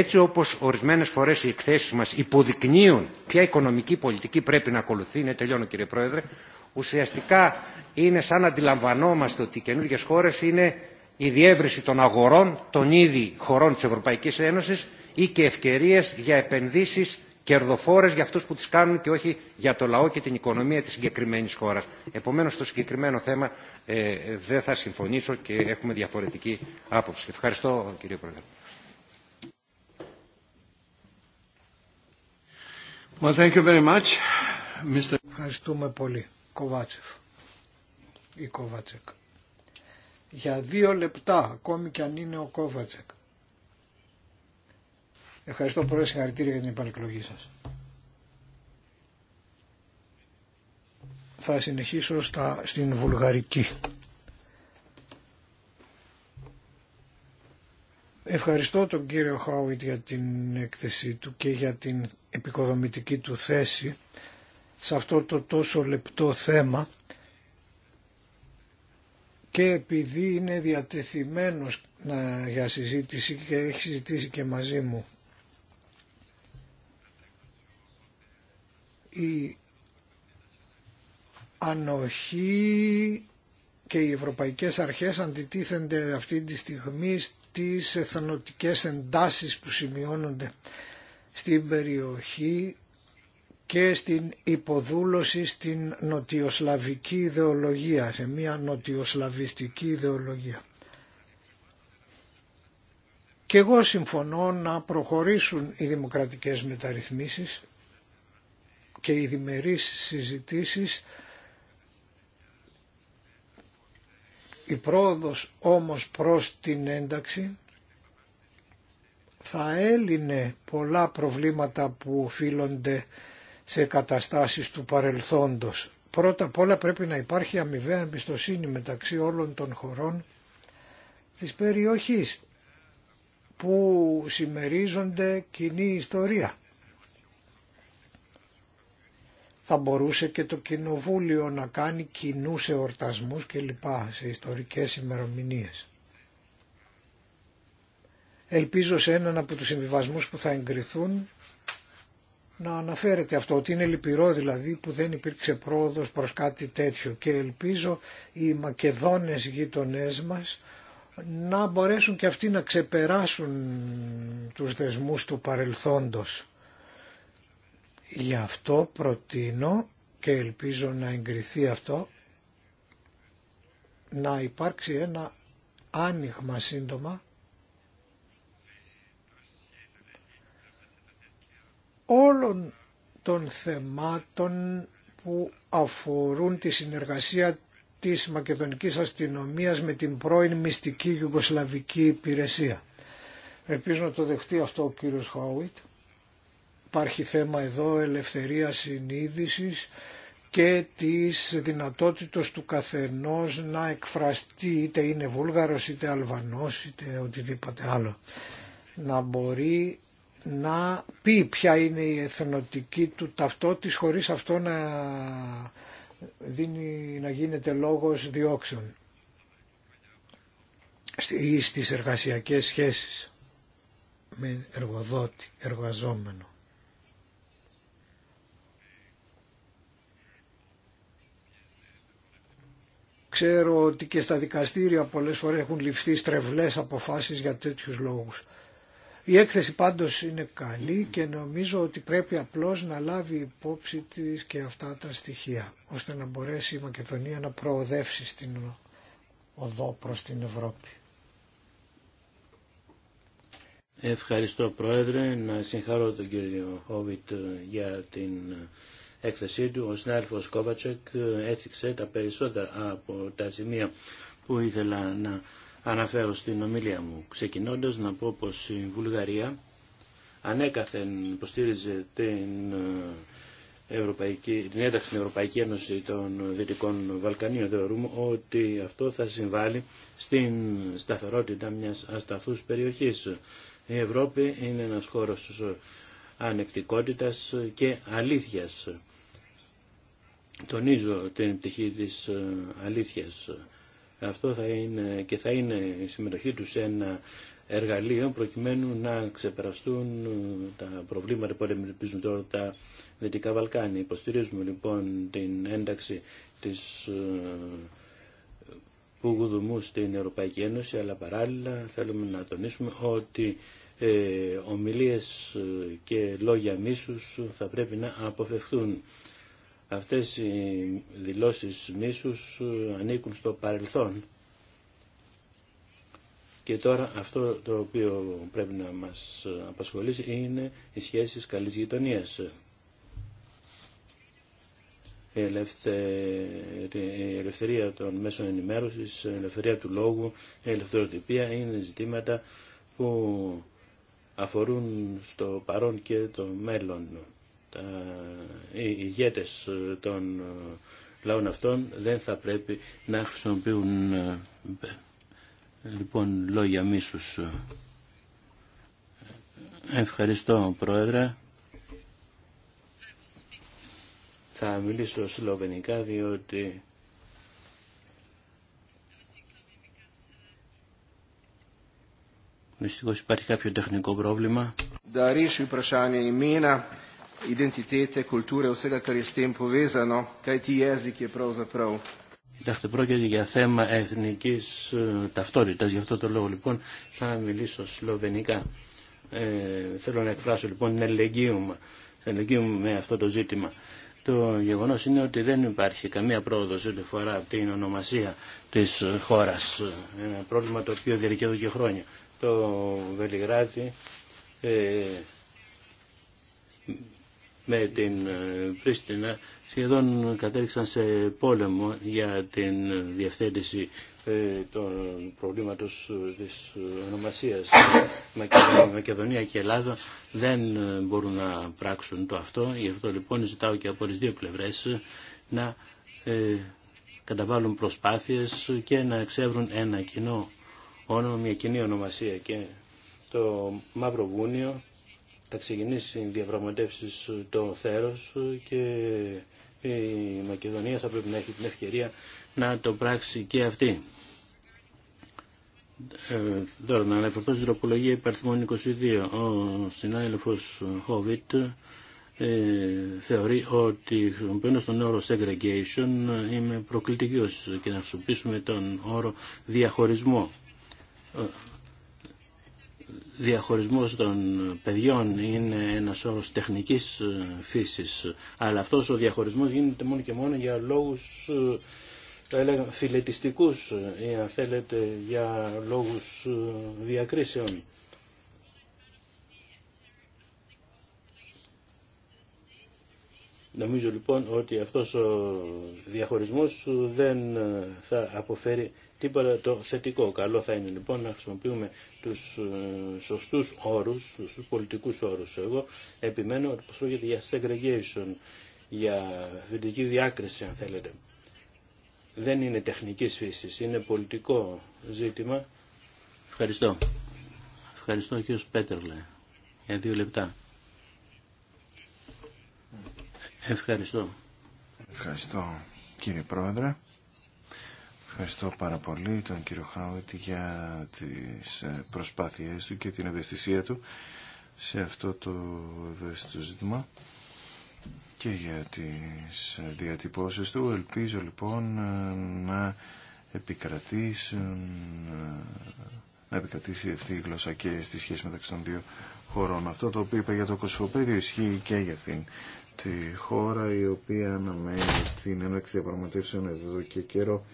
έτσι όπως ορισμένες φορές οι εκθέσεις μας υποδεικνύουν ποια οικονομική πολιτική πρέπει να ακολουθεί, είναι τελειώνω κύριε Πρόεδρε, Ουσιαστικά είναι σαν να αντιλαμβανόμαστε ότι οι καινούργιε χώρε είναι η διεύρυνση των αγορών των ήδη χωρών τη Ευρωπαϊκή Ένωση ή και ευκαιρίε για επενδύσει κερδοφόρε για αυτού που τι κάνουν και όχι για το λαό και την οικονομία τη συγκεκριμένη χώρα. Επομένω, στο συγκεκριμένο θέμα ε, δεν θα συμφωνήσω και έχουμε διαφορετική άποψη. Ευχαριστώ, κύριε Πρόεδρε. thank you very much, Mr. Ευχαριστούμε πολύ. Κοβάτσεφ ή Κόβατσεκ. Για δύο λεπτά, ακόμη κι αν είναι ο Κόβατσεκ. Ευχαριστώ πολύ, συγχαρητήρια για την επανεκλογή σας. Θα συνεχίσω στα, στην βουλγαρική. Ευχαριστώ τον κύριο Χάουιτ για την έκθεση του και για την επικοδομητική του θέση σε αυτό το τόσο λεπτό θέμα και επειδή είναι διατεθειμένος να, για συζήτηση και έχει συζητήσει και μαζί μου η ανοχή και οι ευρωπαϊκές αρχές αντιτίθενται αυτή τη στιγμή στις εθνοτικές εντάσεις που σημειώνονται στην περιοχή και στην υποδούλωση στην νοτιοσλαβική ιδεολογία, σε μια νοτιοσλαβιστική ιδεολογία. Και εγώ συμφωνώ να προχωρήσουν οι δημοκρατικές μεταρρυθμίσεις και οι διμερείς συζητήσεις. Η πρόοδος όμως προς την ένταξη θα έλυνε πολλά προβλήματα που οφείλονται σε καταστάσεις του παρελθόντος. Πρώτα απ' όλα πρέπει να υπάρχει αμοιβαία εμπιστοσύνη μεταξύ όλων των χωρών της περιοχής που συμμερίζονται κοινή ιστορία. Θα μπορούσε και το Κοινοβούλιο να κάνει κοινού εορτασμούς και λοιπά σε ιστορικές ημερομηνίες. Ελπίζω σε έναν από τους συμβιβασμούς που θα εγκριθούν να αναφέρεται αυτό, ότι είναι λυπηρό δηλαδή που δεν υπήρξε πρόοδος προς κάτι τέτοιο και ελπίζω οι Μακεδόνες γειτονέ μας να μπορέσουν και αυτοί να ξεπεράσουν τους δεσμούς του παρελθόντος. Γι' αυτό προτείνω και ελπίζω να εγκριθεί αυτό να υπάρξει ένα άνοιγμα σύντομα όλων των θεμάτων που αφορούν τη συνεργασία της μακεδονικής αστυνομίας με την πρώην μυστική Ιουγκοσλαβική υπηρεσία. Ελπίζω να το δεχτεί αυτό ο κύριος Χάουιτ. Υπάρχει θέμα εδώ ελευθερία συνείδησης και της δυνατότητος του καθενός να εκφραστεί είτε είναι Βούλγαρος είτε Αλβανός είτε οτιδήποτε άλλο. Να μπορεί να πει ποια είναι η εθνοτική του ταυτότης χωρίς αυτό να, δίνει, να γίνεται λόγος διώξεων ή στις εργασιακές σχέσεις με εργοδότη, εργαζόμενο. Ξέρω ότι και στα δικαστήρια πολλές φορές έχουν ληφθεί στρεβλές αποφάσεις για τέτοιους λόγους. Η έκθεση πάντως είναι καλή και νομίζω ότι πρέπει απλώς να λάβει υπόψη της και αυτά τα στοιχεία, ώστε να μπορέσει η Μακεδονία να προοδεύσει στην οδό προς την Ευρώπη. Ευχαριστώ Πρόεδρε, να συγχαρώ τον κύριο Χόβιτ για την έκθεσή του. Ο συνάδελφος Κόβατσεκ έθιξε τα περισσότερα από τα σημεία που ήθελα να αναφέρω στην ομιλία μου. Ξεκινώντας να πω πως η Βουλγαρία ανέκαθεν υποστήριζε την, ε, Ευρωπαϊκή, την ένταξη στην Ευρωπαϊκή Ένωση των Δυτικών Βαλκανίων. Θεωρούμε ότι αυτό θα συμβάλλει στην σταθερότητα μιας ασταθούς περιοχής. Η Ευρώπη είναι ένας χώρος ανεκτικότητας και αλήθειας. Τονίζω την πτυχή της ε, αλήθειας. Αυτό θα είναι και θα είναι η συμμετοχή τους σε ένα εργαλείο προκειμένου να ξεπεραστούν ε, τα προβλήματα που αντιμετωπίζουν τώρα τα Δυτικά Βαλκάνια. Υποστηρίζουμε λοιπόν την ένταξη της ε, Πουγουδουμού στην Ευρωπαϊκή Ένωση, αλλά παράλληλα θέλουμε να τονίσουμε ότι ε, ομιλίες ε, και λόγια μίσους θα πρέπει να αποφευθούν. Αυτές οι δηλώσεις μίσους ε, ανήκουν στο παρελθόν και τώρα αυτό το οποίο πρέπει να μας απασχολήσει είναι οι σχέσεις καλής γειτονίας. Η ελευθερία των μέσων ενημέρωσης, η ελευθερία του λόγου, η ελευθεροτυπία είναι ζητήματα που αφορούν στο παρόν και το μέλλον. Ε, οι ηγέτες των ε, λαών αυτών δεν θα πρέπει να χρησιμοποιούν ε, λοιπόν λόγια μίσους. Ευχαριστώ Πρόεδρε. Θα μιλήσω σλοβενικά διότι δυστυχώς υπάρχει κάποιο τεχνικό πρόβλημα. η identitete, kulture, vsega, kar je s tem povezano, ti jezik je pravzaprav. Κοιτάξτε, πρόκειται για θέμα εθνική ταυτότητα. Γι' αυτό το λόγο λοιπόν θα μιλήσω σλοβενικά. Ε, θέλω να εκφράσω λοιπόν την ελεγγύη μου με αυτό το ζήτημα. Το γεγονό είναι ότι δεν υπάρχει καμία πρόοδο ό,τι αφορά την ονομασία τη χώρα. Ένα πρόβλημα το οποίο διαρκεί εδώ και χρόνια. Το Βελιγράδι ε, με την ε, Πρίστινα σχεδόν κατέληξαν σε πόλεμο για την διευθέτηση ε, των προβλήματος ε, της ονομασίας Μακεδονία και Ελλάδα δεν μπορούν να πράξουν το αυτό. Γι' αυτό λοιπόν ζητάω και από τις δύο πλευρές να καταβάλουν προσπάθειες και να εξεύρουν ένα κοινό όνομα, μια κοινή ονομασία και το Μαύρο Βούνιο θα ξεκινήσει οι στο ε, το θέρος ε, και η Μακεδονία θα πρέπει να έχει την ευκαιρία να το πράξει και αυτή. Ε, τώρα να αναφερθώ στην τροπολογία υπαριθμών 22. Ο συνάδελφος Χόβιτ ε, θεωρεί ότι χρησιμοποιώντα τον όρο segregation ε, είμαι προκλητικός και να χρησιμοποιήσουμε τον όρο διαχωρισμό διαχωρισμός των παιδιών είναι ένας όρος τεχνικής ε, φύσης, αλλά αυτός ο διαχωρισμός γίνεται μόνο και μόνο για λόγους ε, θα φιλετιστικούς ε, ή αν θέλετε για λόγους διακρίσεων. Νομίζω λοιπόν ότι αυτός ο διαχωρισμός δεν θα αποφέρει τίποτα το θετικό. Καλό θα είναι λοιπόν να χρησιμοποιούμε τους ε, σωστούς όρους, τους πολιτικούς όρους. Εγώ επιμένω ότι πρόκειται για segregation, για θετική διάκριση αν θέλετε. Δεν είναι τεχνική φύσης, είναι πολιτικό ζήτημα. Ευχαριστώ. Ευχαριστώ κύριο Πέτερλε για δύο λεπτά. Ευχαριστώ. Ευχαριστώ κύριε Πρόεδρε. Ευχαριστώ πάρα πολύ τον κύριο Χάουιτ για τις ε, προσπάθειές του και την ευαισθησία του σε αυτό το ευαίσθητο ζήτημα και για τις διατυπώσεις του. Ελπίζω λοιπόν ε, να επικρατήσουν ε, να επικρατήσει αυτή η γλώσσα και στη σχέση μεταξύ των δύο χωρών. Αυτό το οποίο είπα για το Κωσφοπέδιο ισχύει και για αυτήν τη χώρα η οποία αναμένει την έναξη διαπραγματεύσεων εδώ και καιρό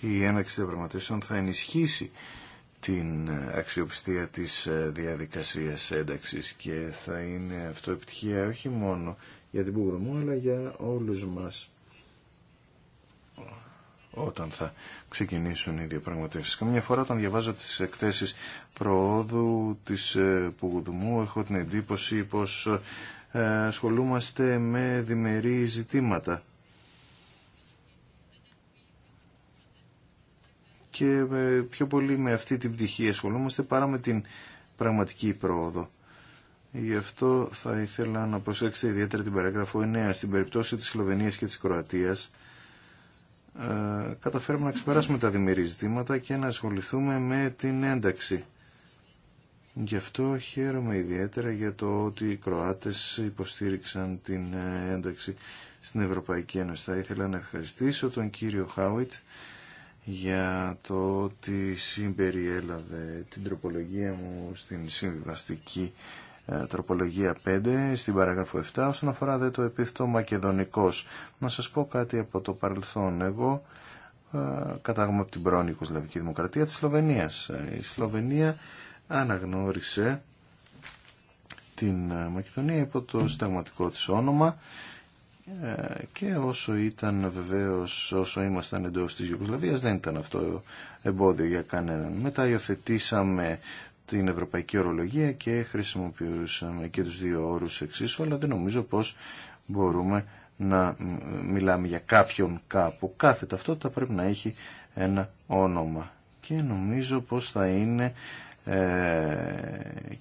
η έναξη διαπραγματεύσεων θα ενισχύσει την αξιοπιστία της ε, διαδικασίας ένταξης και θα είναι αυτό επιτυχία όχι μόνο για την Πουγρομό αλλά για όλους μας όταν θα ξεκινήσουν οι διαπραγματεύσεις. Καμιά φορά όταν διαβάζω τις εκθέσεις προόδου της ε, Πουγουδουμού έχω την εντύπωση πως ε, ασχολούμαστε με διμερεί ζητήματα και πιο πολύ με αυτή την πτυχή ασχολούμαστε παρά με την πραγματική πρόοδο. Γι' αυτό θα ήθελα να προσέξετε ιδιαίτερα την παράγραφο 9. Στην περίπτωση της Σλοβενίας και της Κροατίας ε, καταφέρουμε να ξεπεράσουμε τα διμερεί ζητήματα και να ασχοληθούμε με την ένταξη. Γι' αυτό χαίρομαι ιδιαίτερα για το ότι οι Κροάτες υποστήριξαν την ε, ένταξη στην Ευρωπαϊκή Ένωση. Θα ήθελα να ευχαριστήσω τον κύριο Χάουιτ για το ότι συμπεριέλαβε την τροπολογία μου στην συμβιβαστική ε, τροπολογία 5 στην παραγράφο 7 όσον αφορά δε το επίθετο μακεδονικός. Να σας πω κάτι από το παρελθόν. Εγώ ε, κατάγομαι από την πρώην Οικοσλαβική Δημοκρατία της Σλοβενίας. Ε, η Σλοβενία αναγνώρισε την Μακεδονία υπό το συνταγματικό της όνομα ε, και όσο ήταν βεβαίως όσο ήμασταν εντός της Γιουγκοσλαβίας δεν ήταν αυτό εμπόδιο για κανέναν. Μετά υιοθετήσαμε την ευρωπαϊκή ορολογία και χρησιμοποιούσαμε και τους δύο όρους εξίσου αλλά δεν νομίζω πως μπορούμε να μιλάμε για κάποιον κάπου. Κάθε ταυτότητα πρέπει να έχει ένα όνομα και νομίζω πως θα είναι ε,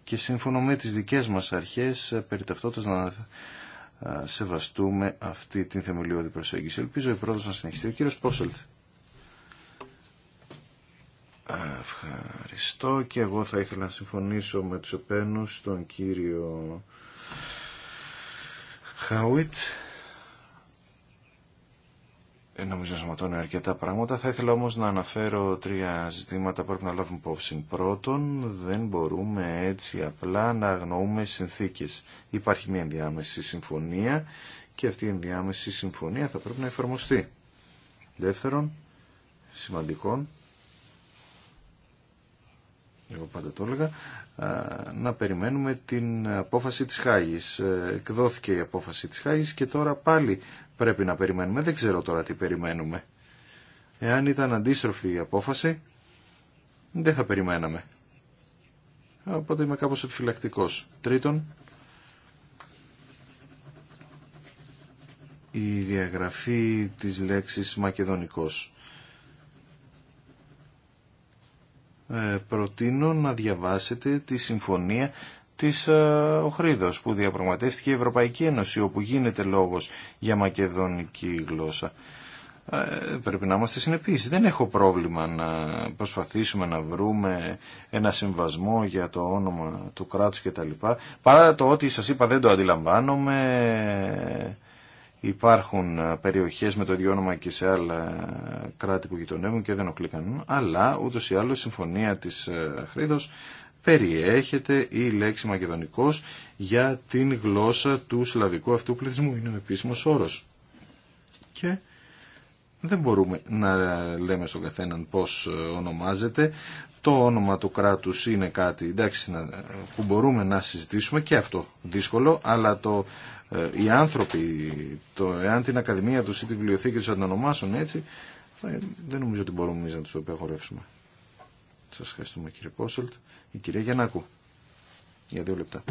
και σύμφωνο με τις δικές μας αρχές ε, περί ταυτότητας να σεβαστούμε αυτή την θεμελιώδη προσέγγιση. Ελπίζω η πρώτος να συνεχιστεί. Ο κύριος Πόσελτ. Ευχαριστώ και εγώ θα ήθελα να συμφωνήσω με τους επένους τον κύριο Χάουιτ ε, νομίζω σωματώνει αρκετά πράγματα. Θα ήθελα όμως να αναφέρω τρία ζητήματα που πρέπει να λάβουμε υπόψη. Πρώτον, δεν μπορούμε έτσι απλά να αγνοούμε συνθήκες. Υπάρχει μια ενδιάμεση συμφωνία και αυτή η ενδιάμεση συμφωνία θα πρέπει να εφαρμοστεί. Δεύτερον, σημαντικό, εγώ πάντα το έλεγα, να περιμένουμε την απόφαση της Χάγης. Ε, εκδόθηκε η απόφαση της Χάγης και τώρα πάλι πρέπει να περιμένουμε. Δεν ξέρω τώρα τι περιμένουμε. Εάν ήταν αντίστροφη η απόφαση, δεν θα περιμέναμε. Οπότε είμαι κάπως επιφυλακτικός. Τρίτον, η διαγραφή της λέξης μακεδονικός. Ε, προτείνω να διαβάσετε τη συμφωνία της ε, Οχρίδος που διαπραγματεύτηκε η Ευρωπαϊκή Ένωση όπου γίνεται λόγος για μακεδονική γλώσσα. Ε, πρέπει να είμαστε συνεπείς. Δεν έχω πρόβλημα να προσπαθήσουμε να βρούμε ένα συμβασμό για το όνομα του κράτους κτλ. Παρά το ότι σας είπα δεν το αντιλαμβάνομαι. Υπάρχουν ε, περιοχές με το ίδιο όνομα και σε άλλα κράτη που γειτονεύουν και δεν οκλήκαν. Αλλά ούτως ή άλλως η συμφωνία της Χρήδος περιέχεται η λέξη μακεδονικός για την γλώσσα του σλαβικού αυτού πληθυσμού. Είναι ο επίσημος όρος. Και δεν μπορούμε να λέμε στον καθέναν πώς ε, ονομάζεται. Το όνομα του κράτους είναι κάτι εντάξει, που μπορούμε να συζητήσουμε και αυτό δύσκολο, αλλά το, ε, οι άνθρωποι, το, εάν την ακαδημία τους ή τη βιβλιοθήκη τους ονομάσουν έτσι, ε, δεν νομίζω ότι μπορούμε εμείς να τους το σας ευχαριστούμε κύριε Πόσελτ. Η κυρία Γιαννάκου για δύο λεπτά.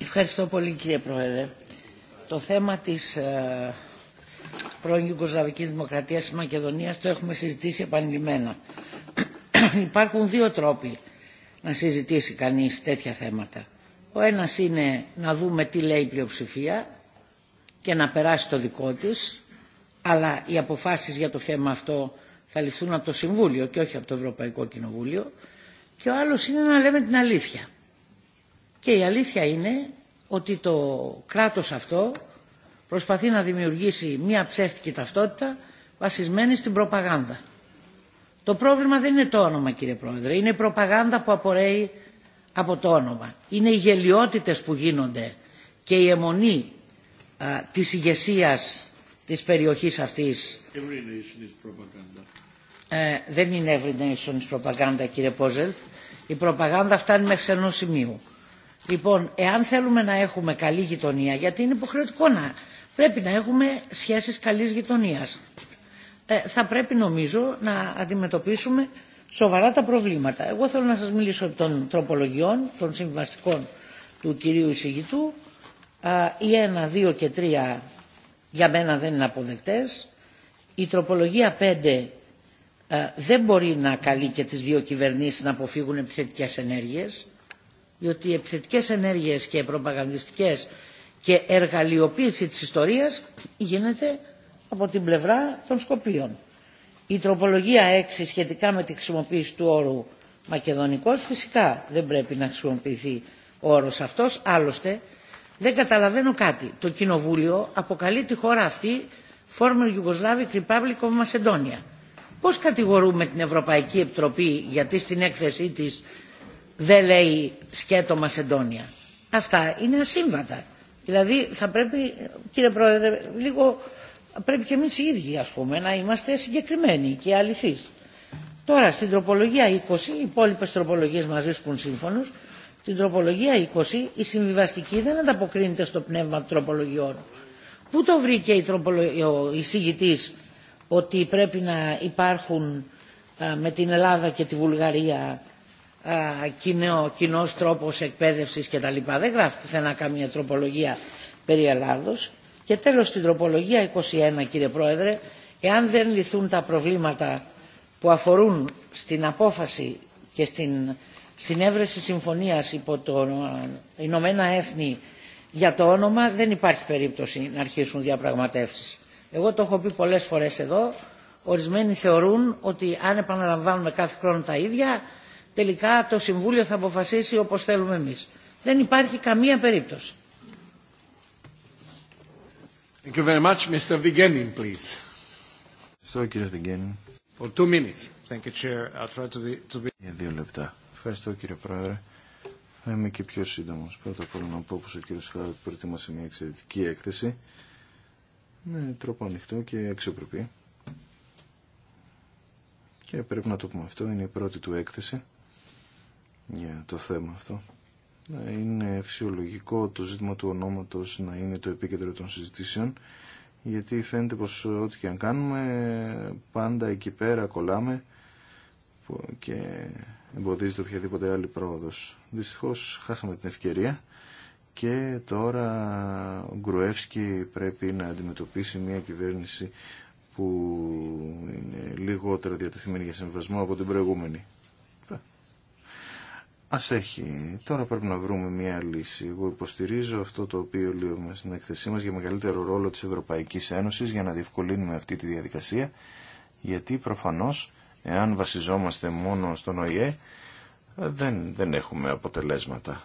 Ευχαριστώ πολύ κύριε Πρόεδρε. Το θέμα της ε, πρώην Δημοκρατίας της Μακεδονία το έχουμε συζητήσει επανειλημμένα. Υπάρχουν δύο τρόποι να συζητήσει κανείς τέτοια θέματα. Ο ένας είναι να δούμε τι λέει η πλειοψηφία και να περάσει το δικό της, αλλά οι αποφάσεις για το θέμα αυτό θα ληφθούν από το Συμβούλιο και όχι από το Ευρωπαϊκό Κοινοβούλιο και ο άλλος είναι να λέμε την αλήθεια. Και η αλήθεια είναι ότι το κράτος αυτό προσπαθεί να δημιουργήσει μία ψεύτικη ταυτότητα βασισμένη στην προπαγάνδα. Το πρόβλημα δεν είναι το όνομα κύριε Πρόεδρε, είναι η προπαγάνδα που απορρέει από το όνομα. Είναι οι γελιότητες που γίνονται και η αιμονή α, της ηγεσία της περιοχής αυτής. Every nation is propaganda ε, δεν είναι every nation's προπαγάνδα κύριε Πόζελ. Η προπαγάνδα φτάνει μέχρι ενό σημείου. Λοιπόν, εάν θέλουμε να έχουμε καλή γειτονία, γιατί είναι υποχρεωτικό να πρέπει να έχουμε σχέσεις καλής γειτονίας, ε, θα πρέπει νομίζω να αντιμετωπίσουμε σοβαρά τα προβλήματα. Εγώ θέλω να σας μιλήσω των τροπολογιών, των συμβαστικών του κυρίου εισηγητού. Η ένα, δύο και τρία για μένα δεν είναι αποδεκτές. Η τροπολογία 5 ε, δεν μπορεί να καλεί και τις δύο κυβερνήσεις να αποφύγουν επιθετικές ενέργειες, διότι οι επιθετικές ενέργειες και προπαγανδιστικές και εργαλειοποίηση της ιστορίας γίνεται από την πλευρά των Σκοπίων. Η τροπολογία 6 σχετικά με τη χρησιμοποίηση του όρου μακεδονικός φυσικά δεν πρέπει να χρησιμοποιηθεί ο όρος αυτός. Άλλωστε δεν καταλαβαίνω κάτι. Το Κοινοβούλιο αποκαλεί τη χώρα αυτή former Yugoslavic Republic of Macedonia. Πώς κατηγορούμε την Ευρωπαϊκή Επιτροπή γιατί στην έκθεσή της δεν λέει σκέτο Μασεντόνια. Αυτά είναι ασύμβατα. Δηλαδή θα πρέπει, κύριε Πρόεδρε, λίγο πρέπει και εμείς οι ίδιοι ας πούμε να είμαστε συγκεκριμένοι και αληθείς. Τώρα στην τροπολογία 20, οι υπόλοιπε τροπολογίες μας βρίσκουν σύμφωνος, στην τροπολογία 20 η συμβιβαστική δεν ανταποκρίνεται στο πνεύμα των τροπολογιών. Πού το βρήκε η τροπολο... ο εισηγητής ότι πρέπει να υπάρχουν ε, με την Ελλάδα και τη Βουλγαρία ε, κοινό, κοινός τρόπος εκπαίδευσης κτλ. Δεν γράφει πουθενά καμία τροπολογία περί Ελλάδος. Και τέλος την τροπολογία 21 κύριε Πρόεδρε, εάν δεν λυθούν τα προβλήματα που αφορούν στην απόφαση και στην συνέβρεση συμφωνίας υπό το ε, Ηνωμένα Έθνη για το όνομα, δεν υπάρχει περίπτωση να αρχίσουν διαπραγματεύσεις. Εγώ το έχω πει πολλές φορές εδώ, ορισμένοι θεωρούν ότι αν επαναλαμβάνουμε κάθε χρόνο τα ίδια, τελικά το Συμβούλιο θα αποφασίσει όπως θέλουμε εμείς. Δεν υπάρχει καμία περίπτωση. Ευχαριστώ κύριε λεπτά. Ευχαριστώ κύριε Πρόεδρε. είμαι και πιο σύντομο. Πρώτα απ' όλα να πω πω ο κύριο Χάουτ προετοίμασε μια εξαιρετική έκθεση με ναι, τρόπο ανοιχτό και αξιοπρεπή. Και πρέπει να το πούμε αυτό, είναι η πρώτη του έκθεση για το θέμα αυτό. Ναι, είναι φυσιολογικό το ζήτημα του ονόματος να είναι το επίκεντρο των συζητήσεων, γιατί φαίνεται πως ό,τι και αν κάνουμε, πάντα εκεί πέρα κολλάμε και εμποδίζεται οποιαδήποτε άλλη πρόοδος. Δυστυχώς χάσαμε την ευκαιρία και τώρα ο Γκρουεύσκι πρέπει να αντιμετωπίσει μια κυβέρνηση που είναι λιγότερο διατεθειμένη για συμβασμό από την προηγούμενη. Ας έχει. Τώρα πρέπει να βρούμε μια λύση. Εγώ υποστηρίζω αυτό το οποίο λέω στην εκθεσή μας για μεγαλύτερο ρόλο της Ευρωπαϊκής Ένωσης για να διευκολύνουμε αυτή τη διαδικασία γιατί προφανώς εάν βασιζόμαστε μόνο στον ΟΗΕ δεν, δεν έχουμε αποτελέσματα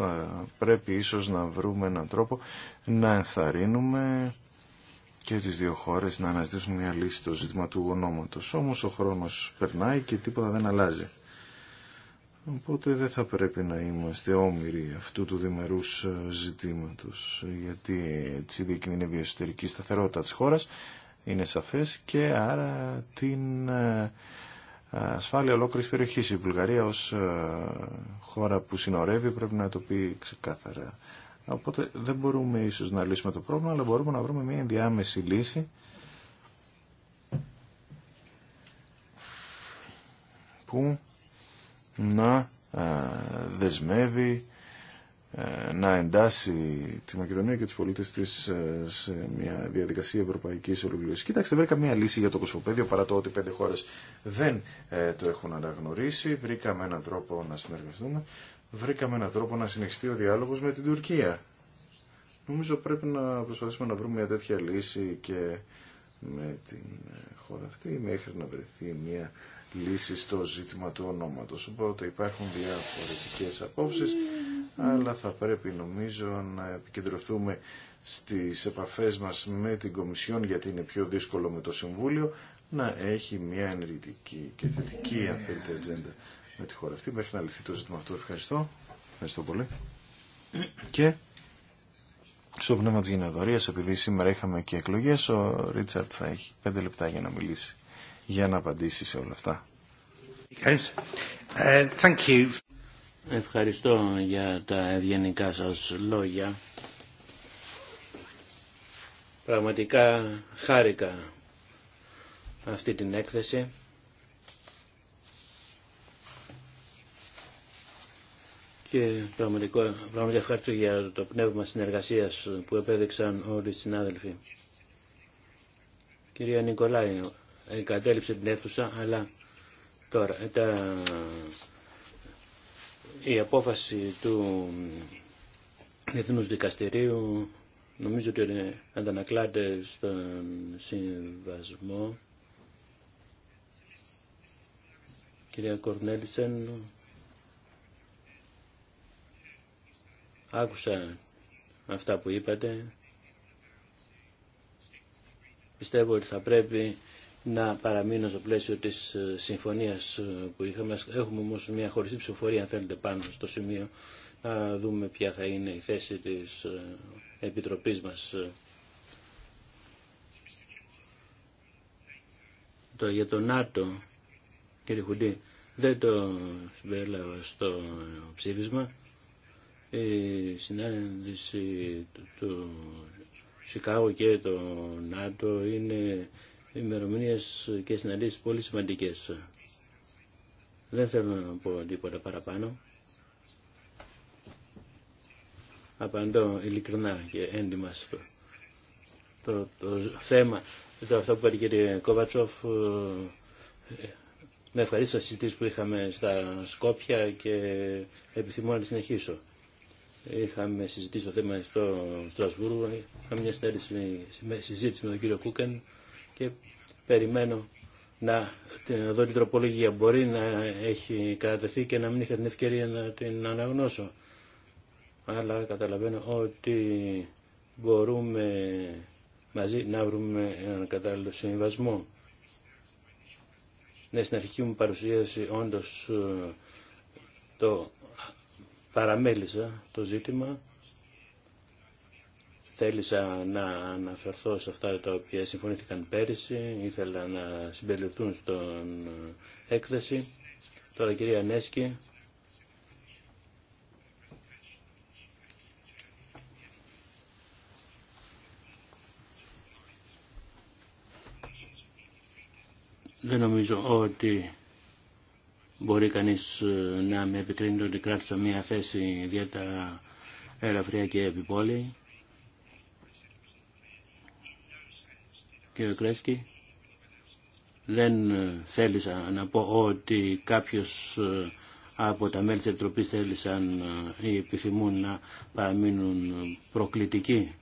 θα πρέπει ίσως να βρούμε έναν τρόπο να ενθαρρύνουμε και τις δύο χώρες να αναζητήσουν μια λύση στο ζήτημα του γονόματος. Όμως ο χρόνος περνάει και τίποτα δεν αλλάζει. Οπότε δεν θα πρέπει να είμαστε όμοιροι αυτού του διμερούς ε, ζητήματος, γιατί έτσι είναι η εσωτερική σταθερότητα της χώρας, είναι σαφές, και άρα την ε, ασφάλεια ολόκληρη περιοχή. Η Βουλγαρία ως ε, χώρα που συνορεύει πρέπει να το πει ξεκάθαρα. Οπότε δεν μπορούμε ίσως να λύσουμε το πρόβλημα, αλλά μπορούμε να βρούμε μια ενδιάμεση λύση που να ε, δεσμεύει ε, να εντάσει τη Μακεδονία και τους πολίτες της ε, σε μια διαδικασία ευρωπαϊκής ολοκλήρωσης. Κοιτάξτε, βρήκαμε μια λύση για το κοσμοπέδιο, παρά το ότι πέντε χώρες δεν ε, το έχουν αναγνωρίσει. Βρήκαμε έναν τρόπο να συνεργαστούμε. Βρήκαμε έναν τρόπο να συνεχιστεί ο διάλογος με την Τουρκία. Νομίζω πρέπει να προσπαθήσουμε να βρούμε μια τέτοια λύση και με την χώρα αυτή μέχρι να βρεθεί μια λύση στο ζήτημα του ονόματος. Οπότε υπάρχουν διαφορετικές απόψεις αλλά θα πρέπει νομίζω να επικεντρωθούμε στις επαφές μας με την Κομισιόν γιατί είναι πιο δύσκολο με το Συμβούλιο να έχει μια ενεργητική και θετική αν θέλετε ατζέντα με τη χώρα αυτή μέχρι να λυθεί το ζήτημα αυτό. Ευχαριστώ. Ευχαριστώ πολύ. Και στο πνεύμα της γενεοδορίας επειδή σήμερα είχαμε και εκλογές ο Ρίτσαρτ θα έχει πέντε λεπτά για να μιλήσει για να απαντήσει σε όλα αυτά. Thank you. Ευχαριστώ για τα ευγενικά σας λόγια. Πραγματικά χάρηκα αυτή την έκθεση. Και πραγματικά, πραγματικά ευχαριστώ για το πνεύμα συνεργασίας που επέδειξαν όλοι οι συνάδελφοι. Κυρία Νικολάη, εγκατέλειψε την αίθουσα, αλλά τώρα ε, τα η απόφαση του Διεθνούς Δικαστηρίου νομίζω ότι αντανακλάται στον συμβασμό. Κυρία Κορνέλισεν, άκουσα αυτά που είπατε. Πιστεύω ότι θα πρέπει να παραμείνω στο πλαίσιο της ε, συμφωνίας ε, που είχαμε. Έχουμε όμως μια χωριστή ψηφοφορία, αν θέλετε, πάνω στο σημείο να δούμε ποια θα είναι η θέση της ε, Επιτροπής μας. Το, για το ΝΑΤΟ, κύριε Χουντή, δεν το συμπεριλάβα στο ψήφισμα. Η συνάντηση του Σικάγο και το ΝΑΤΟ είναι ημερομηνίε και συναντήσει πολύ σημαντικέ. Δεν θέλω να πω τίποτα παραπάνω. Απαντώ ειλικρινά και έντιμα στο το, το θέμα. Το αυτό που είπε κύριε Κόβατσοφ, ε, με στις συζητήσεις που είχαμε στα Σκόπια και επιθυμώ να συνεχίσω. Είχαμε συζητήσει το θέμα στο Στρασβούργο, είχαμε μια συζήτηση με τον κύριο Κούκεν και περιμένω να δω την τροπολογία. Μπορεί να έχει κατατεθεί και να μην είχα την ευκαιρία να την αναγνώσω. Αλλά καταλαβαίνω ότι μπορούμε μαζί να βρούμε έναν κατάλληλο συμβασμό. Ναι, στην αρχική μου παρουσίαση όντως ε, το παραμέλησα το ζήτημα Θέλησα να αναφερθώ σε αυτά τα οποία συμφωνήθηκαν πέρυσι, ήθελα να συμπεριληφθούν στον έκθεση. Τώρα κυρία Νέσκη. Δεν νομίζω ότι μπορεί κανείς ε, να με επικρίνει ότι κράτησα μια θέση ιδιαίτερα ελαφριά και επιπόλαιη. κύριε Κρέσκι. Δεν ε, θέλησα να πω ότι κάποιος ε, από τα μέλη της Επιτροπής θέλησαν ε, ή επιθυμούν να παραμείνουν προκλητικοί.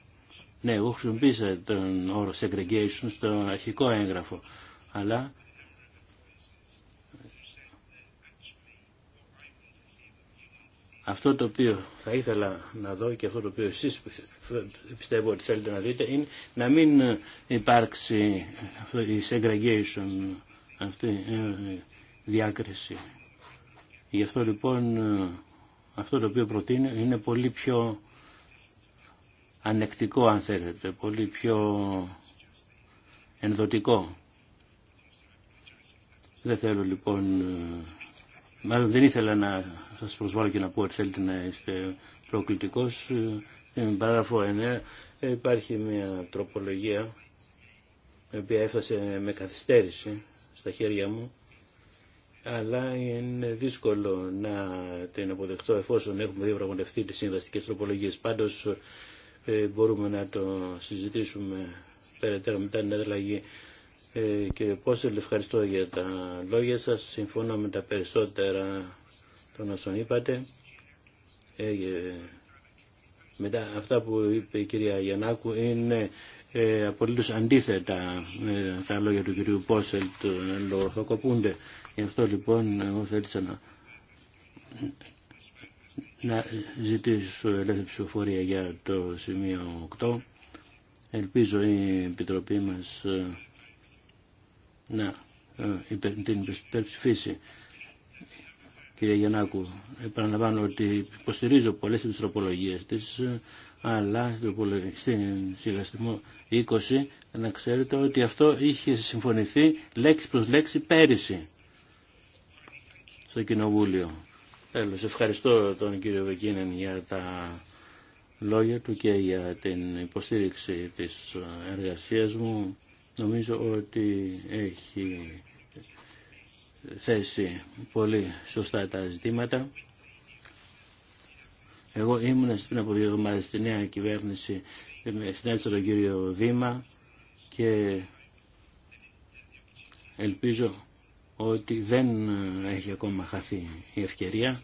Ναι, εγώ χρησιμοποίησα τον όρο segregation στο αρχικό έγγραφο, αλλά Αυτό το οποίο θα ήθελα να δω και αυτό το οποίο εσείς πιστεύω ότι θέλετε να δείτε είναι να μην υπάρξει αυτό, η segregation, αυτή η ε, διάκριση. Γι' αυτό λοιπόν ε, αυτό το οποίο προτείνω είναι πολύ πιο ανεκτικό αν θέλετε, πολύ πιο ενδοτικό. Δεν θέλω λοιπόν ε, Μάλλον δεν ήθελα να σας προσβάλλω και να πω ότι θέλετε να είστε προκλητικός. Στην ε, παράγραφο 9 υπάρχει μια τροπολογία η οποία έφτασε με καθυστέρηση στα χέρια μου αλλά είναι δύσκολο να την αποδεχτώ εφόσον έχουμε διαπραγματευτεί τις συνδραστικές τροπολογίες. Πάντως ε, μπορούμε να το συζητήσουμε περαιτέρω μετά την ανταλλαγή ε, κύριε Πόσελ, ευχαριστώ για τα λόγια σας. Συμφωνώ με τα περισσότερα των όσων είπατε. Ε, ε, μετά αυτά που είπε η κυρία Γιαννάκου είναι ε, απολύτως αντίθετα με τα λόγια του κυρίου Πόσελ του λογοθοκοπούνται. Γι' αυτό λοιπόν εγώ θέλησα να, να ζητήσω ελεύθερη ψηφοφορία για το σημείο 8. Ελπίζω η Επιτροπή μας να ε, την υπερψηφίσει. Κύριε Γιαννάκου, επαναλαμβάνω ότι υποστηρίζω πολλές τις τροπολογίες της, ε, αλλά στην συγκαστημό 20 να ξέρετε ότι αυτό είχε συμφωνηθεί λέξη προς λέξη πέρυσι στο Κοινοβούλιο. Τέλος, ευχαριστώ τον κύριο Βεκίνεν για τα λόγια του και για την υποστήριξη της εργασίας μου νομίζω ότι έχει θέσει πολύ σωστά τα ζητήματα. Εγώ ήμουν πριν από δύο εβδομάδε στη νέα κυβέρνηση, τον κύριο Δήμα και ελπίζω ότι δεν έχει ακόμα χαθεί η ευκαιρία.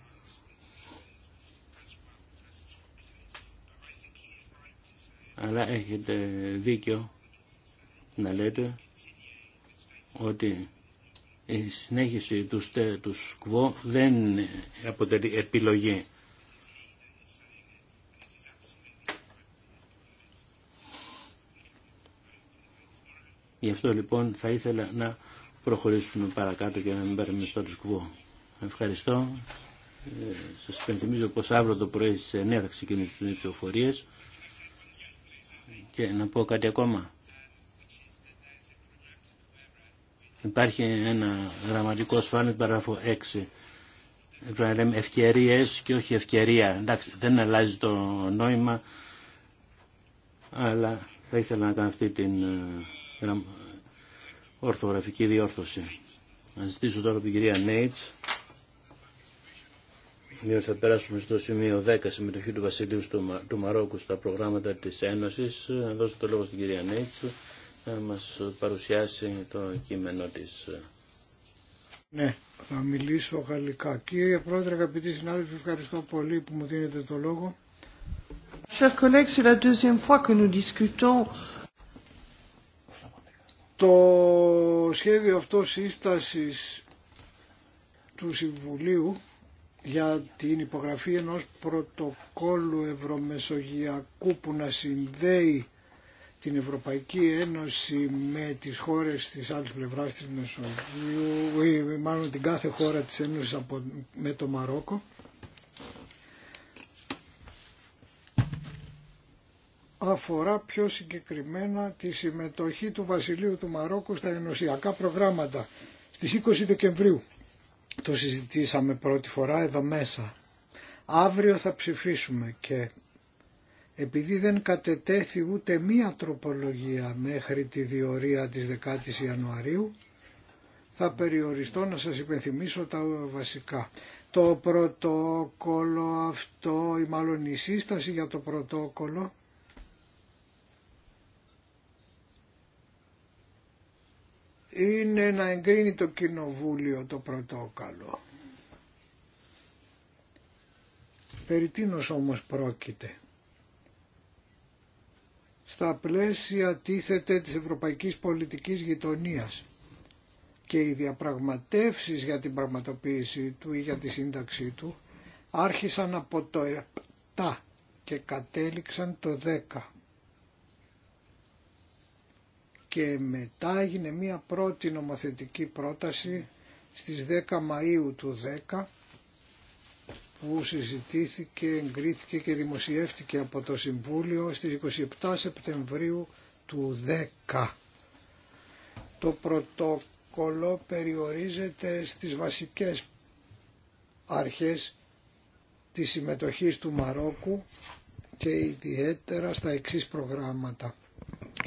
Αλλά έχετε δίκιο να λέτε ότι η συνέχιση του ΣΚΒΟ δεν αποτελεί επιλογή. Γι' αυτό λοιπόν θα ήθελα να προχωρήσουμε παρακάτω και να μην πάρουμε στο ΣΚΒΟ. Ευχαριστώ. Ε, σας υπενθυμίζω πως αύριο το πρωί στις νέα θα ξεκινήσουν οι ψηφοφορίες. Και να πω κάτι ακόμα. Υπάρχει ένα γραμματικό σφάλμα παράγραφο 6. Πρέπει λέμε ευκαιρίε και όχι ευκαιρία. Εντάξει, δεν αλλάζει το νόημα, αλλά θα ήθελα να κάνω αυτή την ε, ορθογραφική διόρθωση. Να ζητήσω τώρα την κυρία Νέιτς. Διότι θα περάσουμε στο σημείο 10, συμμετοχή του Βασιλείου του Μαρόκου στα προγράμματα της Ένωσης. Να δώσω το λόγο στην κυρία Νέιτς να ε, μας παρουσιάσει το κείμενο της. Ναι, θα μιλήσω γαλλικά. Κύριε Πρόεδρε, αγαπητοί συνάδελφοι, ευχαριστώ πολύ που μου δίνετε το λόγο. Το σχέδιο αυτό σύστασης του Συμβουλίου για την υπογραφή ενός πρωτοκόλου ευρωμεσογειακού που να συνδέει την Ευρωπαϊκή Ένωση με τις χώρες της άλλης πλευράς της Μεσογείου ή μάλλον την κάθε χώρα της Ένωσης με το Μαρόκο αφορά πιο συγκεκριμένα τη συμμετοχή του Βασιλείου του Μαρόκου στα ενωσιακά προγράμματα. Στις 20 Δεκεμβρίου το συζητήσαμε πρώτη φορά εδώ μέσα. Αύριο θα ψηφίσουμε και επειδή δεν κατετέθη ούτε μία τροπολογία μέχρι τη διορία της 10 η Ιανουαρίου, θα περιοριστώ να σας υπενθυμίσω τα βασικά. Το πρωτόκολλο αυτό, ή μάλλον η σύσταση για το πρωτόκολλο, είναι να εγκρίνει το κοινοβούλιο το πρωτόκολλο. Περί τίνος όμως πρόκειται στα πλαίσια τίθεται της ευρωπαϊκής πολιτικής γειτονίας και οι διαπραγματεύσεις για την πραγματοποίηση του ή για τη σύνταξή του άρχισαν από το 7 και κατέληξαν το 10. Και μετά έγινε μία πρώτη νομοθετική πρόταση στις 10 Μαΐου του 10 που συζητήθηκε, εγκρίθηκε και δημοσιεύτηκε από το Συμβούλιο στις 27 Σεπτεμβρίου του 10. Το πρωτόκολλο περιορίζεται στις βασικές αρχές της συμμετοχής του Μαρόκου και ιδιαίτερα στα εξής προγράμματα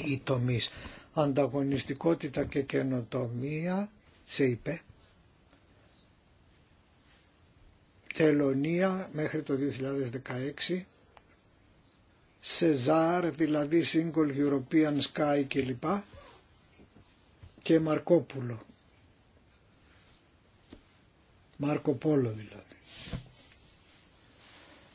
ή τομείς. Ανταγωνιστικότητα και καινοτομία, σε είπε, Τελωνία μέχρι το 2016, Σεζάρ δηλαδή Single European Sky κλπ και Μαρκόπουλο. Μαρκοπόλο δηλαδή.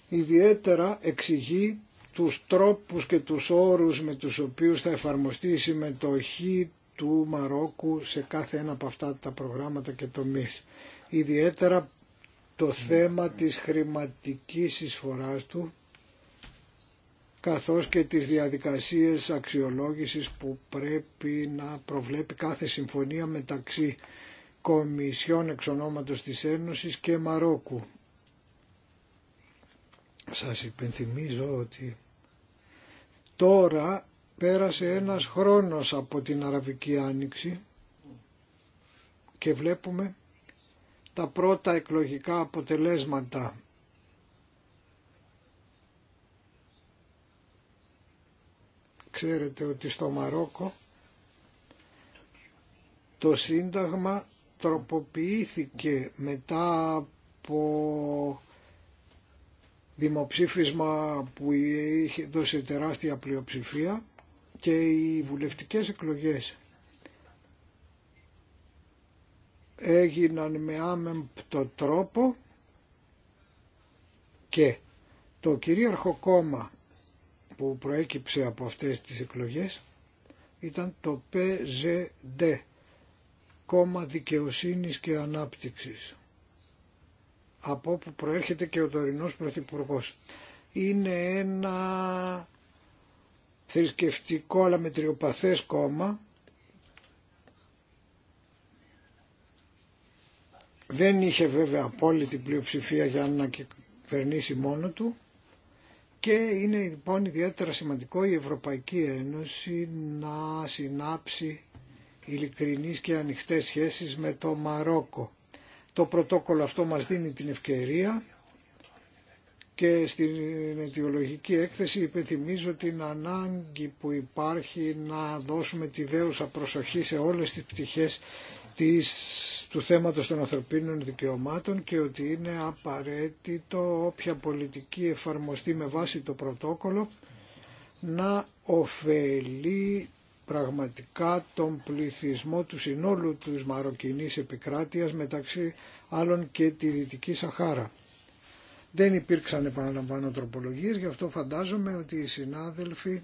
Ιδιαίτερα εξηγεί τους τρόπους και τους όρους με τους οποίους θα εφαρμοστεί η συμμετοχή του Μαρόκου σε κάθε ένα από αυτά τα προγράμματα και τομείς. Ιδιαίτερα το θέμα της χρηματικής εισφοράς του καθώς και τις διαδικασίες αξιολόγησης που πρέπει να προβλέπει κάθε συμφωνία μεταξύ Κομισιών εξ ονόματος της Ένωσης και Μαρόκου. Σας υπενθυμίζω ότι τώρα πέρασε ένας χρόνος από την Αραβική Άνοιξη και βλέπουμε τα πρώτα εκλογικά αποτελέσματα. Ξέρετε ότι στο Μαρόκο το Σύνταγμα τροποποιήθηκε μετά από δημοψήφισμα που είχε δώσει τεράστια πλειοψηφία και οι βουλευτικές εκλογές έγιναν με άμεμπτο τρόπο και το κυρίαρχο κόμμα που προέκυψε από αυτές τις εκλογές ήταν το ΠΖΔ, κόμμα δικαιοσύνης και ανάπτυξης, από που προέρχεται και ο τωρινός πρωθυπουργός. Είναι ένα θρησκευτικό αλλά μετριοπαθές κόμμα Δεν είχε βέβαια απόλυτη πλειοψηφία για να κυβερνήσει μόνο του και είναι λοιπόν ιδιαίτερα σημαντικό η Ευρωπαϊκή Ένωση να συνάψει ειλικρινείς και ανοιχτές σχέσεις με το Μαρόκο. Το πρωτόκολλο αυτό μας δίνει την ευκαιρία και στην αιτιολογική έκθεση υπενθυμίζω την ανάγκη που υπάρχει να δώσουμε τη δέουσα προσοχή σε όλες τις πτυχές της, του θέματος των ανθρωπίνων δικαιωμάτων και ότι είναι απαραίτητο όποια πολιτική εφαρμοστεί με βάση το πρωτόκολλο να ωφελεί πραγματικά τον πληθυσμό του συνόλου της Μαροκινής επικράτειας μεταξύ άλλων και τη Δυτική Σαχάρα. Δεν υπήρξαν επαναλαμβάνω τροπολογίες, γι' αυτό φαντάζομαι ότι οι συνάδελφοι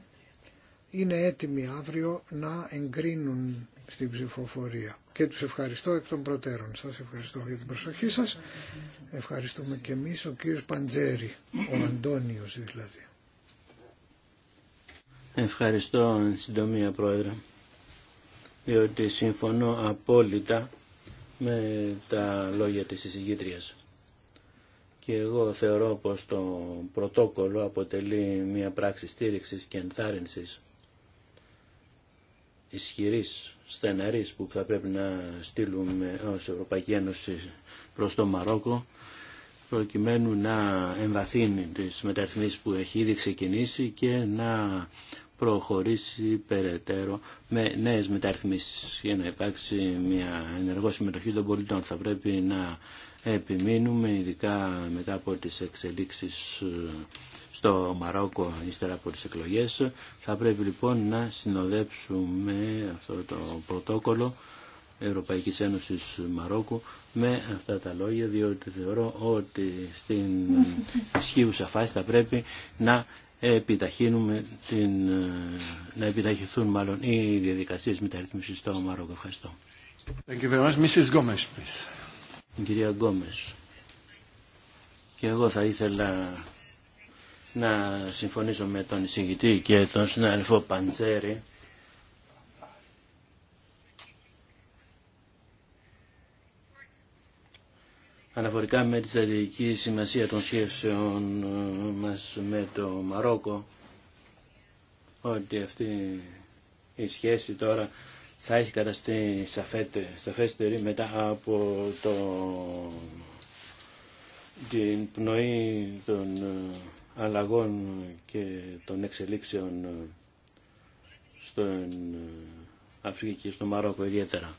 είναι έτοιμοι αύριο να εγκρίνουν στην ψηφοφορία και τους ευχαριστώ εκ των προτέρων. Σας ευχαριστώ για την προσοχή σας. Ευχαριστούμε και εμείς ο κύριος Παντζέρη, ο Αντώνιος δηλαδή. Ευχαριστώ συντομία Πρόεδρε, διότι συμφωνώ απόλυτα με τα λόγια της εισηγήτριας. Και εγώ θεωρώ πως το πρωτόκολλο αποτελεί μια πράξη στήριξης και ενθάρρυνσης ισχυρής, στεναρίς που θα πρέπει να στείλουμε ως Ευρωπαϊκή Ένωση προς το Μαρόκο προκειμένου να εμβαθύνει τις μεταρρυθμίσεις που έχει ήδη ξεκινήσει και να προχωρήσει περαιτέρω με νέες μεταρρυθμίσεις για να υπάρξει μια ενεργό συμμετοχή των πολιτών. Θα πρέπει να επιμείνουμε ειδικά μετά από τις εξελίξεις στο Μαρόκο ύστερα από τις εκλογές. Θα πρέπει λοιπόν να συνοδέψουμε αυτό το πρωτόκολλο Ευρωπαϊκής Ένωσης Μαρόκου με αυτά τα λόγια διότι θεωρώ ότι στην ισχύουσα φάση θα πρέπει να επιταχύνουμε την, να επιταχυθούν μάλλον οι διαδικασίες μεταρρύθμισης στο Μαρόκο. Ευχαριστώ. Κυρία Γκόμες, και εγώ θα ήθελα να συμφωνήσω με τον εισηγητή και τον συναδελφό Παντζέρη αναφορικά με τη στρατηγική σημασία των σχέσεων ε, μας με το Μαρόκο ότι αυτή η σχέση τώρα θα έχει καταστεί σαφέτε, σαφέστερη μετά από το, την πνοή των ε, αλλαγών και των εξελίξεων στον ε, Αφρική και στο Μαρόκο ιδιαίτερα.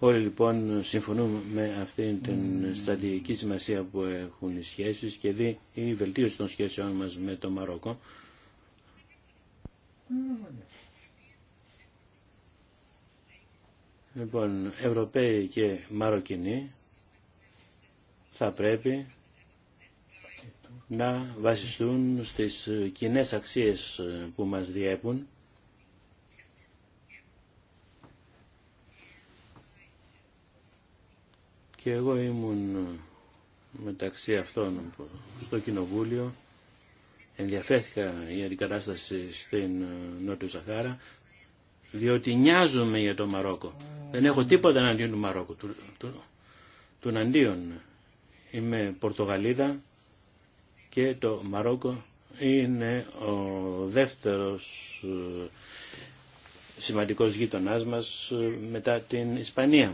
Όλοι λοιπόν συμφωνούμε με αυτήν την στρατηγική σημασία που έχουν οι σχέσεις και δει η βελτίωση των σχέσεων μας με το Μαρόκο. Λοιπόν, Ευρωπαίοι και Μαροκινοί θα πρέπει να βασιστούν στις κοινές αξίες που μας διέπουν και εγώ ήμουν μεταξύ αυτών στο Κοινοβούλιο ενδιαφέρθηκα για την κατάσταση στην ε, Νότιο Σαχάρα διότι νοιάζομαι για το Μαρόκο. Δεν έχω τίποτα αντίον του Μαρόκου. Του, του, του Είμαι Πορτογαλίδα και το Μαρόκο είναι ο δεύτερος ε, σημαντικός γείτονάς μας ε, μετά την Ισπανία.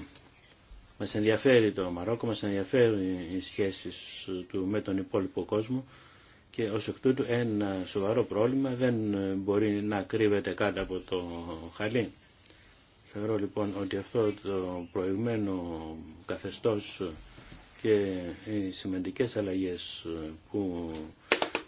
Μας ενδιαφέρει το Μαρόκο, μας ενδιαφέρουν οι σχέσεις του με τον υπόλοιπο κόσμο και ως εκ τούτου ένα σοβαρό πρόβλημα δεν μπορεί να κρύβεται κάτω από το χαλί. Θεωρώ λοιπόν ότι αυτό το προηγμένο καθεστώς και οι σημαντικές αλλαγές που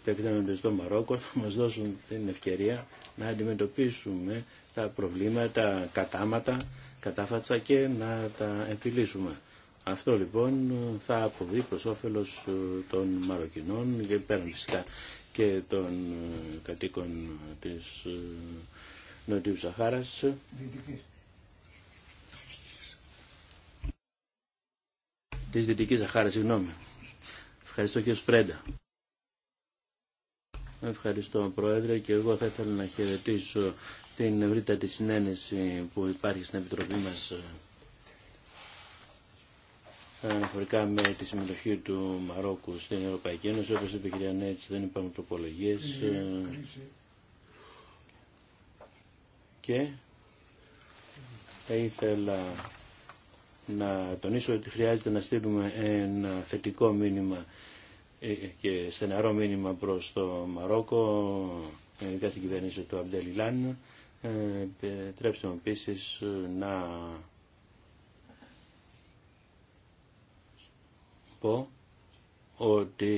επεκτείνονται στο Μαρόκο θα μας δώσουν την ευκαιρία να αντιμετωπίσουμε τα προβλήματα, κατάματα κατάφατσα και να τα επιλύσουμε. Αυτό λοιπόν θα αποβεί προς όφελος ε, των Μαροκινών και πέραν φυσικά και των ε, κατοίκων της ε, Νοτιού Σαχάρας. Της Δυτικής Σαχάρας, συγγνώμη. Ευχαριστώ και Σπρέντα. Ευχαριστώ Πρόεδρε και εγώ θα ήθελα να χαιρετήσω την ευρύτατη συνένεση που υπάρχει στην Επιτροπή μας ε, αναφορικά με τη συμμετοχή του Μαρόκου στην Ευρωπαϊκή Ένωση. Όπως είπε η κυρία Νέτς, δεν υπάρχουν τροπολογίες. Ε, και θα ήθελα να τονίσω ότι χρειάζεται να στείλουμε ένα θετικό μήνυμα ε, και στεναρό μήνυμα προς το Μαρόκο, ειδικά στην κυβέρνηση του Αμπτελιλάν, Επιτρέψτε μου επίση να πω ότι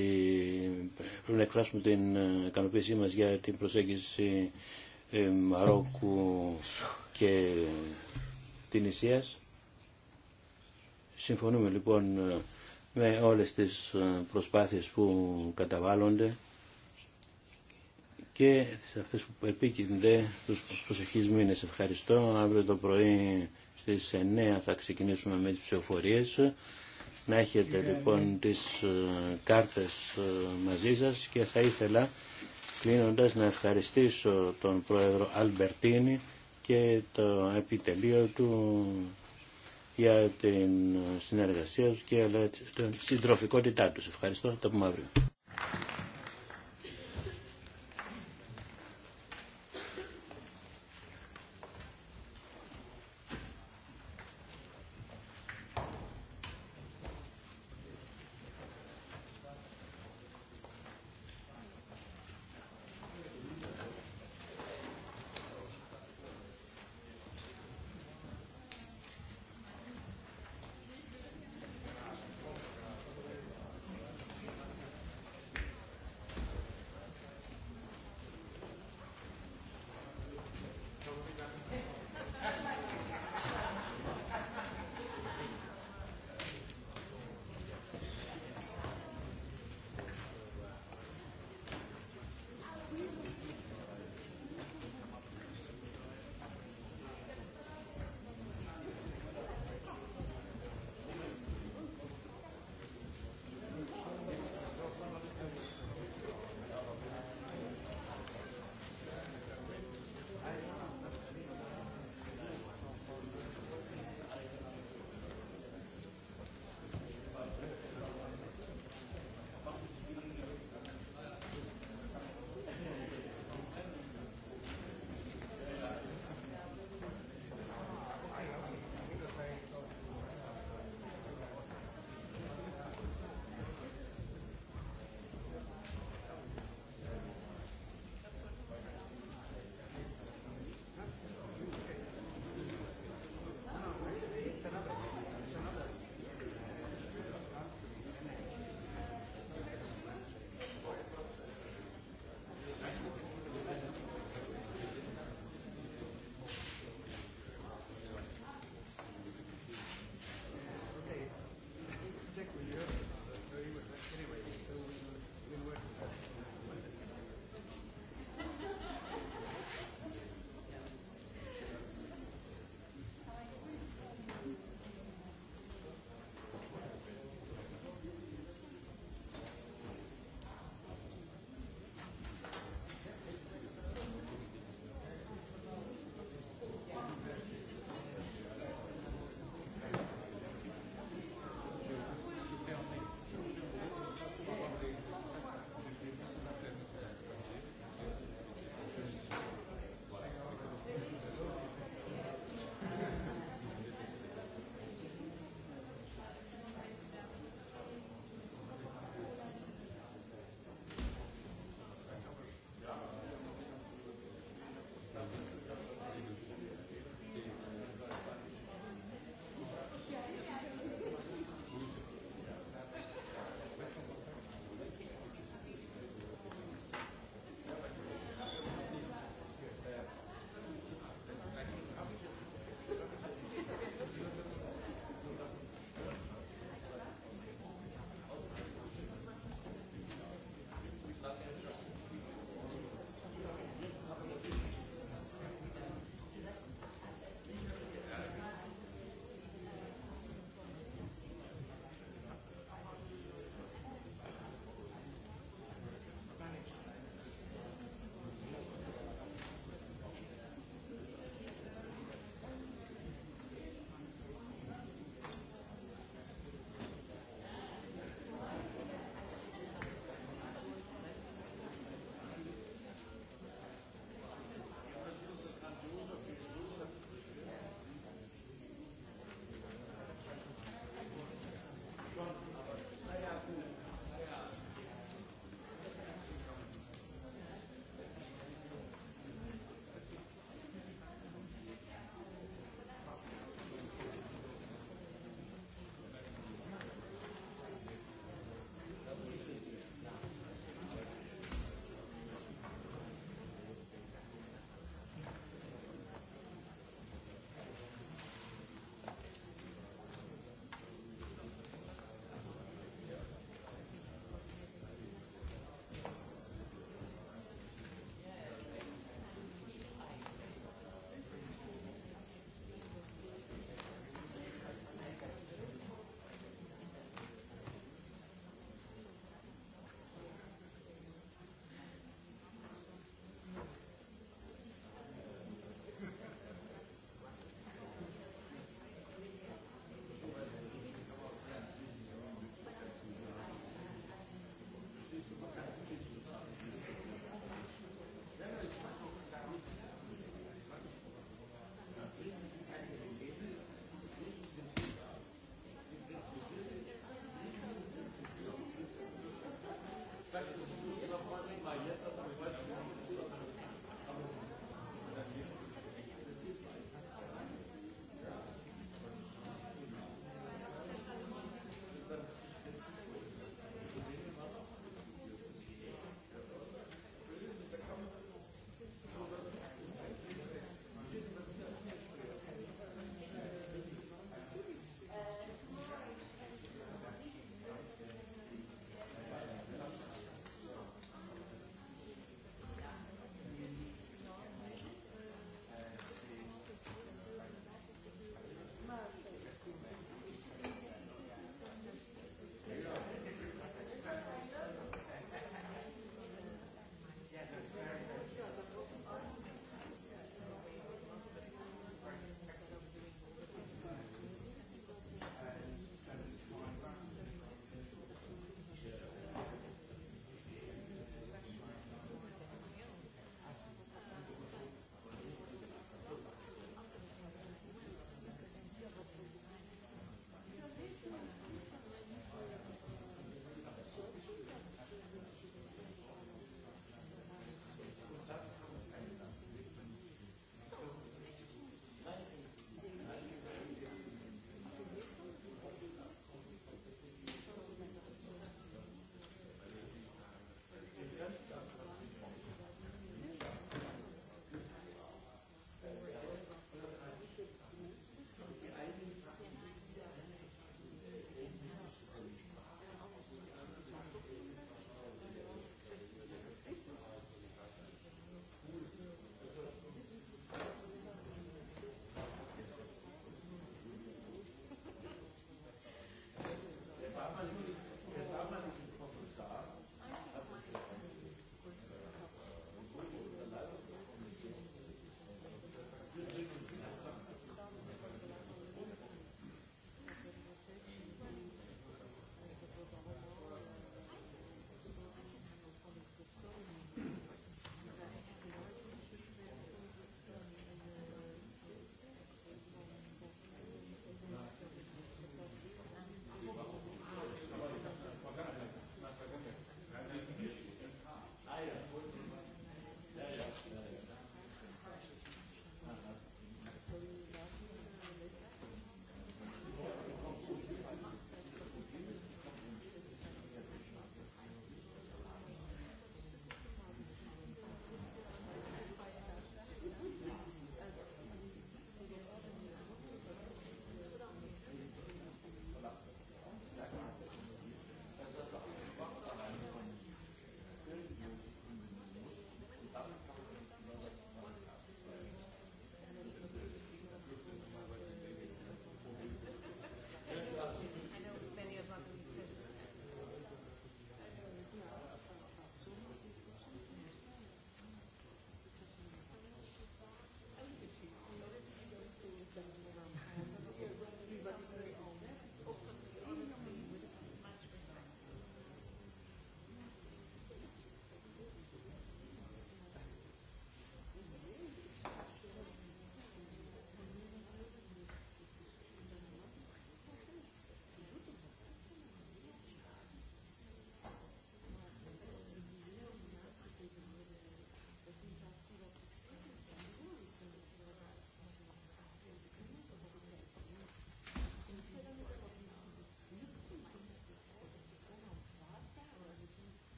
πρέπει να εκφράσουμε την ικανοποίησή μας για την προσέγγιση ε, Μαρόκου και την Ισίας. Συμφωνούμε λοιπόν με όλες τις προσπάθειες που καταβάλλονται και σε αυτές που επίκυνται τους προσεχείς μήνες. Ευχαριστώ. Αύριο το πρωί στις 9 θα ξεκινήσουμε με τις ψηφοφορίες. Να έχετε λοιπόν τις ε, κάρτες ε, μαζί σας και θα ήθελα κλείνοντας να ευχαριστήσω τον Πρόεδρο Αλμπερτίνη και το επιτελείο του για την συνεργασία του και την συντροφικότητά τους. Ευχαριστώ. Τα πούμε αύριο.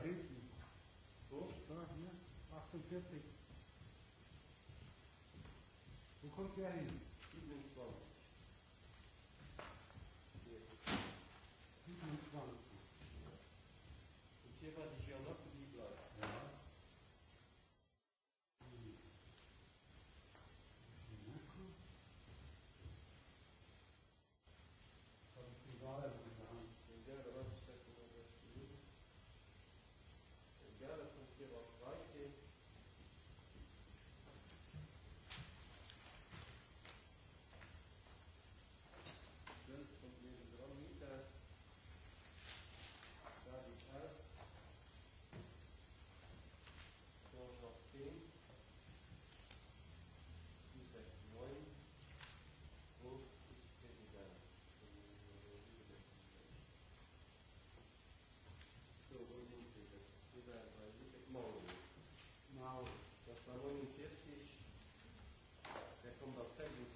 da So, da, hier, 48. Wo kommt der hin? 49, der kommt auf 65.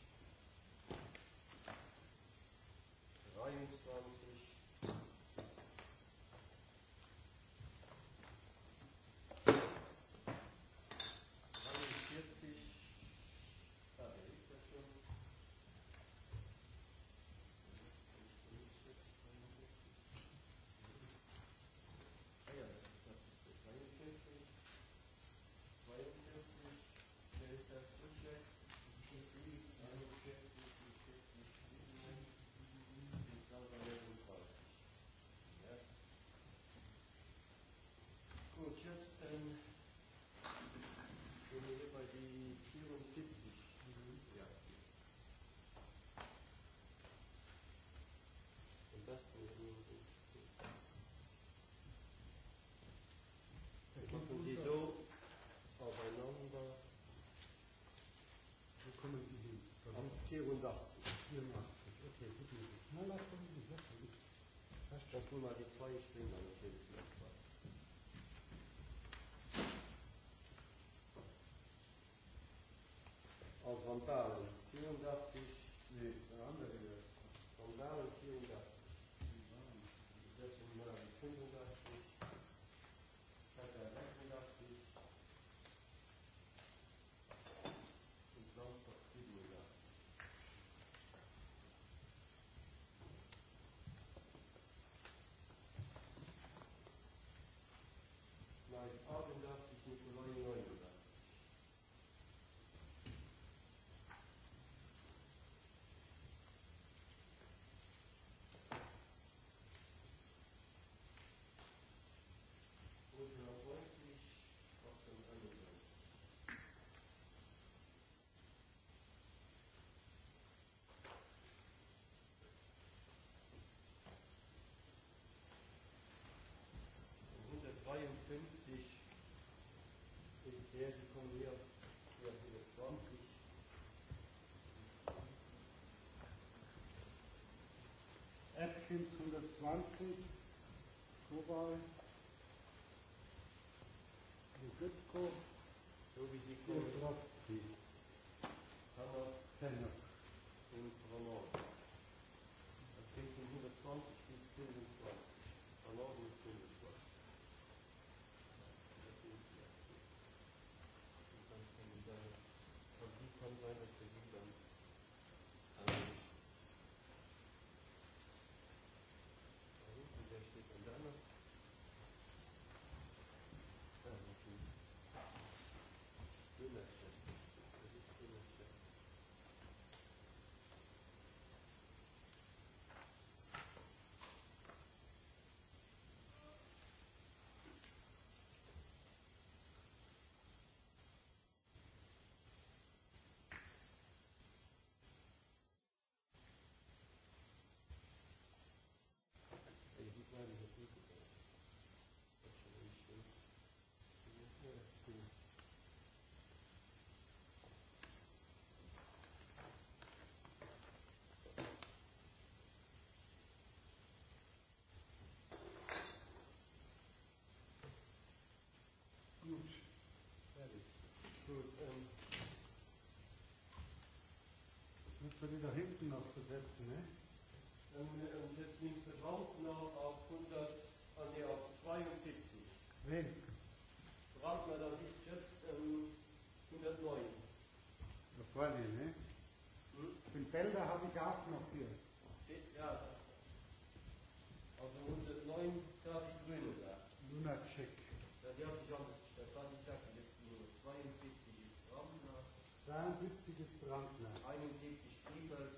Al Atkins 120, Kobal setzen. Ne? Und jetzt nimmt der Brandner auf 100, an die auf 72. Wen? Brandner, da ist jetzt ähm, 109. Da vorne, ne? Hm? Den Felder habe ich auch noch hier. Ja, also 109, da die Grüne da. Lunacek. Ja, die ich auch, nicht da, jetzt nur 72 ist Brandner. 72 ist Brandner. 71 Triebel.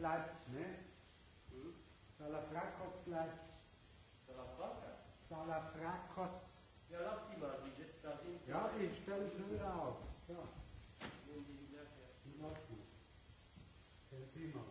Platz, ne? Salafrakos bleibt. Salafrakos? Salafrakos. Ja, lass die mal, die sitzt da hinten. Ja, ich stelle schon wieder auf. Ja. Die macht Stell Der mal.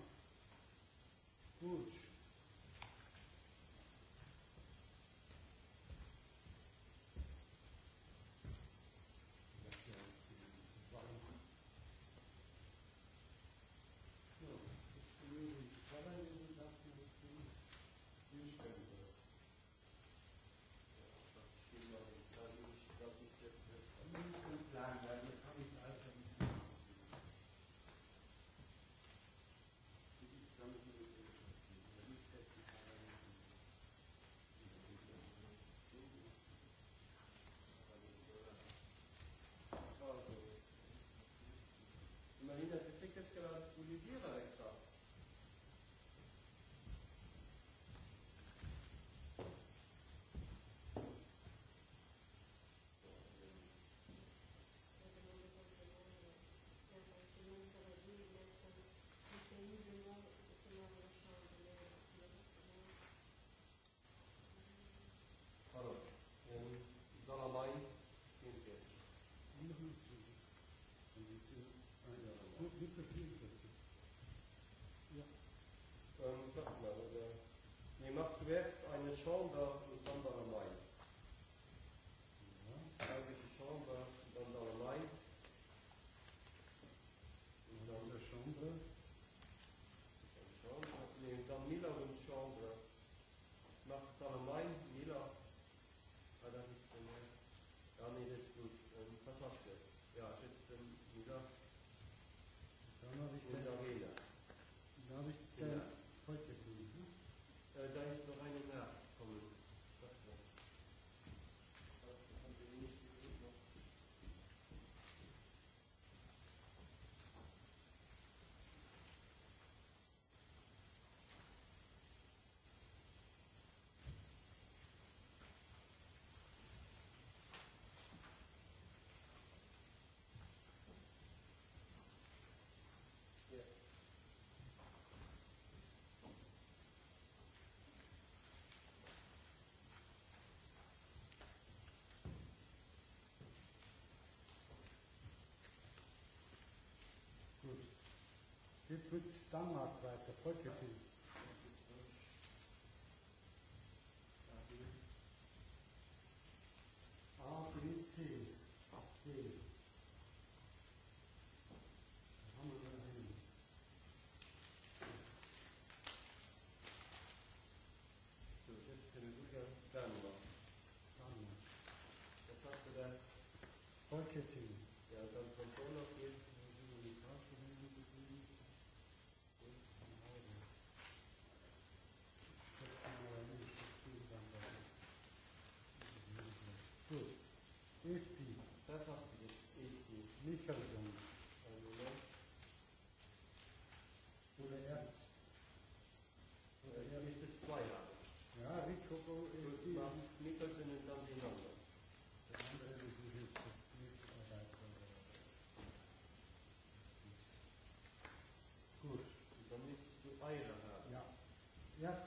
Schütz Danmark like Volker Schütz.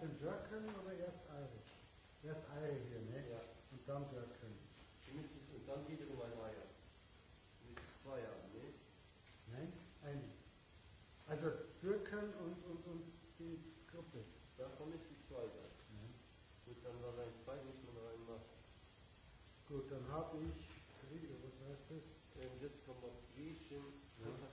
denn Dörken oder erst Eire? Erst Eire hier, ne? Ja. Und dann Dörken. Und dann wiederum ein Eier. Mit zwei Eiern, ne? Nein, eine. Also Dürken und, und, und die Gruppe. Da komme ich die zweite. Mhm. Gut, dann war ein zwei, muss man reinmachen. Gut, dann habe ich, was heißt das? Jetzt kommt wir Griechen. Ja.